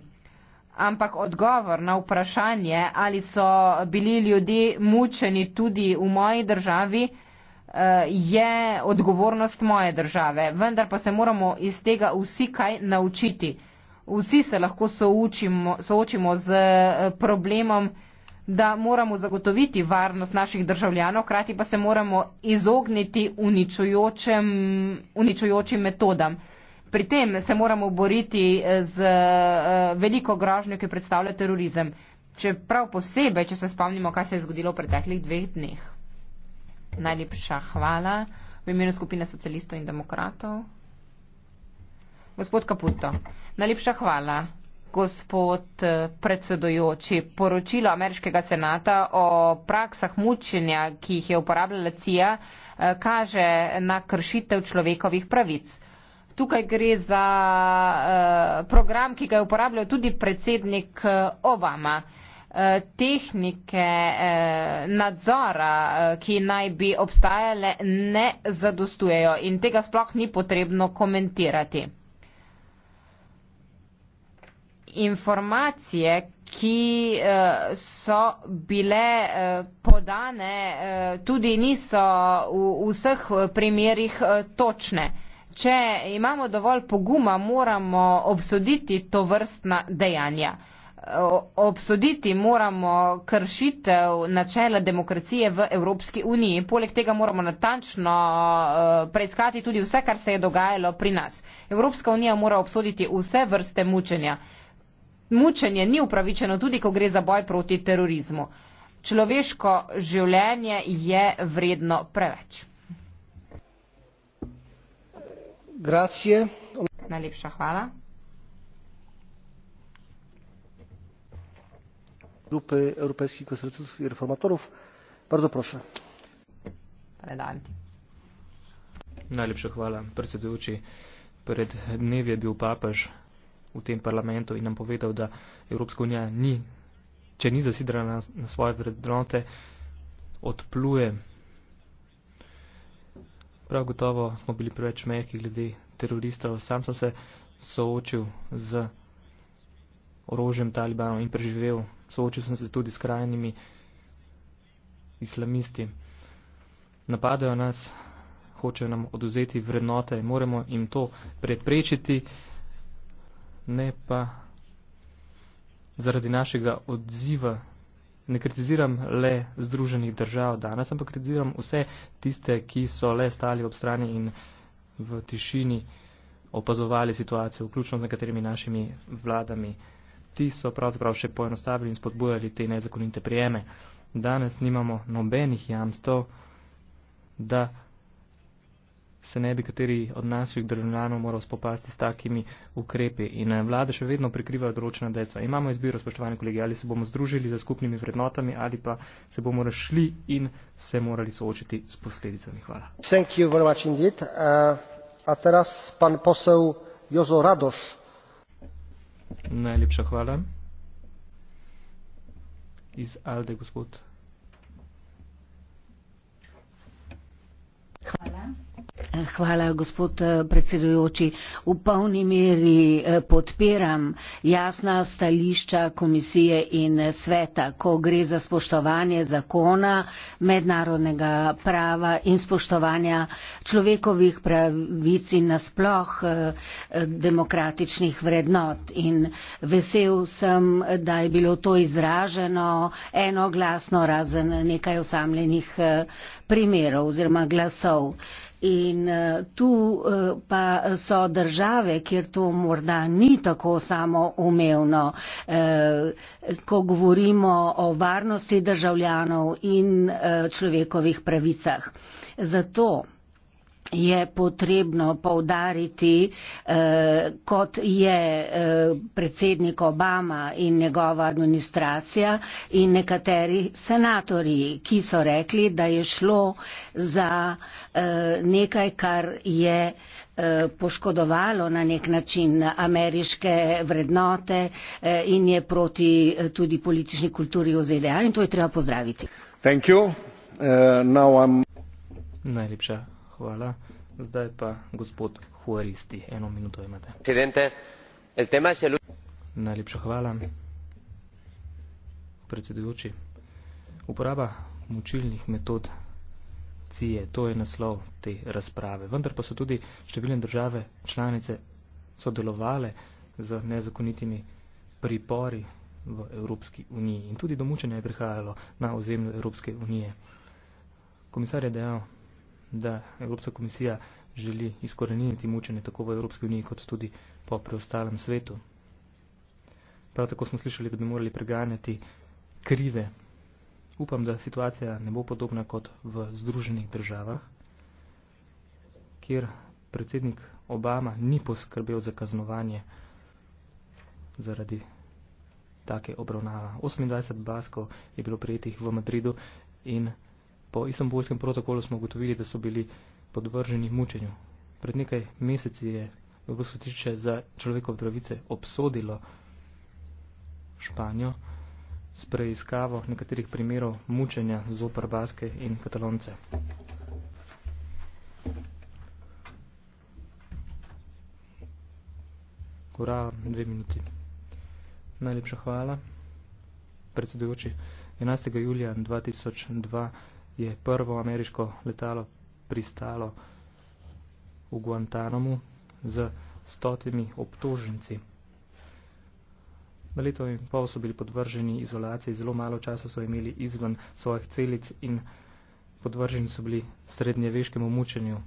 S5: ampak odgovor na vprašanje, ali so bili ljudje mučeni tudi v moji državi, je odgovornost moje države. Vendar pa se moramo iz tega vsi kaj naučiti vsi se lahko soočimo, soočimo z eh, problemom, da moramo zagotoviti varnost naših državljanov, krati pa se moramo izogniti uničujočem, uničujočim metodam. Pri tem se moramo boriti eh, z eh, veliko grožnjo, ki predstavlja terorizem. Če prav posebej, če se spomnimo, kaj se je zgodilo v preteklih dveh dneh. Najlepša hvala v imenu skupine socialistov in demokratov. Gospod Kaputo, najlepša hvala. Gospod eh, predsedujoči, poročilo ameriškega senata o praksah mučenja, ki jih je uporabljala CIA, eh, kaže na kršitev človekovih pravic. Tukaj gre za eh, program, ki ga je uporabljal tudi predsednik Obama. Tehnike nadzora, ki naj bi obstajale, ne zadostujejo in tega sploh ni potrebno komentirati informacije, ki eh, so bile eh, podane, eh, tudi niso v vseh primerjih točne. Če imamo dovolj poguma, moramo obsoditi to vrstna dejanja. Obsoditi moramo kršitev načela demokracije v Evropski uniji. Poleg tega moramo natančno preiskati tudi vse, kar se je dogajalo pri nas. Evropska unija mora obsoditi vse vrste mučenja mučenje ni upravičeno, tudi ko gre za boj proti terorizmu. Človeško življenje je vredno preveč.
S4: Grazie.
S5: Najlepša hvala.
S4: Grupe evropskih konservativcev in
S8: reformatorov, prvo prošle. Predajam ti. Najlepša hvala, predsedujoči. Pred dnevi je bil papež v tem parlamentu in nam povedal, da Evropska unija ni, če ni zasidrana na, na svoje vrednote, odpluje. Prav gotovo smo bili preveč mehki glede teroristov. Sam sem se soočil z orožjem talibanov in preživel. Soočil sem se tudi s krajnimi islamisti. Napadajo nas, hočejo nam oduzeti vrednote, moramo jim to preprečiti ne pa zaradi našega odziva. Ne kritiziram le združenih držav danes, ampak kritiziram vse tiste, ki so le stali ob strani in v tišini opazovali situacijo, vključno z nekaterimi našimi vladami. Ti so pravzaprav še poenostavili in spodbujali te nezakonite prijeme. Danes nimamo nobenih jamstv, da se ne bi kateri od naših državljanov moral spopasti s takimi ukrepi. In eh, vlade še vedno prikrivajo določena dejstva. Imamo izbiro, spoštovani kolegi, ali se bomo združili za skupnimi vrednotami ali pa se bomo rešli in se morali soočiti s posledicami. Hvala. Eh, Najlepša hvala. Iz Alde, gospod.
S6: Hvala, gospod eh, predsedujoči. V polni meri eh, podpiram jasna stališča komisije in sveta, ko gre za spoštovanje zakona, mednarodnega prava in spoštovanja človekovih pravic in nasploh eh, demokratičnih vrednot. In vesel sem, da je bilo to izraženo enoglasno, razen nekaj osamljenih primerov oziroma glasov. In eh, tu eh, pa so države, kjer to morda ni tako samoumevno, eh, ko govorimo o varnosti državljanov in človekovih pravicah. Zato je potrebno povdariti, eh, kot je eh, predsednik Obama in njegova administracija in nekateri senatorji, ki so rekli, da je šlo za eh, nekaj, kar je eh, poškodovalo na nek način ameriške vrednote eh, in je proti eh, tudi politični kulturi v ZDA in to je treba pozdraviti.
S8: Uh, Najlepša Hvala. Zdaj pa gospod Huaristi, eno minuto
S2: imate.
S8: Najlepša hvala. Predsedujoči, uporaba močilnih metod CIE, to je naslov te razprave. Vendar pa so tudi številne države članice sodelovale z nezakonitimi pripori v Evropski uniji. In tudi domučenje je prihajalo na ozemlju Evropske unije. Komisar je dejal, da Evropska komisija želi izkoreniniti mučenje tako v Evropski uniji kot tudi po preostalem svetu. Prav tako smo slišali, da bi morali preganjati krive. Upam, da situacija ne bo podobna kot v Združenih državah, kjer predsednik Obama ni poskrbel za kaznovanje zaradi take obravnava. 28 baskov je bilo prijetih v Madridu in Po istambulskem protokolu smo ugotovili, da so bili podvrženi mučenju. Pred nekaj meseci je Evropsko tišče za človekov pravice obsodilo Španijo s preiskavo nekaterih primerov mučenja zopr Baske in Katalonce. Ura, dve minuti. Najlepša hvala, predsedujoči. 11. julija 2002 je prvo ameriško letalo pristalo v Guantanamu z stotimi obtoženci. Na leto in pol so bili podvrženi izolaciji, zelo malo časa so imeli izven svojih celic in podvrženi so bili srednjeveškemu mučenju.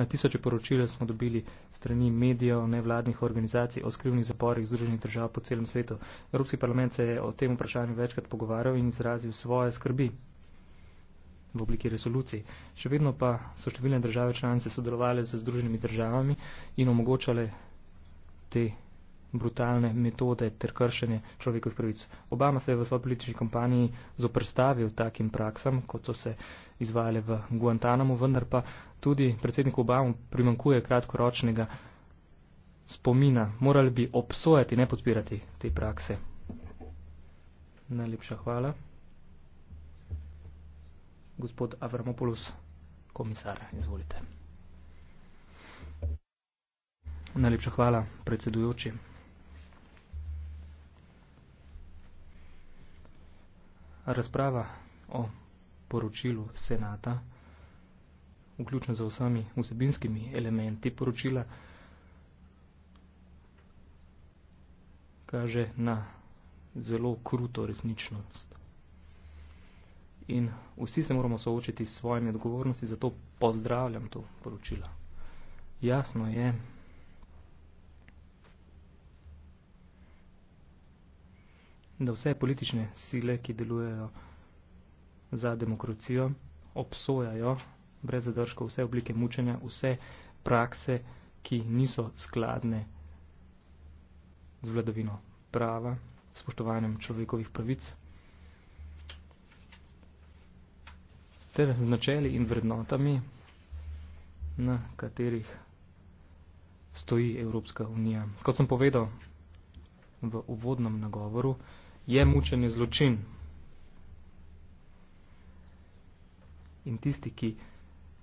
S8: Na tisoče poročile smo dobili strani medijev, nevladnih organizacij o skrivnih zaporih Združenih držav po celem svetu. Evropski parlament se je o tem vprašanju večkrat pogovarjal in izrazil svoje skrbi v obliki rezolucij. Še vedno pa so številne države članice sodelovali z združenimi državami in omogočale te brutalne metode ter kršenje človekovih pravic. Obama se je v svoji politični kampanji zoprstavil takim praksam, kot so se izvajale v Guantanamo, vendar pa tudi predsednik Obama primankuje kratkoročnega spomina. Morali bi obsojati, ne podpirati te prakse. Najlepša hvala. Gospod Avramopoulos, komisar, izvolite. Najlepša hvala, predsedujoči. Razprava o poročilu Senata, vključno za vsemi vsebinskimi elementi poročila, kaže na zelo kruto resničnost in vsi se moramo soočiti s svojimi odgovornosti, zato pozdravljam to poročilo. Jasno je, da vse politične sile, ki delujejo za demokracijo, obsojajo brez zadržkov vse oblike mučenja, vse prakse, ki niso skladne z vladovino prava, spoštovanjem človekovih pravic ter z načeli in vrednotami, na katerih stoji Evropska unija. Kot sem povedal v uvodnem nagovoru, je mučenje zločin. In tisti, ki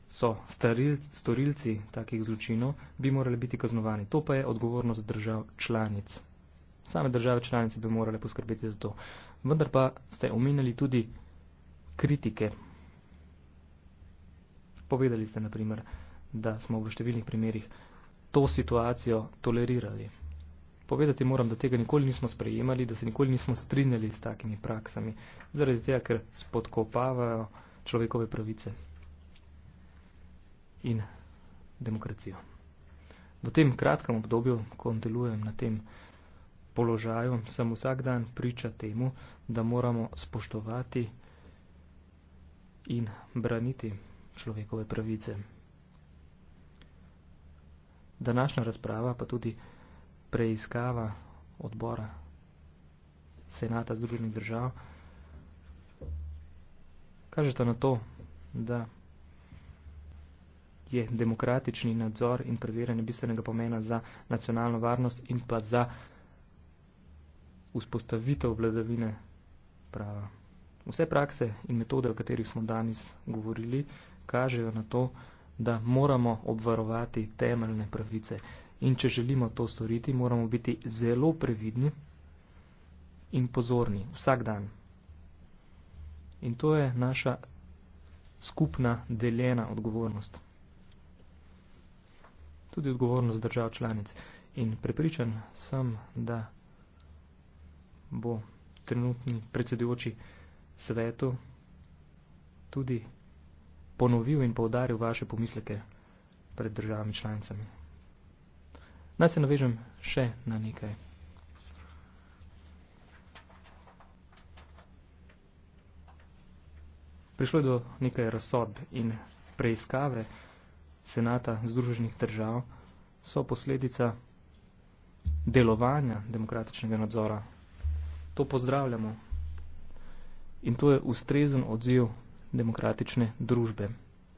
S8: so staril, storilci takih zločinov, bi morali biti kaznovani. To pa je odgovornost držav članic. Same države članice bi morale poskrbeti za to. Vendar pa ste omenjali tudi kritike Povedali ste, naprimer, da smo v številnih primerjih to situacijo tolerirali. Povedati moram, da tega nikoli nismo sprejemali, da se nikoli nismo strinjali s takimi praksami, zaradi tega, ker spodkopavajo človekove pravice in demokracijo. V tem kratkem obdobju, ko delujem na tem položaju, sem vsak dan priča temu, da moramo spoštovati in braniti človekove pravice. Današnja razprava, pa tudi preiskava odbora Senata Združenih držav, kažete na to, da je demokratični nadzor in preverjanje bistvenega pomena za nacionalno varnost in pa za vzpostavitev vladavine prava. Vse prakse in metode, o katerih smo danes govorili, kažejo na to, da moramo obvarovati temeljne pravice. In če želimo to storiti, moramo biti zelo previdni in pozorni vsak dan. In to je naša skupna deljena odgovornost. Tudi odgovornost držav članic. In prepričan sem, da bo trenutni predsedujoči svetu tudi ponovil in povdaril vaše pomisleke pred državami članicami. Naj se navežem še na nekaj. Prišlo je do nekaj razsodb in preiskave Senata Združenih držav so posledica delovanja demokratičnega nadzora. To pozdravljamo in to je ustrezen odziv demokratične družbe,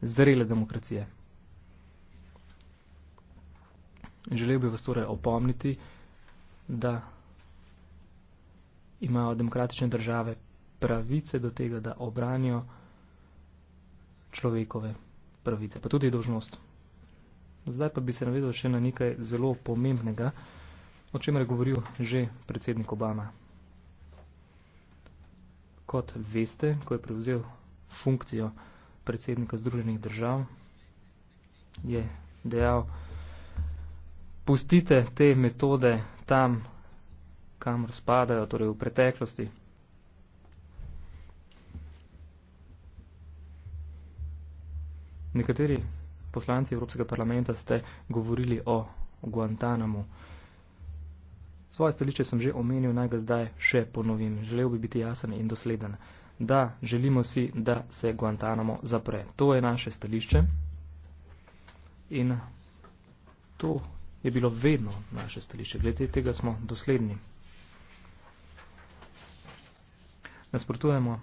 S8: zrele demokracije. Želel bi vas torej opomniti, da imajo demokratične države pravice do tega, da obranijo človekove pravice, pa tudi dožnost. Zdaj pa bi se navedel še na nekaj zelo pomembnega, o čemer je govoril že predsednik Obama. Kot veste, ko je prevzel funkcijo predsednika Združenih držav, je dejal, pustite te metode tam, kamor spadajo, torej v preteklosti. Nekateri poslanci Evropskega parlamenta ste govorili o Guantanamu. Svoje stališče sem že omenil, naj ga zdaj še ponovim. Želel bi biti jasen in dosleden da želimo si, da se Guantanamo zapre. To je naše stališče in to je bilo vedno naše stališče. Glede tega smo dosledni. Nasprotujemo.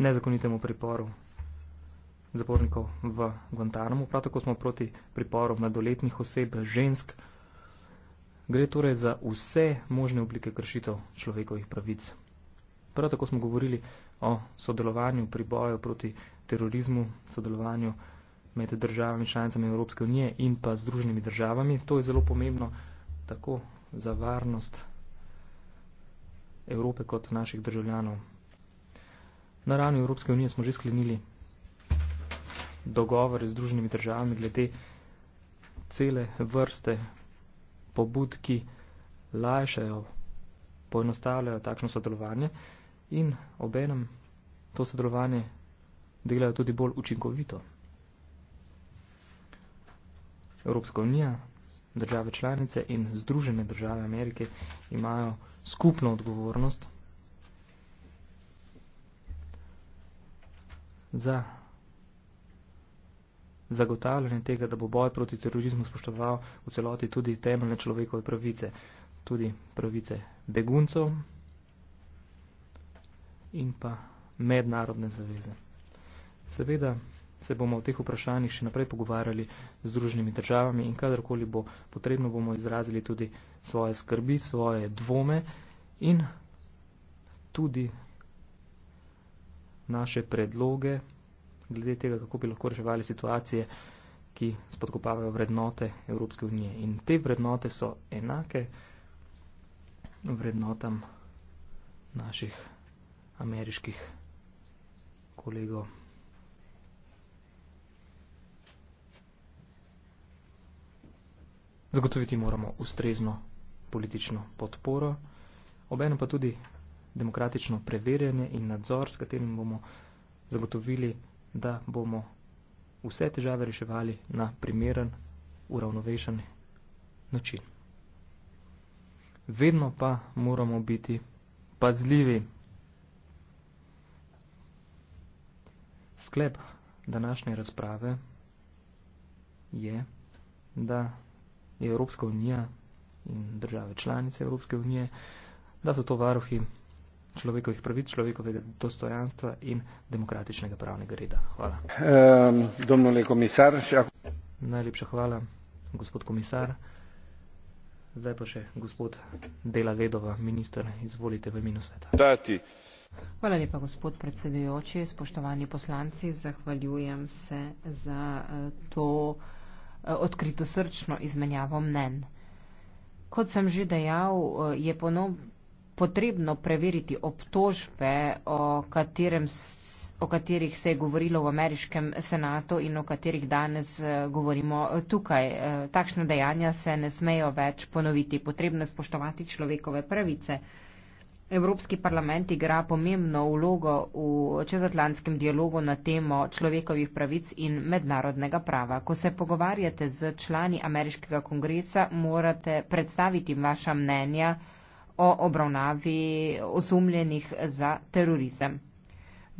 S8: nezakonitemu priporu zapornikov v Guantanamo. Prav tako smo proti priporu mladoletnih oseb, žensk, Gre torej za vse možne oblike kršitev človekovih pravic. Prav tako smo govorili o sodelovanju pri boju proti terorizmu, sodelovanju med državami članicami Evropske unije in pa združenimi državami. To je zelo pomembno tako za varnost Evrope kot naših državljanov. Na ravni Evropske unije smo že sklenili dogovore z združenimi državami glede cele vrste pobud, ki lajšajo, poenostavljajo takšno sodelovanje in obenem to sodelovanje delajo tudi bolj učinkovito. Evropska unija, države članice in združene države Amerike imajo skupno odgovornost za zagotavljanje tega, da bo boj proti terorizmu spoštoval v celoti tudi temeljne človekove pravice, tudi pravice beguncov in pa mednarodne zaveze. Seveda se bomo o teh vprašanjih še naprej pogovarjali z združenimi državami in kadarkoli bo potrebno, bomo izrazili tudi svoje skrbi, svoje dvome in tudi naše predloge, glede tega, kako bi lahko reševali situacije, ki spodkopavajo vrednote Evropske unije. In te vrednote so enake vrednotam naših ameriških kolegov. Zagotoviti moramo ustrezno politično podporo, obenem pa tudi demokratično preverjanje in nadzor, s katerim bomo zagotovili, da bomo vse težave reševali na primeren, uravnovešen način. Vedno pa moramo biti pazljivi. Sklep današnje razprave je, da je Evropska unija in države članice Evropske unije, da so to varohi človekovih pravic, človekovega dostojanstva in
S4: demokratičnega pravnega reda. Hvala. E, komisar,
S8: Najlepša hvala, gospod komisar. Zdaj pa še gospod Dela Vedova, minister, izvolite v imenu sveta.
S3: Dati.
S5: Hvala lepa, gospod predsedujoči, spoštovani poslanci, zahvaljujem se za eh, to eh, odkrito srčno izmenjavo mnen. Kot sem že dejal, eh, je ponovno potrebno preveriti obtožbe, o, katerem, o katerih se je govorilo v ameriškem senatu in o katerih danes eh, govorimo eh, tukaj. Eh, Takšne dejanja se ne smejo več ponoviti. Potrebno je spoštovati človekove pravice. Evropski parlament igra pomembno vlogo v čezatlantskem dialogu na temo človekovih pravic in mednarodnega prava. Ko se pogovarjate z člani ameriškega kongresa, morate predstaviti vaša mnenja, o obravnavi osumljenih za terorizem.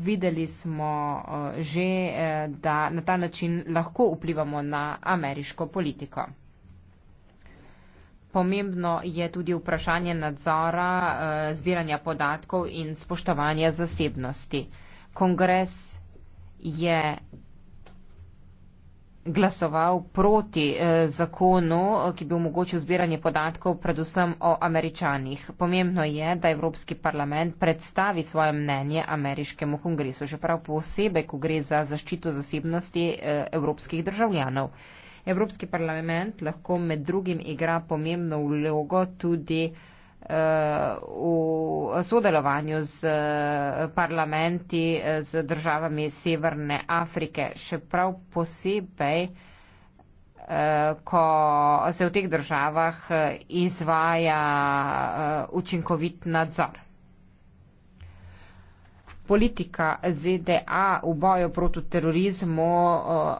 S5: Videli smo eh, že, eh, da na ta način lahko vplivamo na ameriško politiko. Pomembno je tudi vprašanje nadzora, eh, zbiranja podatkov in spoštovanja zasebnosti. Kongres je glasoval proti eh, zakonu, eh, ki bi omogočil zbiranje podatkov predvsem o američanih. Pomembno je, da Evropski parlament predstavi svoje mnenje ameriškemu kongresu, še prav posebej, ko gre za zaščito zasebnosti eh, evropskih državljanov. Evropski parlament lahko med drugim igra pomembno vlogo tudi eh, v sodelovanju z eh, parlamenti, eh, z državami Severne Afrike, še prav posebej, eh, ko se v teh državah izvaja učinkovit nadzor. Politika ZDA v boju proti terorizmu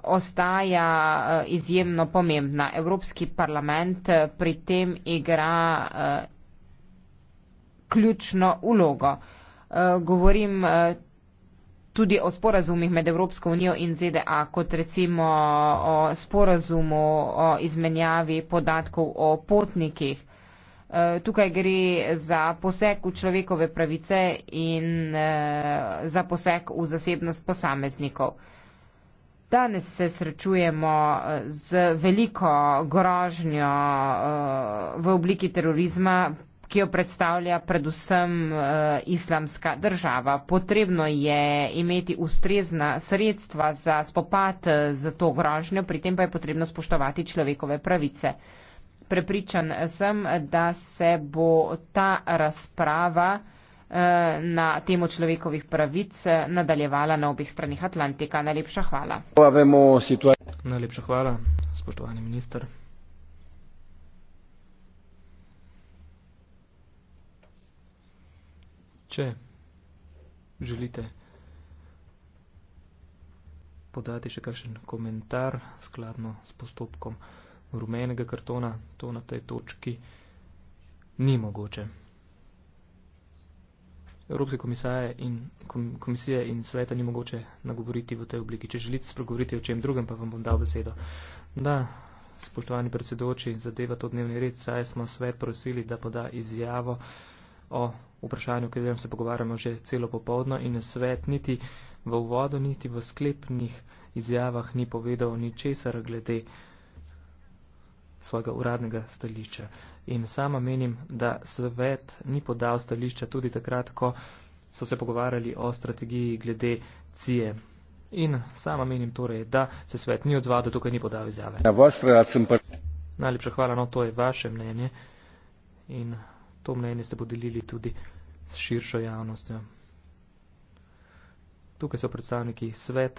S5: ostaja izjemno pomembna. Evropski parlament pri tem igra ključno vlogo. Eh, govorim eh, tudi o sporazumih med Evropsko unijo in ZDA, kot recimo o sporazumu o izmenjavi podatkov o potnikih. Eh, tukaj gre za poseg v človekove pravice in za poseg v zasebnost posameznikov. Danes se srečujemo z veliko grožnjo v obliki terorizma, ki jo predstavlja predvsem eh, islamska država. Potrebno je imeti ustrezna sredstva za spopad eh, z to grožnjo, pri tem pa je potrebno spoštovati človekove pravice. Prepričan sem, da se bo ta razprava eh, na temo človekovih pravic nadaljevala na obih stranih Atlantika. Najlepša hvala.
S8: Najlepša hvala, spoštovani minister. Če želite podati še kakšen komentar skladno s postopkom rumenega kartona, to na tej točki ni mogoče. Evropske komisije in, komisije in sveta ni mogoče nagovoriti v tej obliki. Če želite spregovoriti o čem drugem, pa vam bom dal besedo. Da, spoštovani predsedoči, zadeva to dnevni red, saj smo svet prosili, da poda izjavo o vprašanju, o katerem se pogovarjamo že celo popovdno in svet niti v uvodu, niti v sklepnih izjavah ni povedal ničesar glede svojega uradnega stališča. In sama menim, da svet ni podal stališča tudi takrat, ko so se pogovarjali o strategiji glede CIE. In sama menim torej, da se svet ni odzval, da tukaj ni podal izjave. Najlepša hvala, no to je vaše mnenje. In to mnenje ste podelili tudi s širšo javnostjo. Tukaj so predstavniki sveta.